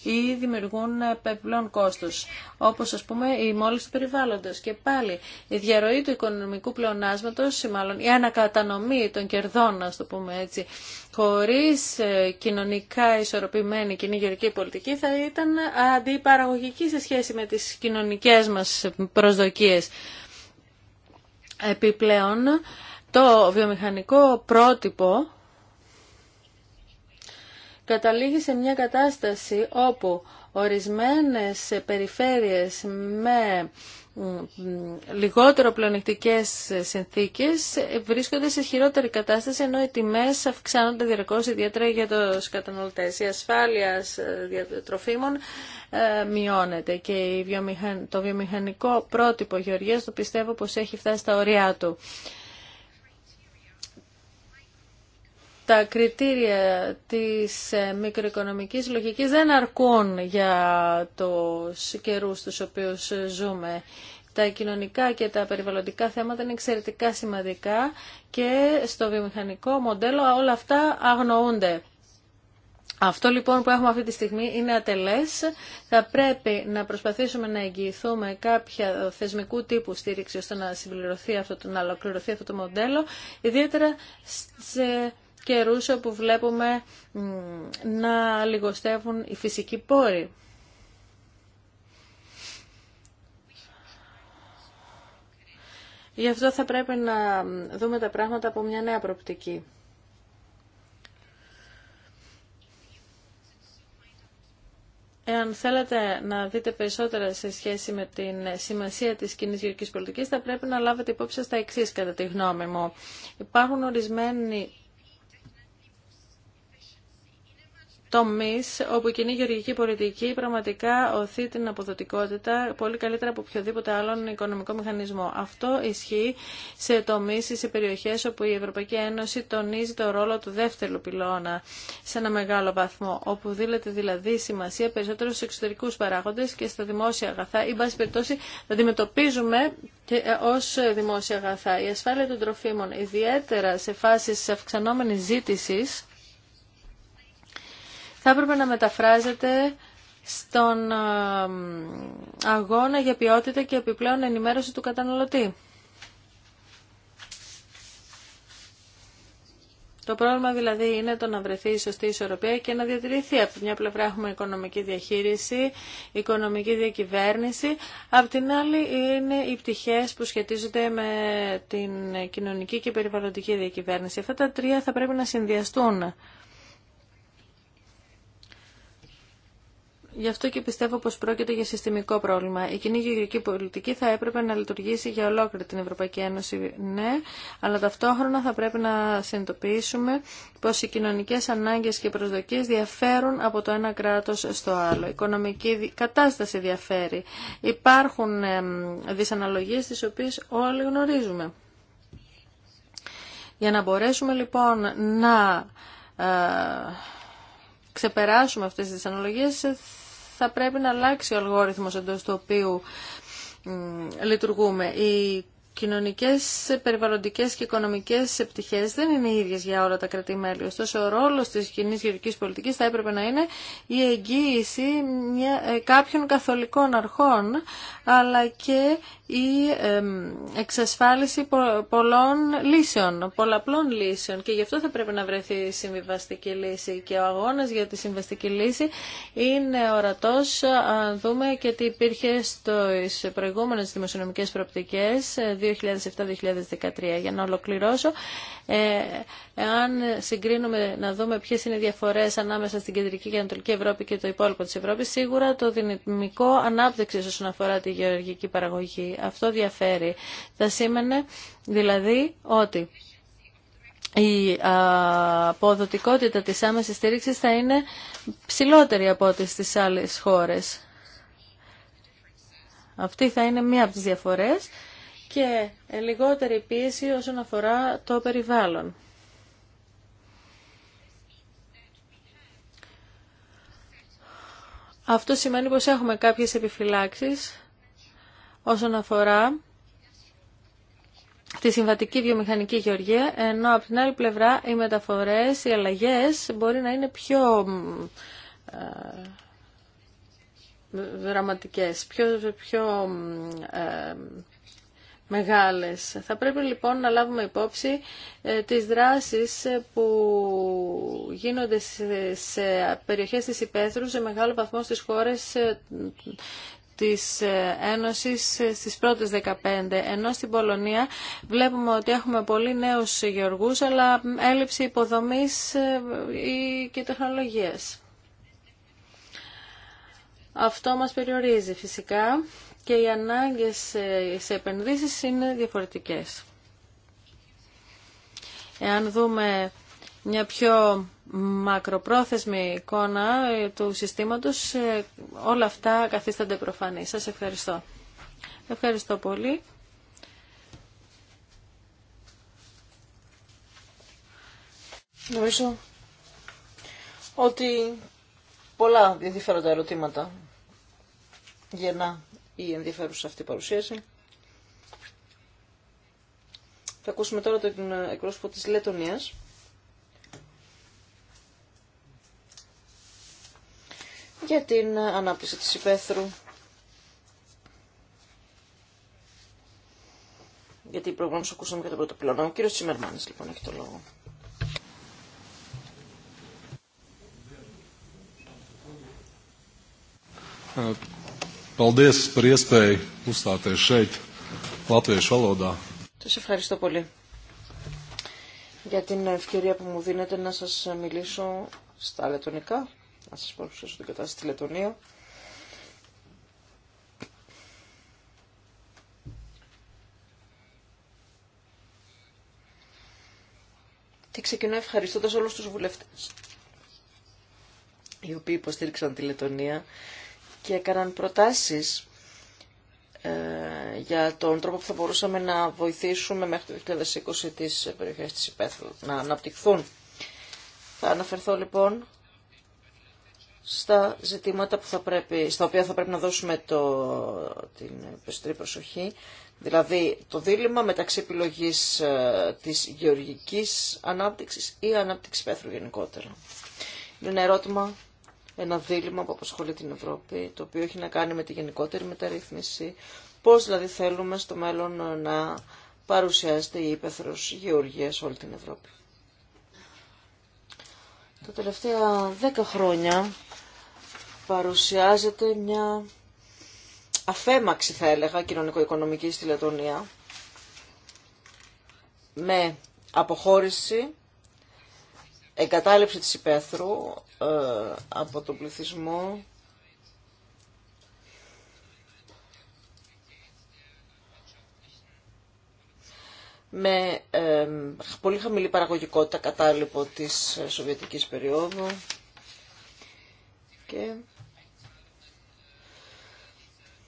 ή δημιουργούν ε, επιπλέον κόστους. Όπως ας πούμε η μόλις του περιβάλλοντος. Και πάλι η διαρροή του οικονομικού πλεονάσματος ή μάλλον η ανακατανομή των κερδών, ας το πούμε έτσι, χωρίς ε, κοινωνικά ισορροπημένη κοινή γεωρική πολιτική θα ήταν αντιπαραγωγική σε σχέση με τις κοινωνικές μας προσδοκίες. Επιπλέον, το βιομηχανικό πρότυπο καταλήγει σε μια κατάσταση όπου ορισμένες περιφέρειες με λιγότερο πλεονεκτικές συνθήκες βρίσκονται σε χειρότερη κατάσταση ενώ οι τιμές αυξάνονται διαρκώς ιδιαίτερα για τους καταναλωτές. Η ασφάλεια τροφίμων ε, μειώνεται και το βιομηχανικό πρότυπο γεωργίας το πιστεύω πως έχει φτάσει στα ωριά του. τα κριτήρια της ε, μικροοικονομικής λογικής δεν αρκούν για τους καιρού τους οποίους ε, ζούμε. Τα κοινωνικά και τα περιβαλλοντικά θέματα είναι εξαιρετικά σημαντικά και στο βιομηχανικό μοντέλο όλα αυτά αγνοούνται. Αυτό λοιπόν που έχουμε αυτή τη στιγμή είναι ατελές. Θα πρέπει να προσπαθήσουμε να εγγυηθούμε κάποια θεσμικού τύπου στήριξη ώστε να συμπληρωθεί αυτό, να ολοκληρωθεί αυτό το μοντέλο, ιδιαίτερα σε καιρούς όπου βλέπουμε να λιγοστεύουν οι φυσικοί πόροι. Γι' αυτό θα πρέπει να δούμε τα πράγματα από μια νέα προπτική. Εάν θέλετε να δείτε περισσότερα σε σχέση με την σημασία της κοινή γεωργικής πολιτικής, θα πρέπει να λάβετε υπόψη στα εξής, κατά τη γνώμη μου. Υπάρχουν ορισμένοι τομεί όπου η κοινή γεωργική πολιτική πραγματικά οθεί την αποδοτικότητα πολύ καλύτερα από οποιοδήποτε άλλον οικονομικό μηχανισμό. Αυτό ισχύει σε τομεί ή σε περιοχέ όπου η Ευρωπαϊκή Ένωση τονίζει το ρόλο του δεύτερου πυλώνα σε περιοχέ οπου η μεγάλο βαθμό, όπου δίνεται δηλαδή σημασία περισσότερο στου εξωτερικού παράγοντε και στα δημόσια αγαθά ή, πάση περιπτώσει, να αντιμετωπίζουμε ε, ως δημόσια αγαθά. Η ασφάλεια των τροφίμων, ιδιαίτερα σε φάσεις αυξανόμενης ζήτησης, θα έπρεπε να μεταφράζεται στον ε, αγώνα για ποιότητα και επιπλέον ενημέρωση του καταναλωτή. Το πρόβλημα δηλαδή είναι το να βρεθεί η σωστή ισορροπία και να διατηρηθεί. Από τη μια πλευρά έχουμε οικονομική διαχείριση, οικονομική διακυβέρνηση. Από την άλλη είναι οι πτυχές που σχετίζονται με την κοινωνική και περιβαλλοντική διακυβέρνηση. Αυτά τα τρία θα πρέπει να συνδυαστούν. Γι' αυτό και πιστεύω πω πρόκειται για συστημικό πρόβλημα. Η κοινή γεωργική πολιτική θα έπρεπε να λειτουργήσει για ολόκληρη την Ευρωπαϊκή Ένωση, ναι, αλλά ταυτόχρονα θα πρέπει να συνειδητοποιήσουμε πω οι κοινωνικέ ανάγκε και προσδοκίε διαφέρουν από το ένα κράτο στο άλλο. Η οικονομική κατάσταση διαφέρει. Υπάρχουν δυσαναλογίες τι οποίε όλοι γνωρίζουμε. Για να μπορέσουμε λοιπόν να ε, ξεπεράσουμε αυτές τις αναλογίες θα πρέπει να αλλάξει ο αλγόριθμος εντός του οποίου λειτουργούμε. Η κοινωνικές, περιβαλλοντικές και οικονομικές επιτυχίες δεν είναι οι ίδιες για όλα τα κρατημέλη. Ωστόσο, ο ρόλος της κοινή γεωργικής πολιτικής θα έπρεπε να είναι η εγγύηση ε, κάποιων καθολικών αρχών, αλλά και η εξασφάλιση πολλών λύσεων, πολλαπλών λύσεων. Και γι' αυτό θα πρέπει να βρεθεί η συμβιβαστική λύση. Και ο αγώνας για τη συμβιβαστική λύση είναι ορατός, αν δούμε και τι υπήρχε στις προηγούμενες δημοσιονομικές προοπτικές, ε, 2007-2013. Για να ολοκληρώσω, ε, εάν συγκρίνουμε να δούμε ποιε είναι οι διαφορέ ανάμεσα στην Κεντρική και Ανατολική Ευρώπη και το υπόλοιπο τη Ευρώπη, σίγουρα το δυναμικό ανάπτυξη όσον αφορά τη γεωργική παραγωγή. Αυτό διαφέρει. Θα σήμαινε δηλαδή ότι η αποδοτικότητα της άμεσης στήριξης θα είναι ψηλότερη από ό,τι στις άλλες χώρες. Αυτή θα είναι μία από τις διαφορές και λιγότερη πίεση όσον αφορά το περιβάλλον. Αυτό σημαίνει πως έχουμε κάποιες επιφυλάξεις όσον αφορά τη συμβατική βιομηχανική γεωργία, ενώ από την άλλη πλευρά οι μεταφορές, οι αλλαγές μπορεί να είναι πιο ε, δραματικές, πιο, πιο ε, μεγάλες. Θα πρέπει λοιπόν να λάβουμε υπόψη ε, τις δράσεις ε, που γίνονται σε περιοχές της υπαίθρου σε μεγάλο βαθμό στις χώρες ε, της Ένωσης στις πρώτες 15. Ενώ στην Πολωνία βλέπουμε ότι έχουμε πολύ νέους γεωργούς, αλλά έλλειψη υποδομής και τεχνολογίας. Αυτό μας περιορίζει φυσικά και οι ανάγκες σε επενδύσεις είναι διαφορετικές. Εάν δούμε μια πιο μακροπρόθεσμη εικόνα του συστήματος, ε, όλα αυτά καθίστανται προφανή. Σας ευχαριστώ. Ευχαριστώ πολύ. Νομίζω ότι πολλά ενδιαφέροντα ερωτήματα γεννά η ενδιαφέρουσα αυτή παρουσίαση. Θα ακούσουμε τώρα τον εκπρόσωπο της Λετωνίας. για την ανάπτυξη της υπαίθρου. Γιατί οι ακούσαμε και τον πρώτο πυλώνα. Ο κύριος Τσιμερμάνης λοιπόν έχει το λόγο. Ε, Paldies par iespēju uzstāties šeit, latviešu valodā. ευχαριστώ πολύ για την ευκαιρία που μου δίνετε να σα μιλήσω στα λετωνικά, να σα παρουσιάσω την κατάσταση στη Λετωνία. Και ξεκινώ ευχαριστώντας όλους τους βουλευτές οι οποίοι υποστήριξαν τη Λετωνία και έκαναν προτάσεις ε, για τον τρόπο που θα μπορούσαμε να βοηθήσουμε μέχρι το 2020 τις περιοχές της υπαίθρου να αναπτυχθούν. Θα αναφερθώ λοιπόν στα ζητήματα που θα πρέπει, στα οποία θα πρέπει να δώσουμε το, την περισσότερη προσοχή, δηλαδή το δίλημα μεταξύ επιλογής ε, της γεωργικής ανάπτυξης ή ανάπτυξης πέθρου γενικότερα. Είναι ένα ερώτημα ένα δίλημα που απασχολεί την Ευρώπη, το οποίο έχει να κάνει με τη γενικότερη μεταρρύθμιση, πώς δηλαδή θέλουμε στο μέλλον να παρουσιάζεται η ύπεθρος γεωργία σε όλη την Ευρώπη. Τα τελευταία δέκα χρόνια παρουσιάζεται μια αφέμαξη θα έλεγα κοινωνικο-οικονομική στη Λετωνία με αποχώρηση εγκατάλειψη της υπαίθρου ε, από τον πληθυσμό με ε, πολύ χαμηλή παραγωγικότητα κατάλοιπο της Σοβιετικής περίοδου και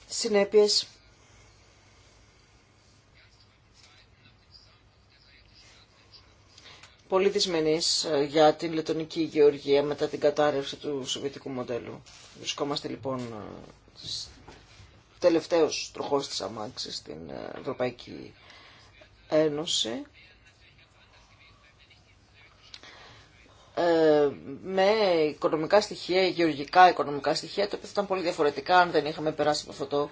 συνέπειες πολύ δυσμενής ε, για την λετονική γεωργία μετά την κατάρρευση του σοβιετικού μοντέλου. Βρισκόμαστε λοιπόν ε, τελευταίο τροχός της αμάξης στην ε, Ευρωπαϊκή Ένωση. με οικονομικά στοιχεία, γεωργικά οικονομικά στοιχεία, τα οποία ήταν πολύ διαφορετικά αν δεν είχαμε περάσει από αυτό το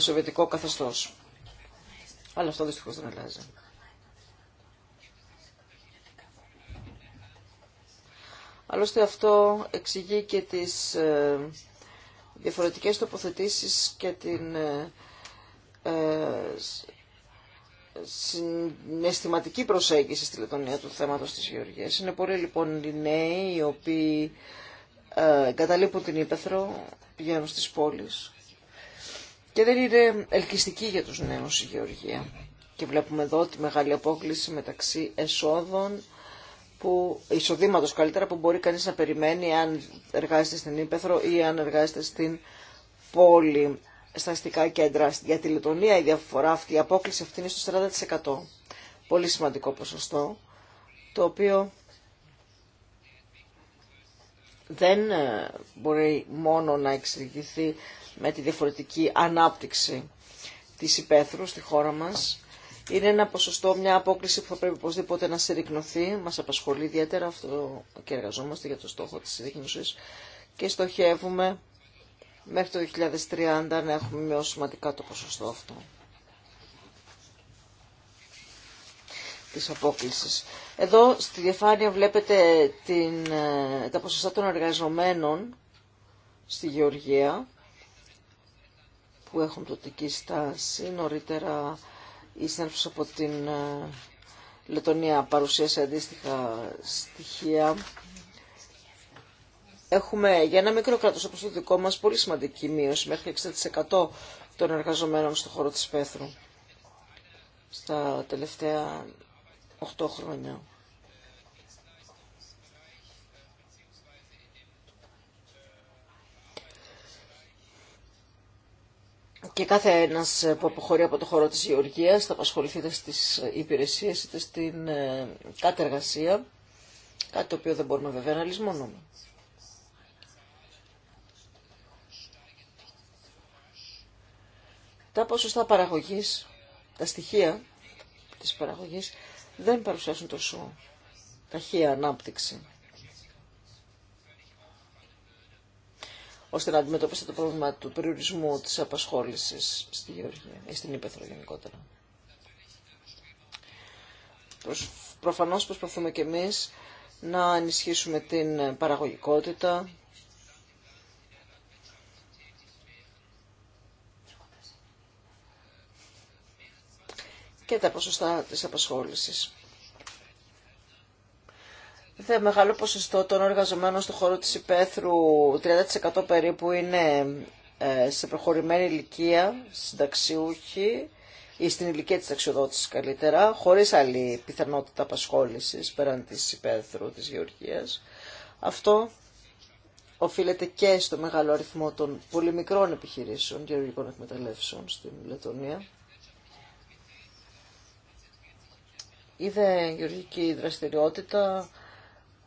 σοβιετικό καθεστώς. Αλλά αυτό δυστυχώς δεν αλλάζει. Άλλωστε αυτό εξηγεί και τις ε, διαφορετικές τοποθετήσεις και την ε, ε, συναισθηματική προσέγγιση στη Λετωνία του θέματος της Γεωργίας. Είναι πολλοί λοιπόν οι νέοι οι οποίοι εγκαταλείπουν την Ήπεθρο, πηγαίνουν στις πόλεις και δεν είναι ελκυστική για τους νέους η Γεωργία. Και βλέπουμε εδώ τη μεγάλη απόκληση μεταξύ εσόδων που, καλύτερα που μπορεί κανείς να περιμένει αν εργάζεται στην Ήπεθρο ή αν εργάζεται στην πόλη, στα αστικά κέντρα. Για τη Λετωνία η διαφορά αυτή, η απόκληση αυτή είναι στο 40%. Πολύ σημαντικό ποσοστό, το οποίο δεν ε, μπορεί μόνο να εξηγηθεί με τη διαφορετική ανάπτυξη της υπαίθρου στη χώρα μας, είναι ένα ποσοστό, μια απόκληση που θα πρέπει οπωσδήποτε να συρρυκνωθεί. Μας απασχολεί ιδιαίτερα αυτό και εργαζόμαστε για το στόχο της συρρύκνωση. και στοχεύουμε μέχρι το 2030 να έχουμε μειώσει σημαντικά το ποσοστό αυτό της απόκλησης. Εδώ στη διαφάνεια βλέπετε την, τα ποσοστά των εργαζομένων στη Γεωργία που έχουν πτωτική στάση. Νωρίτερα η συνέντευξη από την ε, Λετωνία παρουσίασε αντίστοιχα στοιχεία. Έχουμε για ένα μικρό κράτος όπως το δικό μας πολύ σημαντική μείωση μέχρι 60% των εργαζομένων στον χώρο της Πέθρου στα τελευταία 8 χρόνια. και κάθε ένας που αποχωρεί από το χώρο της γεωργίας θα απασχοληθεί είτε στις υπηρεσίες είτε στην ε, κατεργασία, κάτι το οποίο δεν μπορούμε βέβαια να λησμονούμε. Τα ποσοστά παραγωγής, τα στοιχεία της παραγωγής δεν παρουσιάζουν τόσο ταχεία ανάπτυξη. ώστε να αντιμετωπίσετε το πρόβλημα του περιορισμού της απασχόλησης στη Γεωργία στην Ήπεθρο γενικότερα. Προφανώς προσπαθούμε και εμείς να ενισχύσουμε την παραγωγικότητα, και τα ποσοστά της απασχόλησης. Είδε μεγάλο ποσοστό των εργαζομένων στον χώρο της υπαίθρου, 30% περίπου είναι ε, σε προχωρημένη ηλικία, συνταξιούχοι ή στην ηλικία της ταξιοδότησης καλύτερα, χωρίς άλλη πιθανότητα απασχόλησης πέραν της υπαίθρου της γεωργίας. Αυτό οφείλεται και στο μεγάλο αριθμό των πολύ μικρών επιχειρήσεων γεωργικών εκμεταλλεύσεων στην Λετωνία. Είδε γεωργική δραστηριότητα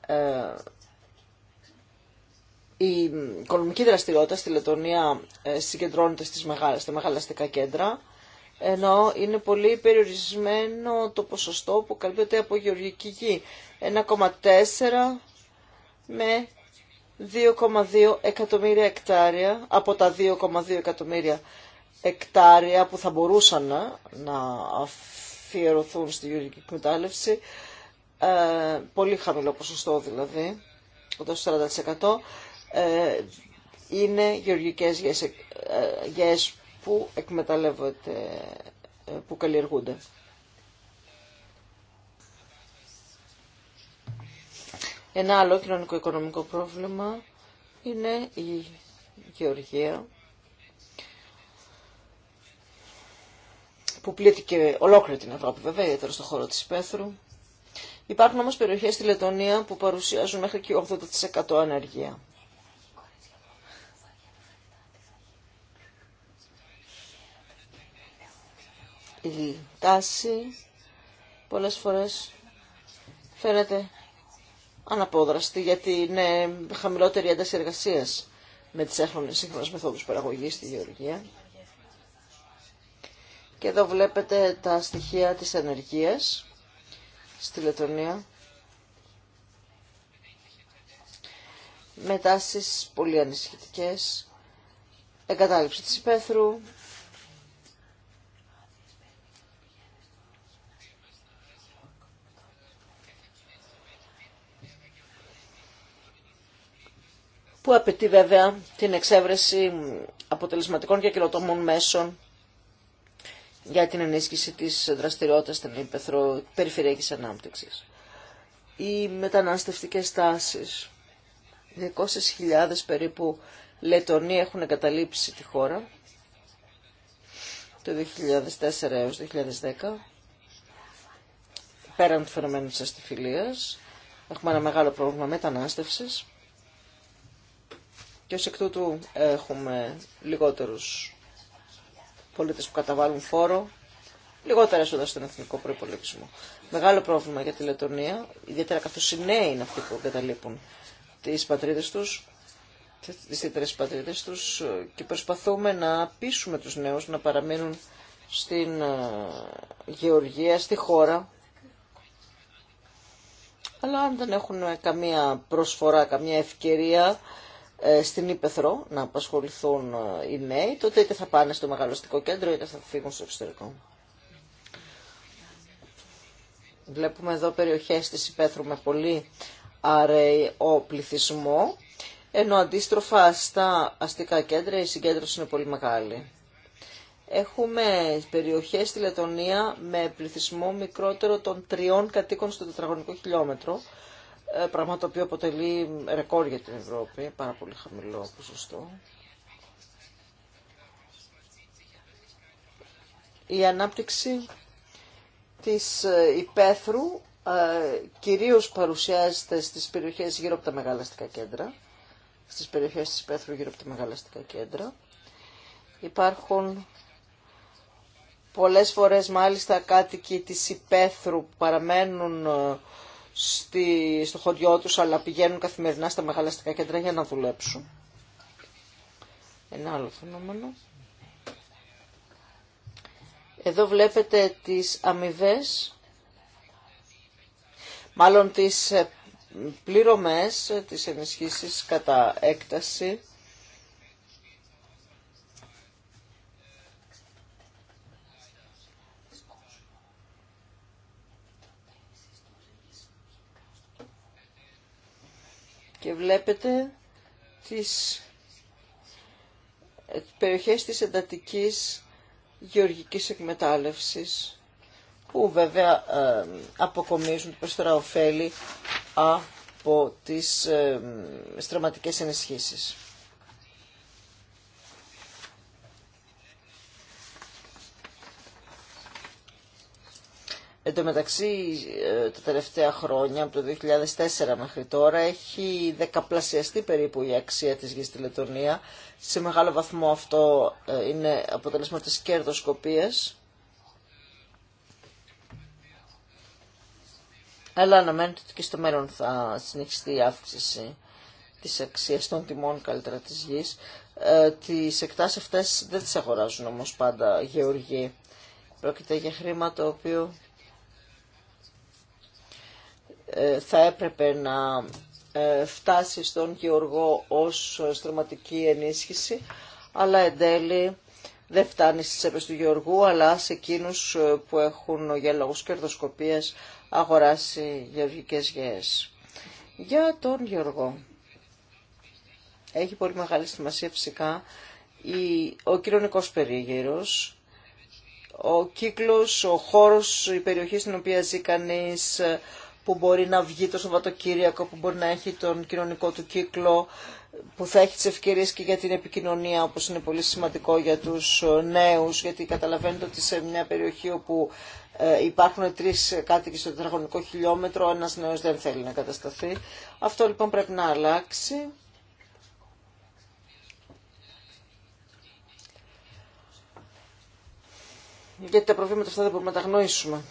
ε, η οικονομική δραστηριότητα στη Λετωνία ε, συγκεντρώνεται στις μεγάλες, στα μεγάλα αστικά κέντρα, ενώ είναι πολύ περιορισμένο το ποσοστό που καλύπτεται από γεωργική γη. 1,4 με 2,2 εκατομμύρια εκτάρια, από τα 2,2 εκατομμύρια εκτάρια που θα μπορούσαν να, να αφιερωθούν στη γεωργική εκμετάλλευση, ε, πολύ χαμηλό ποσοστό δηλαδή, κοντά στο 40%, ε, είναι γεωργικές γεές, ε, που εκμεταλλεύονται, ε, που καλλιεργούνται. Ένα άλλο κοινωνικό-οικονομικό πρόβλημα είναι η γεωργία που πλήθηκε ολόκληρη την Ευρώπη βέβαια, ιδιαίτερα στον χώρο της Πέθρου. Υπάρχουν όμως περιοχές στη Λετωνία που παρουσιάζουν μέχρι και 80% ανεργία. Η τάση πολλές φορές φαίνεται αναπόδραστη γιατί είναι χαμηλότερη ένταση εργασία με τις σύγχρονες μεθόδους παραγωγής στη γεωργία. Και εδώ βλέπετε τα στοιχεία της ενεργείας στη Λετωνία. Με πολύ ανησυχητικές. Εγκατάλειψη της υπαίθρου. που απαιτεί βέβαια την εξέβρεση αποτελεσματικών και καινοτομών μέσων για την ενίσχυση της δραστηριότητας στην Ήπεθρο περιφερειακής ανάπτυξης. Οι μεταναστευτικές τάσεις. 200.000 περίπου Λετωνοί έχουν εγκαταλείψει τη χώρα το 2004 έως 2010 πέραν του φαινομένου της αστιφιλίας. Έχουμε ένα μεγάλο πρόβλημα μετανάστευσης και ως εκ τούτου έχουμε λιγότερους πολίτες που καταβάλουν φόρο, λιγότερα έσοδα στον εθνικό προϋπολογισμό. Μεγάλο πρόβλημα για τη Λετωνία, ιδιαίτερα καθώς οι νέοι είναι αυτοί που εγκαταλείπουν τις πατρίδες τους, τις ιδιαίτερες πατρίδες τους και προσπαθούμε να πείσουμε τους νέους να παραμείνουν στην ε, γεωργία, στη χώρα. Αλλά αν δεν έχουν καμία προσφορά, καμία ευκαιρία, ε, στην Ήπεθρο να απασχοληθούν ε, οι νέοι, τότε είτε θα πάνε στο μεγαλωστικό κέντρο είτε θα φύγουν στο εξωτερικό. Βλέπουμε εδώ περιοχές της Ήπεθρου με πολύ αραιό πληθυσμό, ενώ αντίστροφα στα αστικά κέντρα η συγκέντρωση είναι πολύ μεγάλη. Έχουμε περιοχές στη Λετωνία με πληθυσμό μικρότερο των τριών κατοίκων στο τετραγωνικό χιλιόμετρο, ε, πράγμα το οποίο αποτελεί ρεκόρ για την Ευρώπη, πάρα πολύ χαμηλό ποσοστό. Η ανάπτυξη της ε, υπαίθρου ε, κυρίως παρουσιάζεται στις περιοχές γύρω από τα μεγάλα κέντρα, στις περιοχές της υπαίθρου γύρω από τα μεγάλα κέντρα. Υπάρχουν πολλές φορές μάλιστα κάτοικοι της υπαίθρου που παραμένουν στη, στο χωριό τους, αλλά πηγαίνουν καθημερινά στα μεγαλαστικά κέντρα για να δουλέψουν. Ένα άλλο φαινόμενο. Εδώ βλέπετε τις αμοιβέ, μάλλον τις ε, πληρωμές, ε, τις ενισχύσεις κατά έκταση και βλέπετε τις περιοχές της εντατικής γεωργικής εκμετάλλευσης που βέβαια ε, αποκομίζουν την ωφέλη από τις ε, στραματικές ενισχύσεις. Εν τω μεταξύ, ε, τα τελευταία χρόνια, από το 2004 μέχρι τώρα, έχει δεκαπλασιαστεί περίπου η αξία της γης στη Λετωνία. Σε μεγάλο βαθμό αυτό ε, είναι αποτέλεσμα της κέρδοσκοπίας. Αλλά αναμένεται ότι και στο μέλλον θα συνεχιστεί η αύξηση της αξίας των τιμών καλύτερα της γης. Ε, τις εκτάσεις αυτές δεν τις αγοράζουν όμως πάντα γεωργοί. Πρόκειται για χρήμα το οποίο ε, θα έπρεπε να ε, φτάσει στον Γεωργό ως στρωματική ενίσχυση, αλλά εν τέλει δεν φτάνει στις έπαιρες του Γεωργού, αλλά σε εκείνους ε, που έχουν για λόγους κερδοσκοπίας αγοράσει γεωργικές γεές. Για τον Γεωργό. Έχει πολύ μεγάλη σημασία φυσικά η, ο κοινωνικός περίγυρος, ο κύκλος, ο χώρος, η περιοχή στην οποία ζει κανείς, που μπορεί να βγει το Σαββατοκύριακο, που μπορεί να έχει τον κοινωνικό του κύκλο, που θα έχει τις ευκαιρίες και για την επικοινωνία, όπως είναι πολύ σημαντικό για τους ε, νέους, γιατί καταλαβαίνετε ότι σε μια περιοχή όπου ε, υπάρχουν τρεις κάτοικοι στο τετραγωνικό χιλιόμετρο, ένας νέος δεν θέλει να κατασταθεί. Αυτό λοιπόν πρέπει να αλλάξει. Γιατί τα προβλήματα αυτά δεν μπορούμε να τα γνωρίσουμε.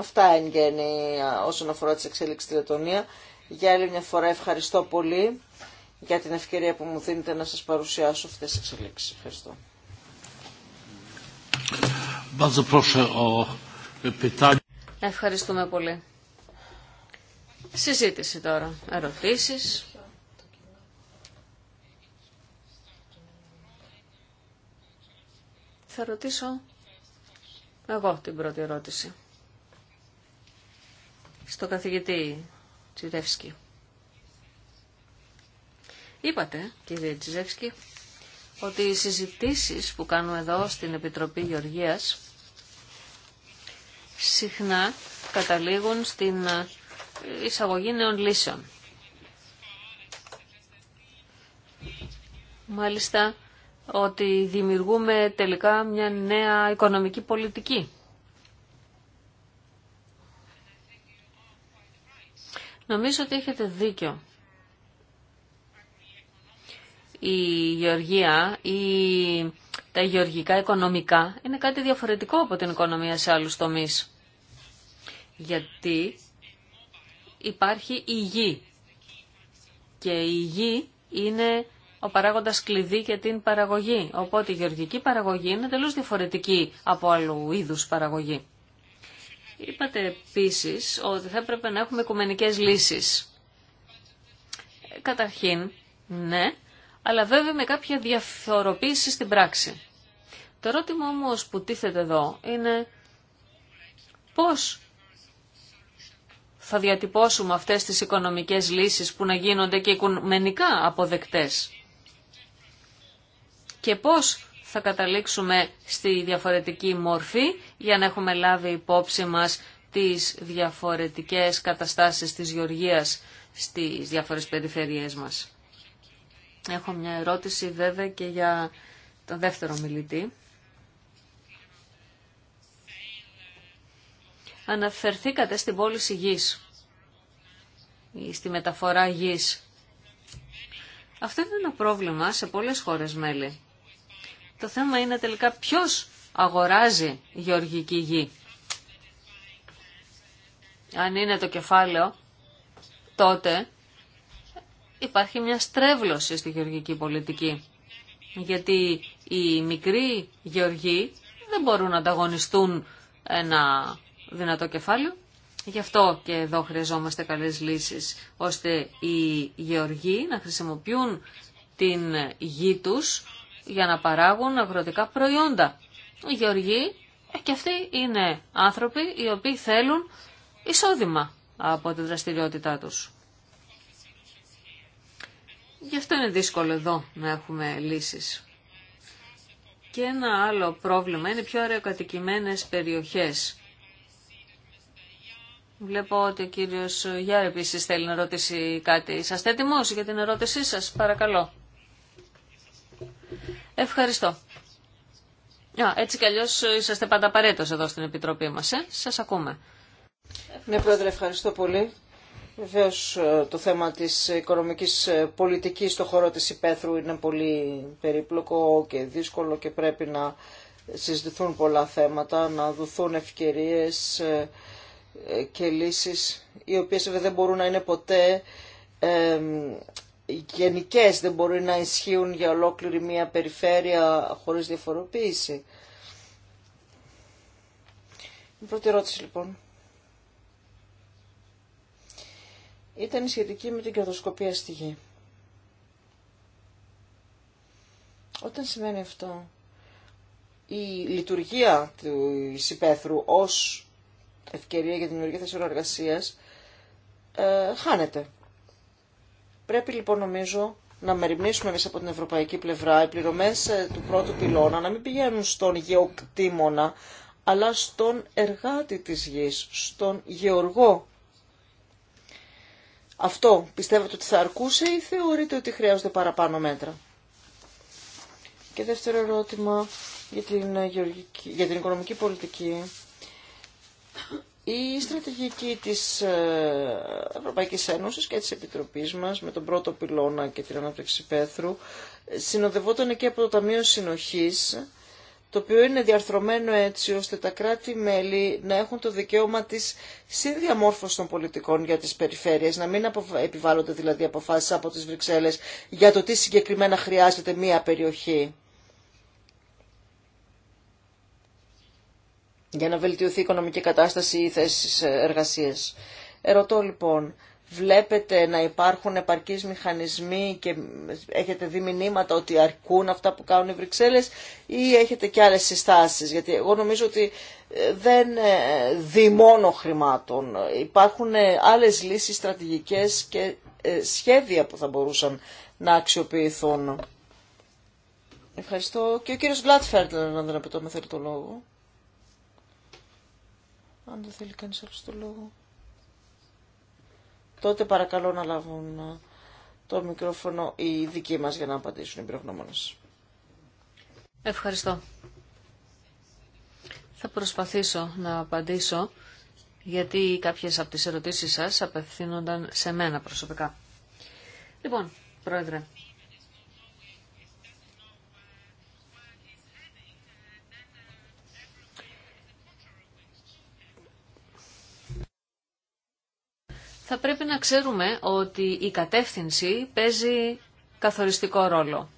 Αυτά εν γέννη όσον αφορά τις εξέλιξεις στη Λετωνία. Για άλλη μια φορά ευχαριστώ πολύ για την ευκαιρία που μου δίνετε να σας παρουσιάσω αυτές τις εξελίξεις. Ευχαριστώ. Ευχαριστούμε πολύ. Συζήτηση τώρα. Ερωτήσεις. Θα ρωτήσω εγώ την πρώτη ερώτηση στον καθηγητή Τσιρεύσκη. Είπατε, κύριε Τσιδεύσκη, ότι οι συζητήσεις που κάνουμε εδώ στην Επιτροπή Γεωργίας συχνά καταλήγουν στην ε, εισαγωγή νέων λύσεων. Μάλιστα ότι δημιουργούμε τελικά μια νέα οικονομική πολιτική. Νομίζω ότι έχετε δίκιο. Η γεωργία, η... τα γεωργικά οικονομικά είναι κάτι διαφορετικό από την οικονομία σε άλλους τομείς. Γιατί υπάρχει η γη. Και η γη είναι ο παράγοντας κλειδί για την παραγωγή. Οπότε η γεωργική παραγωγή είναι τελείως διαφορετική από άλλου είδους παραγωγή. Είπατε επίση ότι θα έπρεπε να έχουμε οικουμενικές λύσεις. Καταρχήν, ναι, αλλά βέβαια με κάποια διαφοροποίηση στην πράξη. Το ερώτημα όμως που τίθεται εδώ είναι πώς θα διατυπώσουμε αυτές τις οικονομικές λύσεις που να γίνονται και οικουμενικά αποδεκτές. Και πώς θα καταλήξουμε στη διαφορετική μορφή για να έχουμε λάβει υπόψη μας τις διαφορετικές καταστάσεις της γεωργίας στις διάφορες περιφέρειές μας. Έχω μια ερώτηση βέβαια και για τον δεύτερο μιλητή. Αναφερθήκατε στην πώληση γης ή στη μεταφορά γης. Αυτό είναι ένα πρόβλημα σε πολλές χώρες μέλη. Το θέμα είναι τελικά ποιος αγοράζει γεωργική γη. Αν είναι το κεφάλαιο, τότε υπάρχει μια στρέβλωση στη γεωργική πολιτική. Γιατί οι μικροί γεωργοί δεν μπορούν να ανταγωνιστούν ένα δυνατό κεφάλαιο. Γι' αυτό και εδώ χρειαζόμαστε καλές λύσεις, ώστε οι γεωργοί να χρησιμοποιούν την γη τους για να παράγουν αγροτικά προϊόντα οι γεωργοί ε, και αυτοί είναι άνθρωποι οι οποίοι θέλουν εισόδημα από τη δραστηριότητά τους. Γι' αυτό είναι δύσκολο εδώ να έχουμε λύσεις. Και ένα άλλο πρόβλημα είναι πιο αραιοκατοικημένες περιοχές. Βλέπω ότι ο κύριος Γιάρ επίση θέλει να ρωτήσει κάτι. Είσαστε έτοιμος για την ερώτησή σας, παρακαλώ. Ευχαριστώ. Α, έτσι κι αλλιώ ε, είσαστε πάντα απαραίτητο εδώ στην Επιτροπή μας. Ε? Σας ακούμε. Ναι, Πρόεδρε, ευχαριστώ πολύ. Βεβαίω ε, το θέμα της οικονομικής ε, πολιτικής στον χώρο τη υπαίθρου είναι πολύ περίπλοκο και δύσκολο και πρέπει να συζητηθούν πολλά θέματα, να δοθούν ευκαιρίε και λύσεις οι οποίες δεν μπορούν να είναι ποτέ γενικές δεν μπορεί να ισχύουν για ολόκληρη μια περιφέρεια χωρίς διαφοροποίηση. Η πρώτη ερώτηση λοιπόν. Ήταν σχετική με την κερδοσκοπία στη γη. Όταν σημαίνει αυτό, η λειτουργία του υπαίθρου ως ευκαιρία για την δημιουργία θέσεων εργασίας ε, χάνεται. Πρέπει λοιπόν νομίζω να μεριμνήσουμε εμεί από την ευρωπαϊκή πλευρά οι πληρωμέ ε, του πρώτου πυλώνα να μην πηγαίνουν στον γεωκτήμονα, αλλά στον εργάτη της γης, στον γεωργό. Αυτό πιστεύετε ότι θα αρκούσε ή θεωρείτε ότι χρειάζονται παραπάνω μέτρα. Και δεύτερο ερώτημα για την, για την οικονομική πολιτική. Η στρατηγική της ε, Ευρωπαϊκής Ένωσης και της Επιτροπής μας με τον πρώτο πυλώνα και την ανάπτυξη πέθρου ε, συνοδευόταν και από το Ταμείο Συνοχής το οποίο είναι διαρθρωμένο έτσι ώστε τα κράτη-μέλη να έχουν το δικαίωμα της συνδιαμόρφωσης των πολιτικών για τις περιφέρειες, να μην επιβάλλονται δηλαδή αποφάσεις από τις Βρυξέλλες για το τι συγκεκριμένα χρειάζεται μία περιοχή. για να βελτιωθεί η οικονομική κατάσταση ή θέσεις εργασίας. Ερωτώ λοιπόν, βλέπετε να υπάρχουν επαρκείς μηχανισμοί και έχετε δει μηνύματα ότι αρκούν αυτά που κάνουν οι Βρυξέλλες ή έχετε και άλλες συστάσεις, γιατί εγώ νομίζω ότι ε, δεν ε, δει μόνο χρημάτων. Υπάρχουν ε, άλλες λύσεις στρατηγικές και σχέδια που θα μπορούσαν να αξιοποιηθούν. Ευχαριστώ. Και ο κύριος Βλάτφερντ, αν δεν απαιτώ με θέλει το λόγο. Αν δεν θέλει κανείς άλλος το λόγο. Τότε παρακαλώ να λάβουν ε, το μικρόφωνο οι δικοί μας για να απαντήσουν οι πυρογνώμονες. Ευχαριστώ. Θα προσπαθήσω να απαντήσω γιατί κάποιες από τις ερωτήσεις σας απευθύνονταν σε μένα προσωπικά. Λοιπόν, Πρόεδρε, θα πρέπει να ξέρουμε ότι η κατεύθυνση παίζει καθοριστικό ρόλο.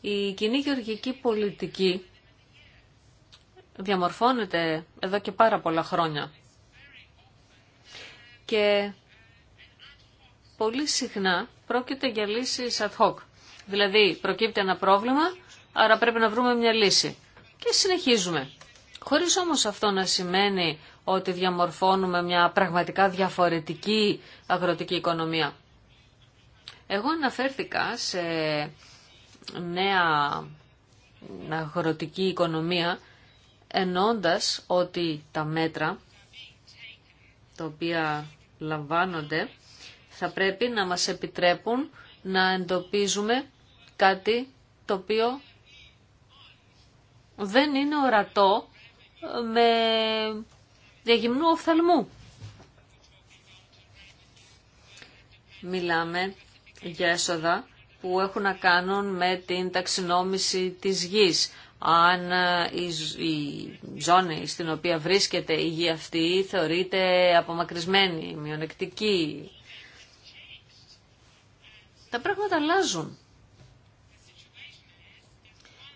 Η κοινή γεωργική πολιτική διαμορφώνεται εδώ και πάρα πολλά χρόνια. Και πολύ συχνά πρόκειται για λύσεις ad hoc. Δηλαδή προκύπτει ένα πρόβλημα, άρα πρέπει να βρούμε μια λύση. Και συνεχίζουμε. Χωρίς όμως αυτό να σημαίνει ότι διαμορφώνουμε μια πραγματικά διαφορετική αγροτική οικονομία. Εγώ αναφέρθηκα σε νέα αγροτική οικονομία ενώντας ότι τα μέτρα τα οποία λαμβάνονται θα πρέπει να μας επιτρέπουν να εντοπίζουμε κάτι το οποίο δεν είναι ορατό με διαγυμνού οφθαλμού. Μιλάμε για έσοδα που έχουν να κάνουν με την ταξινόμηση της γης. Αν η ζώνη στην οποία βρίσκεται η γη αυτή θεωρείται απομακρυσμένη, μειονεκτική. Τα πράγματα αλλάζουν.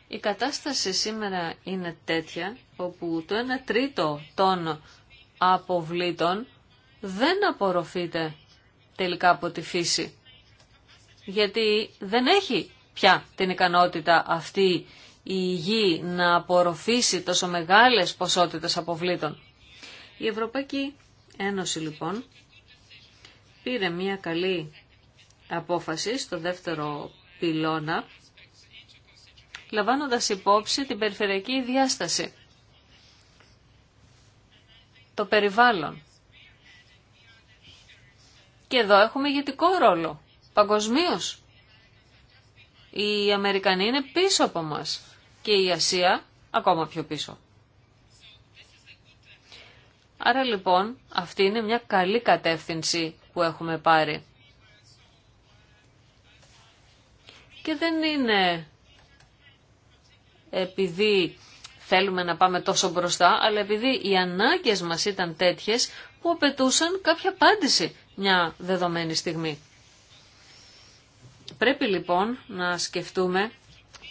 Η κατάσταση σήμερα είναι τέτοια όπου το 1 τρίτο των αποβλήτων δεν απορροφείται τελικά από τη φύση. Γιατί δεν έχει πια την ικανότητα αυτή η γη να απορροφήσει τόσο μεγάλες ποσότητες αποβλήτων. Η Ευρωπαϊκή Ένωση λοιπόν πήρε μια καλή απόφαση στο δεύτερο πυλώνα λαμβάνοντας υπόψη την περιφερειακή διάσταση το περιβάλλον. Και εδώ έχουμε ηγετικό ρόλο, παγκοσμίω. Οι Αμερικανοί είναι πίσω από μας και η Ασία ακόμα πιο πίσω. Άρα λοιπόν αυτή είναι μια καλή κατεύθυνση που έχουμε πάρει. Και δεν είναι επειδή θέλουμε να πάμε τόσο μπροστά, αλλά επειδή οι ανάγκες μας ήταν τέτοιες που απαιτούσαν κάποια απάντηση μια δεδομένη στιγμή. Πρέπει λοιπόν να σκεφτούμε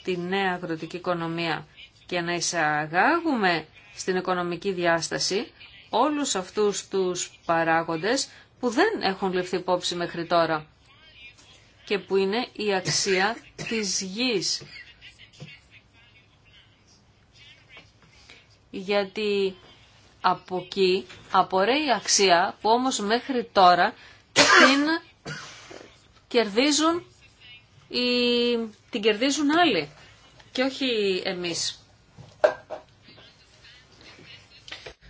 τη νέα αγροτική οικονομία και να εισαγάγουμε στην οικονομική διάσταση όλους αυτούς τους παράγοντες που δεν έχουν ληφθεί υπόψη μέχρι τώρα και που είναι η αξία της γης γιατί από εκεί απορρέει αξία που όμως μέχρι τώρα την κερδίζουν οι... την κερδίζουν άλλοι και όχι εμείς.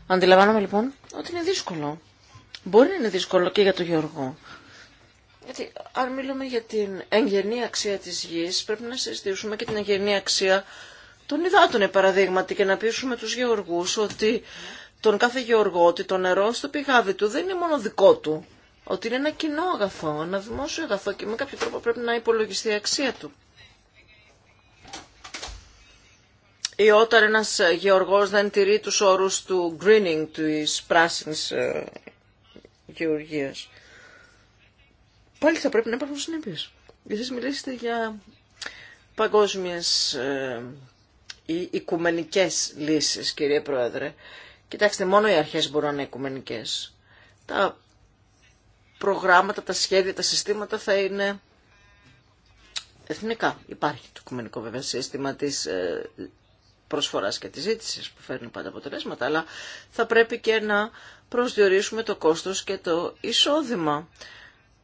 Αντιλαμβάνομαι λοιπόν ότι είναι δύσκολο. Μπορεί να είναι δύσκολο και για τον Γιώργο. Γιατί αν μιλούμε για την εγγενή αξία της γης, πρέπει να συζητήσουμε και την εγγενή αξία τον υδάτωνε, παραδείγματι, και να πείσουμε τους γεωργούς ότι τον κάθε γεωργό ότι το νερό στο πηγάδι του δεν είναι μόνο δικό του, ότι είναι ένα κοινό αγαθό, ένα δημόσιο αγαθό και με κάποιο τρόπο πρέπει να υπολογιστεί η αξία του. Ή όταν ένας γεωργός δεν τηρεί τους όρους του greening, της πράσινης ε, γεωργίας. Πάλι θα πρέπει να υπάρχουν συνέπειες. Εσείς μιλήσετε για παγκόσμιες ε, οι οικουμενικές λύσεις, κύριε Πρόεδρε. Κοιτάξτε, μόνο οι αρχές μπορούν να είναι οικουμενικές. Τα προγράμματα, τα σχέδια, τα συστήματα θα είναι εθνικά. Υπάρχει το οικουμενικό βέβαια σύστημα της ε, προσφοράς και της ζήτησης που φέρνει πάντα αποτελέσματα, αλλά θα πρέπει και να προσδιορίσουμε το κόστος και το εισόδημα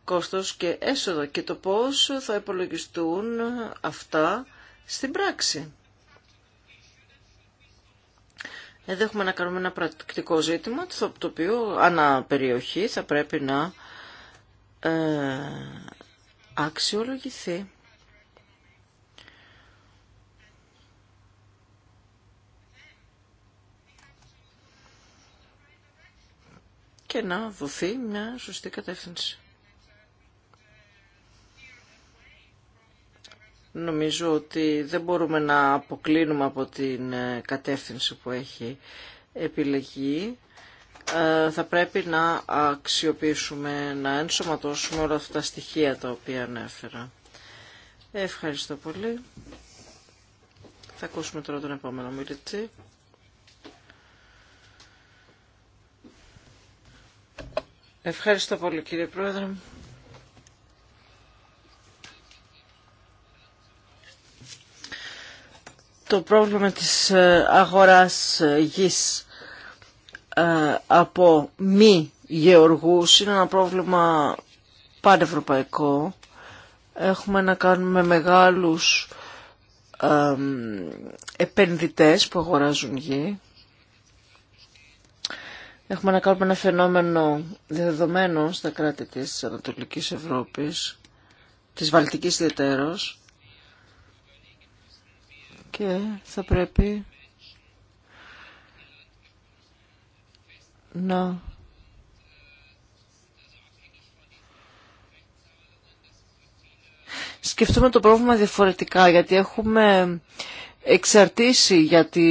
κόστος και έσοδο και το πώς θα υπολογιστούν αυτά στην πράξη. Εδώ έχουμε να κάνουμε ένα πρακτικό ζήτημα, το οποίο ανά περιοχή θα πρέπει να ε, αξιολογηθεί. και να δοθεί μια σωστή κατεύθυνση. Νομίζω ότι δεν μπορούμε να αποκλίνουμε από την ε, κατεύθυνση που έχει επιλεγεί. Ε, θα πρέπει να αξιοποιήσουμε, να ενσωματώσουμε όλα αυτά τα στοιχεία τα οποία ανέφερα. Ευχαριστώ πολύ. Θα ακούσουμε τώρα τον επόμενο μιλητή. Ευχαριστώ πολύ κύριε Πρόεδρε. το πρόβλημα της ε, αγοράς ε, γης ε, από μη γεωργούς είναι ένα πρόβλημα πανευρωπαϊκό. Έχουμε να κάνουμε μεγάλους επενδυτές που αγοράζουν γη. Έχουμε να κάνουμε ένα φαινόμενο δεδομένο στα κράτη της Ανατολικής Ευρώπης, της Βαλτικής ιδιαίτερως, και θα πρέπει να σκεφτούμε το πρόβλημα διαφορετικά γιατί έχουμε εξαρτήσει για, τη,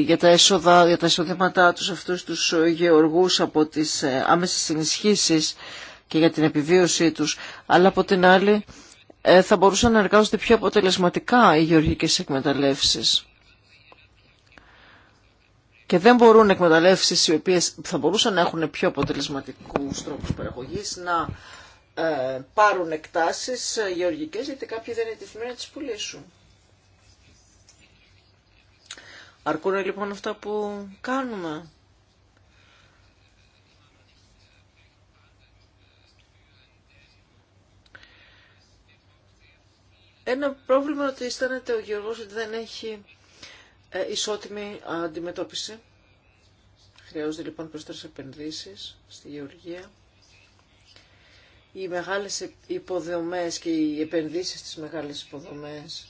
για τα έσοδα, για τα εισοδήματά τους αυτούς τους γεωργούς από τις ε, άμεσες ενισχύσεις και για την επιβίωσή τους αλλά από την άλλη ε, θα μπορούσαν να εργάζονται πιο αποτελεσματικά οι γεωργικές εκμεταλλεύσεις. Και δεν μπορούν εκμεταλλεύσεις οι οποίες θα μπορούσαν να έχουν πιο αποτελεσματικούς τρόπους παραγωγής να ε, πάρουν εκτάσεις ε, γεωργικές γιατί κάποιοι δεν είναι τυθμένοι να τις πουλήσουν. Αρκούν λοιπόν αυτά που κάνουμε. Ένα πρόβλημα ότι αισθάνεται ο Γιώργος ότι δεν έχει ε, ισότιμη αντιμετώπιση. Χρειάζονται λοιπόν περισσότερες επενδύσεις στη Γεωργία. Οι μεγάλες υποδομές και οι επενδύσεις στις μεγάλες υποδομές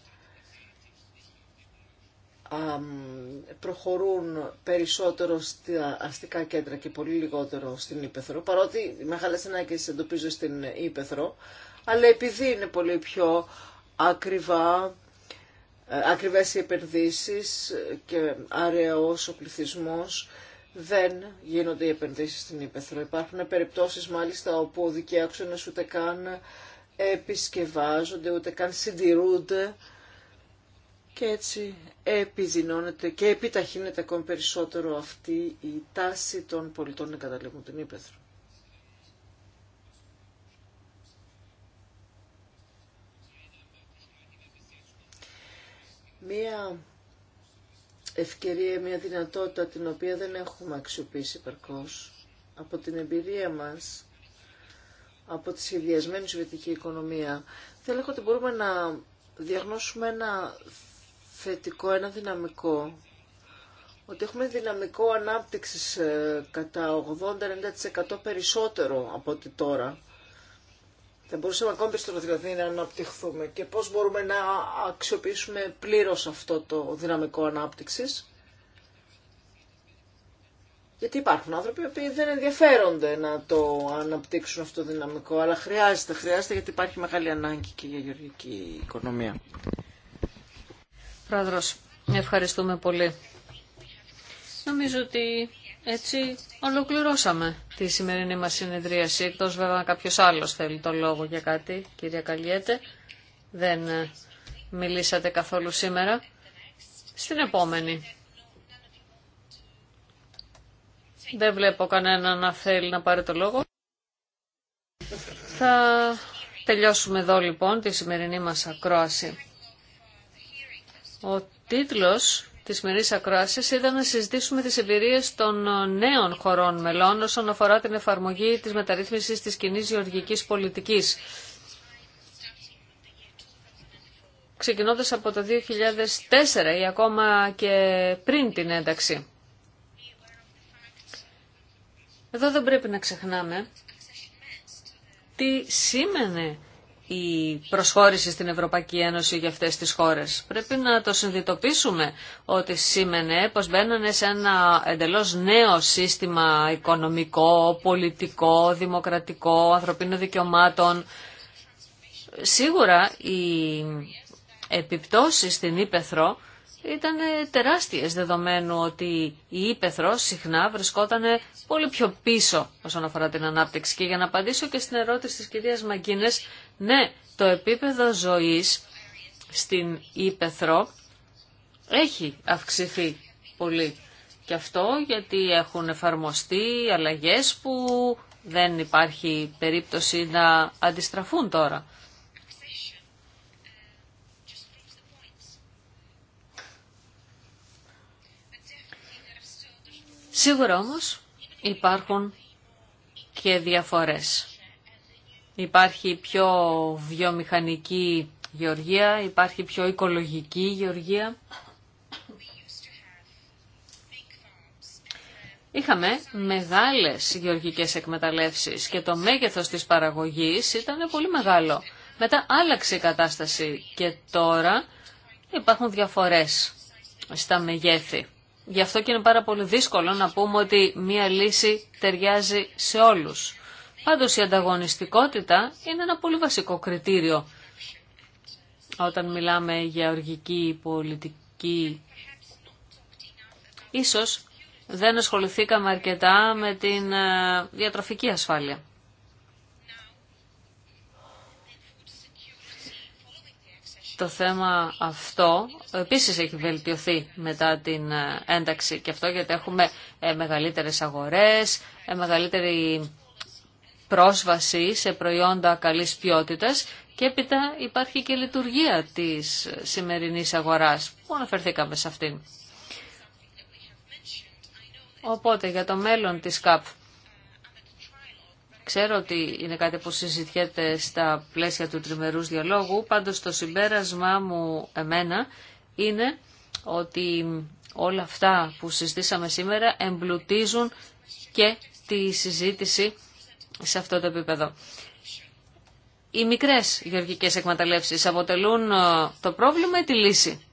προχωρούν περισσότερο στα αστικά κέντρα και πολύ λιγότερο στην Ήπεθρο, παρότι οι μεγάλες ανάγκες εντοπίζονται στην Ήπεθρο, αλλά επειδή είναι πολύ πιο ακριβά, ε, ακριβές οι επενδύσεις και αραιός ο πληθυσμός δεν γίνονται οι επενδύσεις στην Ήπεθρο. Υπάρχουν περιπτώσεις μάλιστα όπου ο άξονες ούτε καν επισκευάζονται, ούτε καν συντηρούνται και έτσι επιδεινώνεται και επιταχύνεται ακόμη περισσότερο αυτή η τάση των πολιτών να καταλήγουν την Ήπεθρο. μία ευκαιρία, μία δυνατότητα την οποία δεν έχουμε αξιοποιήσει παρκώς από την εμπειρία μας από τη σχεδιασμένη σοβιετική οικονομία. Θέλω ότι μπορούμε να διαγνώσουμε ένα θετικό, ένα δυναμικό, ότι έχουμε δυναμικό ανάπτυξης ε, κατά 80-90% περισσότερο από ότι τώρα. Δεν μπορούσαμε ακόμη το δηλαδή να αναπτυχθούμε και πώς μπορούμε να αξιοποιήσουμε πλήρως αυτό το δυναμικό ανάπτυξης. Γιατί υπάρχουν άνθρωποι που δεν ενδιαφέρονται να το αναπτύξουν αυτό το δυναμικό, αλλά χρειάζεται, χρειάζεται γιατί υπάρχει μεγάλη ανάγκη και για γεωργική οικονομία. Πρόεδρος, ευχαριστούμε πολύ. Νομίζω ότι έτσι ολοκληρώσαμε τη σημερινή μας συνεδρίαση, εκτός βέβαια αν κάποιος άλλος θέλει το λόγο για κάτι, κυρία Καλιέτε. Δεν ε, μιλήσατε καθόλου σήμερα. Στην επόμενη. Δεν βλέπω κανένα να θέλει να πάρει το λόγο. Θα τελειώσουμε εδώ λοιπόν τη σημερινή μας ακρόαση. Ο τίτλος της σημερινής ακρόασης ήταν να συζητήσουμε τις εμπειρίες των ε, νέων χωρών μελών όσον αφορά την εφαρμογή της μεταρρύθμισης της κοινή γεωργικής πολιτικής. Ξεκινώντας από το 2004 ή ακόμα και πριν την ένταξη. Εδώ δεν πρέπει να ξεχνάμε τι σήμαινε η προσχώρηση στην Ευρωπαϊκή Ένωση για αυτές τις χώρες. Πρέπει να το συνειδητοποιήσουμε ότι σήμαινε πως μπαίνανε σε ένα εντελώς νέο σύστημα οικονομικό, πολιτικό, δημοκρατικό, ανθρωπίνων δικαιωμάτων. Σίγουρα οι επιπτώσεις στην Ήπεθρο ήταν τεράστιες δεδομένου ότι η Ήπεθρος συχνά βρισκόταν πολύ πιο πίσω όσον αφορά την ανάπτυξη. Και για να απαντήσω και στην ερώτηση της κυρίας Μαγκίνες, ναι, το επίπεδο ζωής στην Ήπεθρο έχει αυξηθεί πολύ. Και αυτό γιατί έχουν εφαρμοστεί αλλαγές που δεν υπάρχει περίπτωση να αντιστραφούν τώρα. Σίγουρα όμως υπάρχουν και διαφορές. Υπάρχει πιο βιομηχανική γεωργία, υπάρχει πιο οικολογική γεωργία. Είχαμε μεγάλες γεωργικές εκμεταλλεύσεις και το μέγεθος της παραγωγής ήταν πολύ μεγάλο. Μετά άλλαξε η κατάσταση και τώρα υπάρχουν διαφορές στα μεγέθη. Γι' αυτό και είναι πάρα πολύ δύσκολο να πούμε ότι μία λύση ταιριάζει σε όλους. Πάντως η ανταγωνιστικότητα είναι ένα πολύ βασικό κριτήριο όταν μιλάμε για οργική πολιτική. Ίσως δεν ασχοληθήκαμε αρκετά με την ε, διατροφική ασφάλεια. το θέμα αυτό επίσης έχει βελτιωθεί μετά την ε, ένταξη και αυτό γιατί έχουμε ε, μεγαλύτερες αγορές, ε, μεγαλύτερη πρόσβαση σε προϊόντα καλής ποιότητας και έπειτα υπάρχει και λειτουργία της σημερινής αγοράς που αναφερθήκαμε σε αυτήν. Οπότε για το μέλλον της ΚΑΠ Ξέρω ότι είναι κάτι που συζητιέται στα πλαίσια του τριμερούς διαλόγου, πάντως το συμπέρασμά μου εμένα είναι ότι όλα αυτά που συζητήσαμε σήμερα εμπλουτίζουν και τη συζήτηση σε αυτό το επίπεδο. Οι μικρές γεωργικές εκμεταλλεύσεις αποτελούν ε, το πρόβλημα ή τη λύση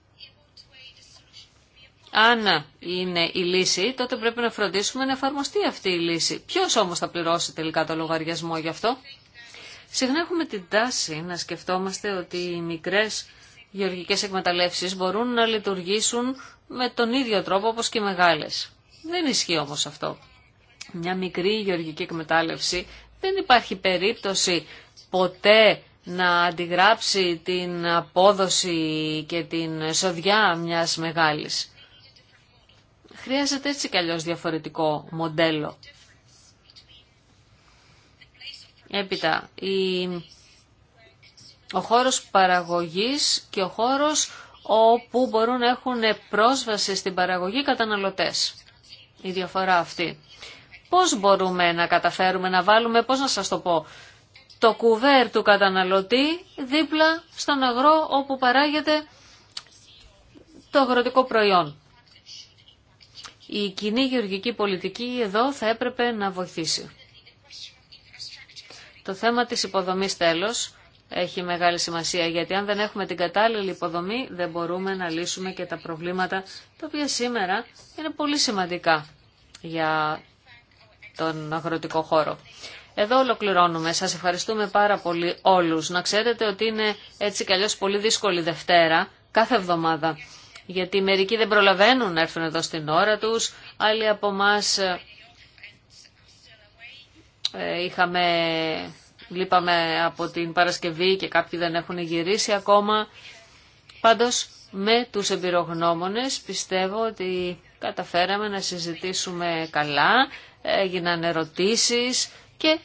αν είναι η λύση, τότε πρέπει να φροντίσουμε να εφαρμοστεί αυτή η λύση. Ποιο όμως θα πληρώσει τελικά το λογαριασμό γι' αυτό. Συχνά έχουμε την τάση να σκεφτόμαστε ότι οι μικρές γεωργικέ εκμεταλλεύσεις μπορούν να λειτουργήσουν με τον ίδιο τρόπο όπως και οι μεγάλες. Δεν ισχύει όμως αυτό. Μια μικρή γεωργική εκμετάλλευση δεν υπάρχει περίπτωση ποτέ να αντιγράψει την απόδοση και την σοδιά μιας μεγάλης. Χρειάζεται έτσι κι αλλιώς διαφορετικό μοντέλο. Έπειτα, η... ο χώρος παραγωγής και ο χώρος όπου μπορούν να έχουν πρόσβαση στην παραγωγή καταναλωτές. Η διαφορά αυτή. Πώς μπορούμε να καταφέρουμε να βάλουμε, πώς να σας το πω, το κουβέρ του καταναλωτή δίπλα στον αγρό όπου παράγεται το αγροτικό προϊόν. Η κοινή γεωργική πολιτική εδώ θα έπρεπε να βοηθήσει. Το θέμα της υποδομής τέλος έχει μεγάλη σημασία γιατί αν δεν έχουμε την κατάλληλη υποδομή δεν μπορούμε να λύσουμε και τα προβλήματα τα οποία σήμερα είναι πολύ σημαντικά για τον αγροτικό χώρο. Εδώ ολοκληρώνουμε. Σας ευχαριστούμε πάρα πολύ όλους. Να ξέρετε ότι είναι έτσι κι πολύ δύσκολη Δευτέρα κάθε εβδομάδα γιατί μερικοί δεν προλαβαίνουν να έρθουν εδώ στην ώρα τους, άλλοι από εμά ε, ε, είχαμε, λείπαμε από την Παρασκευή και κάποιοι δεν έχουν γυρίσει ακόμα. Πάντως με τους εμπειρογνώμονες πιστεύω ότι καταφέραμε να συζητήσουμε καλά, έγιναν ερωτήσεις και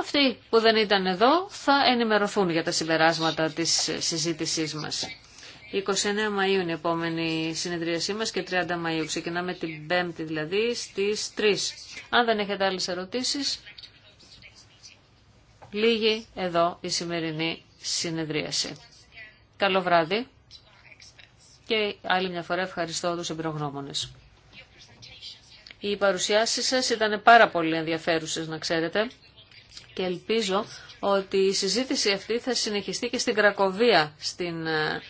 αυτοί που δεν ήταν εδώ θα ενημερωθούν για τα συμπεράσματα της συζήτησής μας. 29 Μαΐου είναι η επόμενη συνεδρίασή μας και 30 Μαΐου. Ξεκινάμε την 5η δηλαδή στις 3. Αν δεν έχετε άλλες ερωτήσεις, λίγη εδώ η σημερινή συνεδρίαση. Καλό βράδυ και άλλη μια φορά ευχαριστώ τους εμπειρογνώμονες. Οι παρουσιάσεις σας ήταν πάρα πολύ ενδιαφέρουσες να ξέρετε και ελπίζω ότι η συζήτηση αυτή θα συνεχιστεί και στην Κρακοβία, στην ε,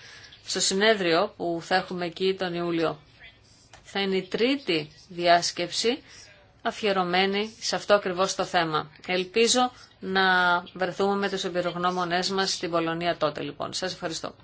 στο συνέδριο που θα έχουμε εκεί τον Ιούλιο. Θα είναι η τρίτη διάσκεψη αφιερωμένη σε αυτό ακριβώς το θέμα. Ελπίζω να βρεθούμε με τους εμπειρογνώμονές μας στην Πολωνία τότε λοιπόν. Σας ευχαριστώ.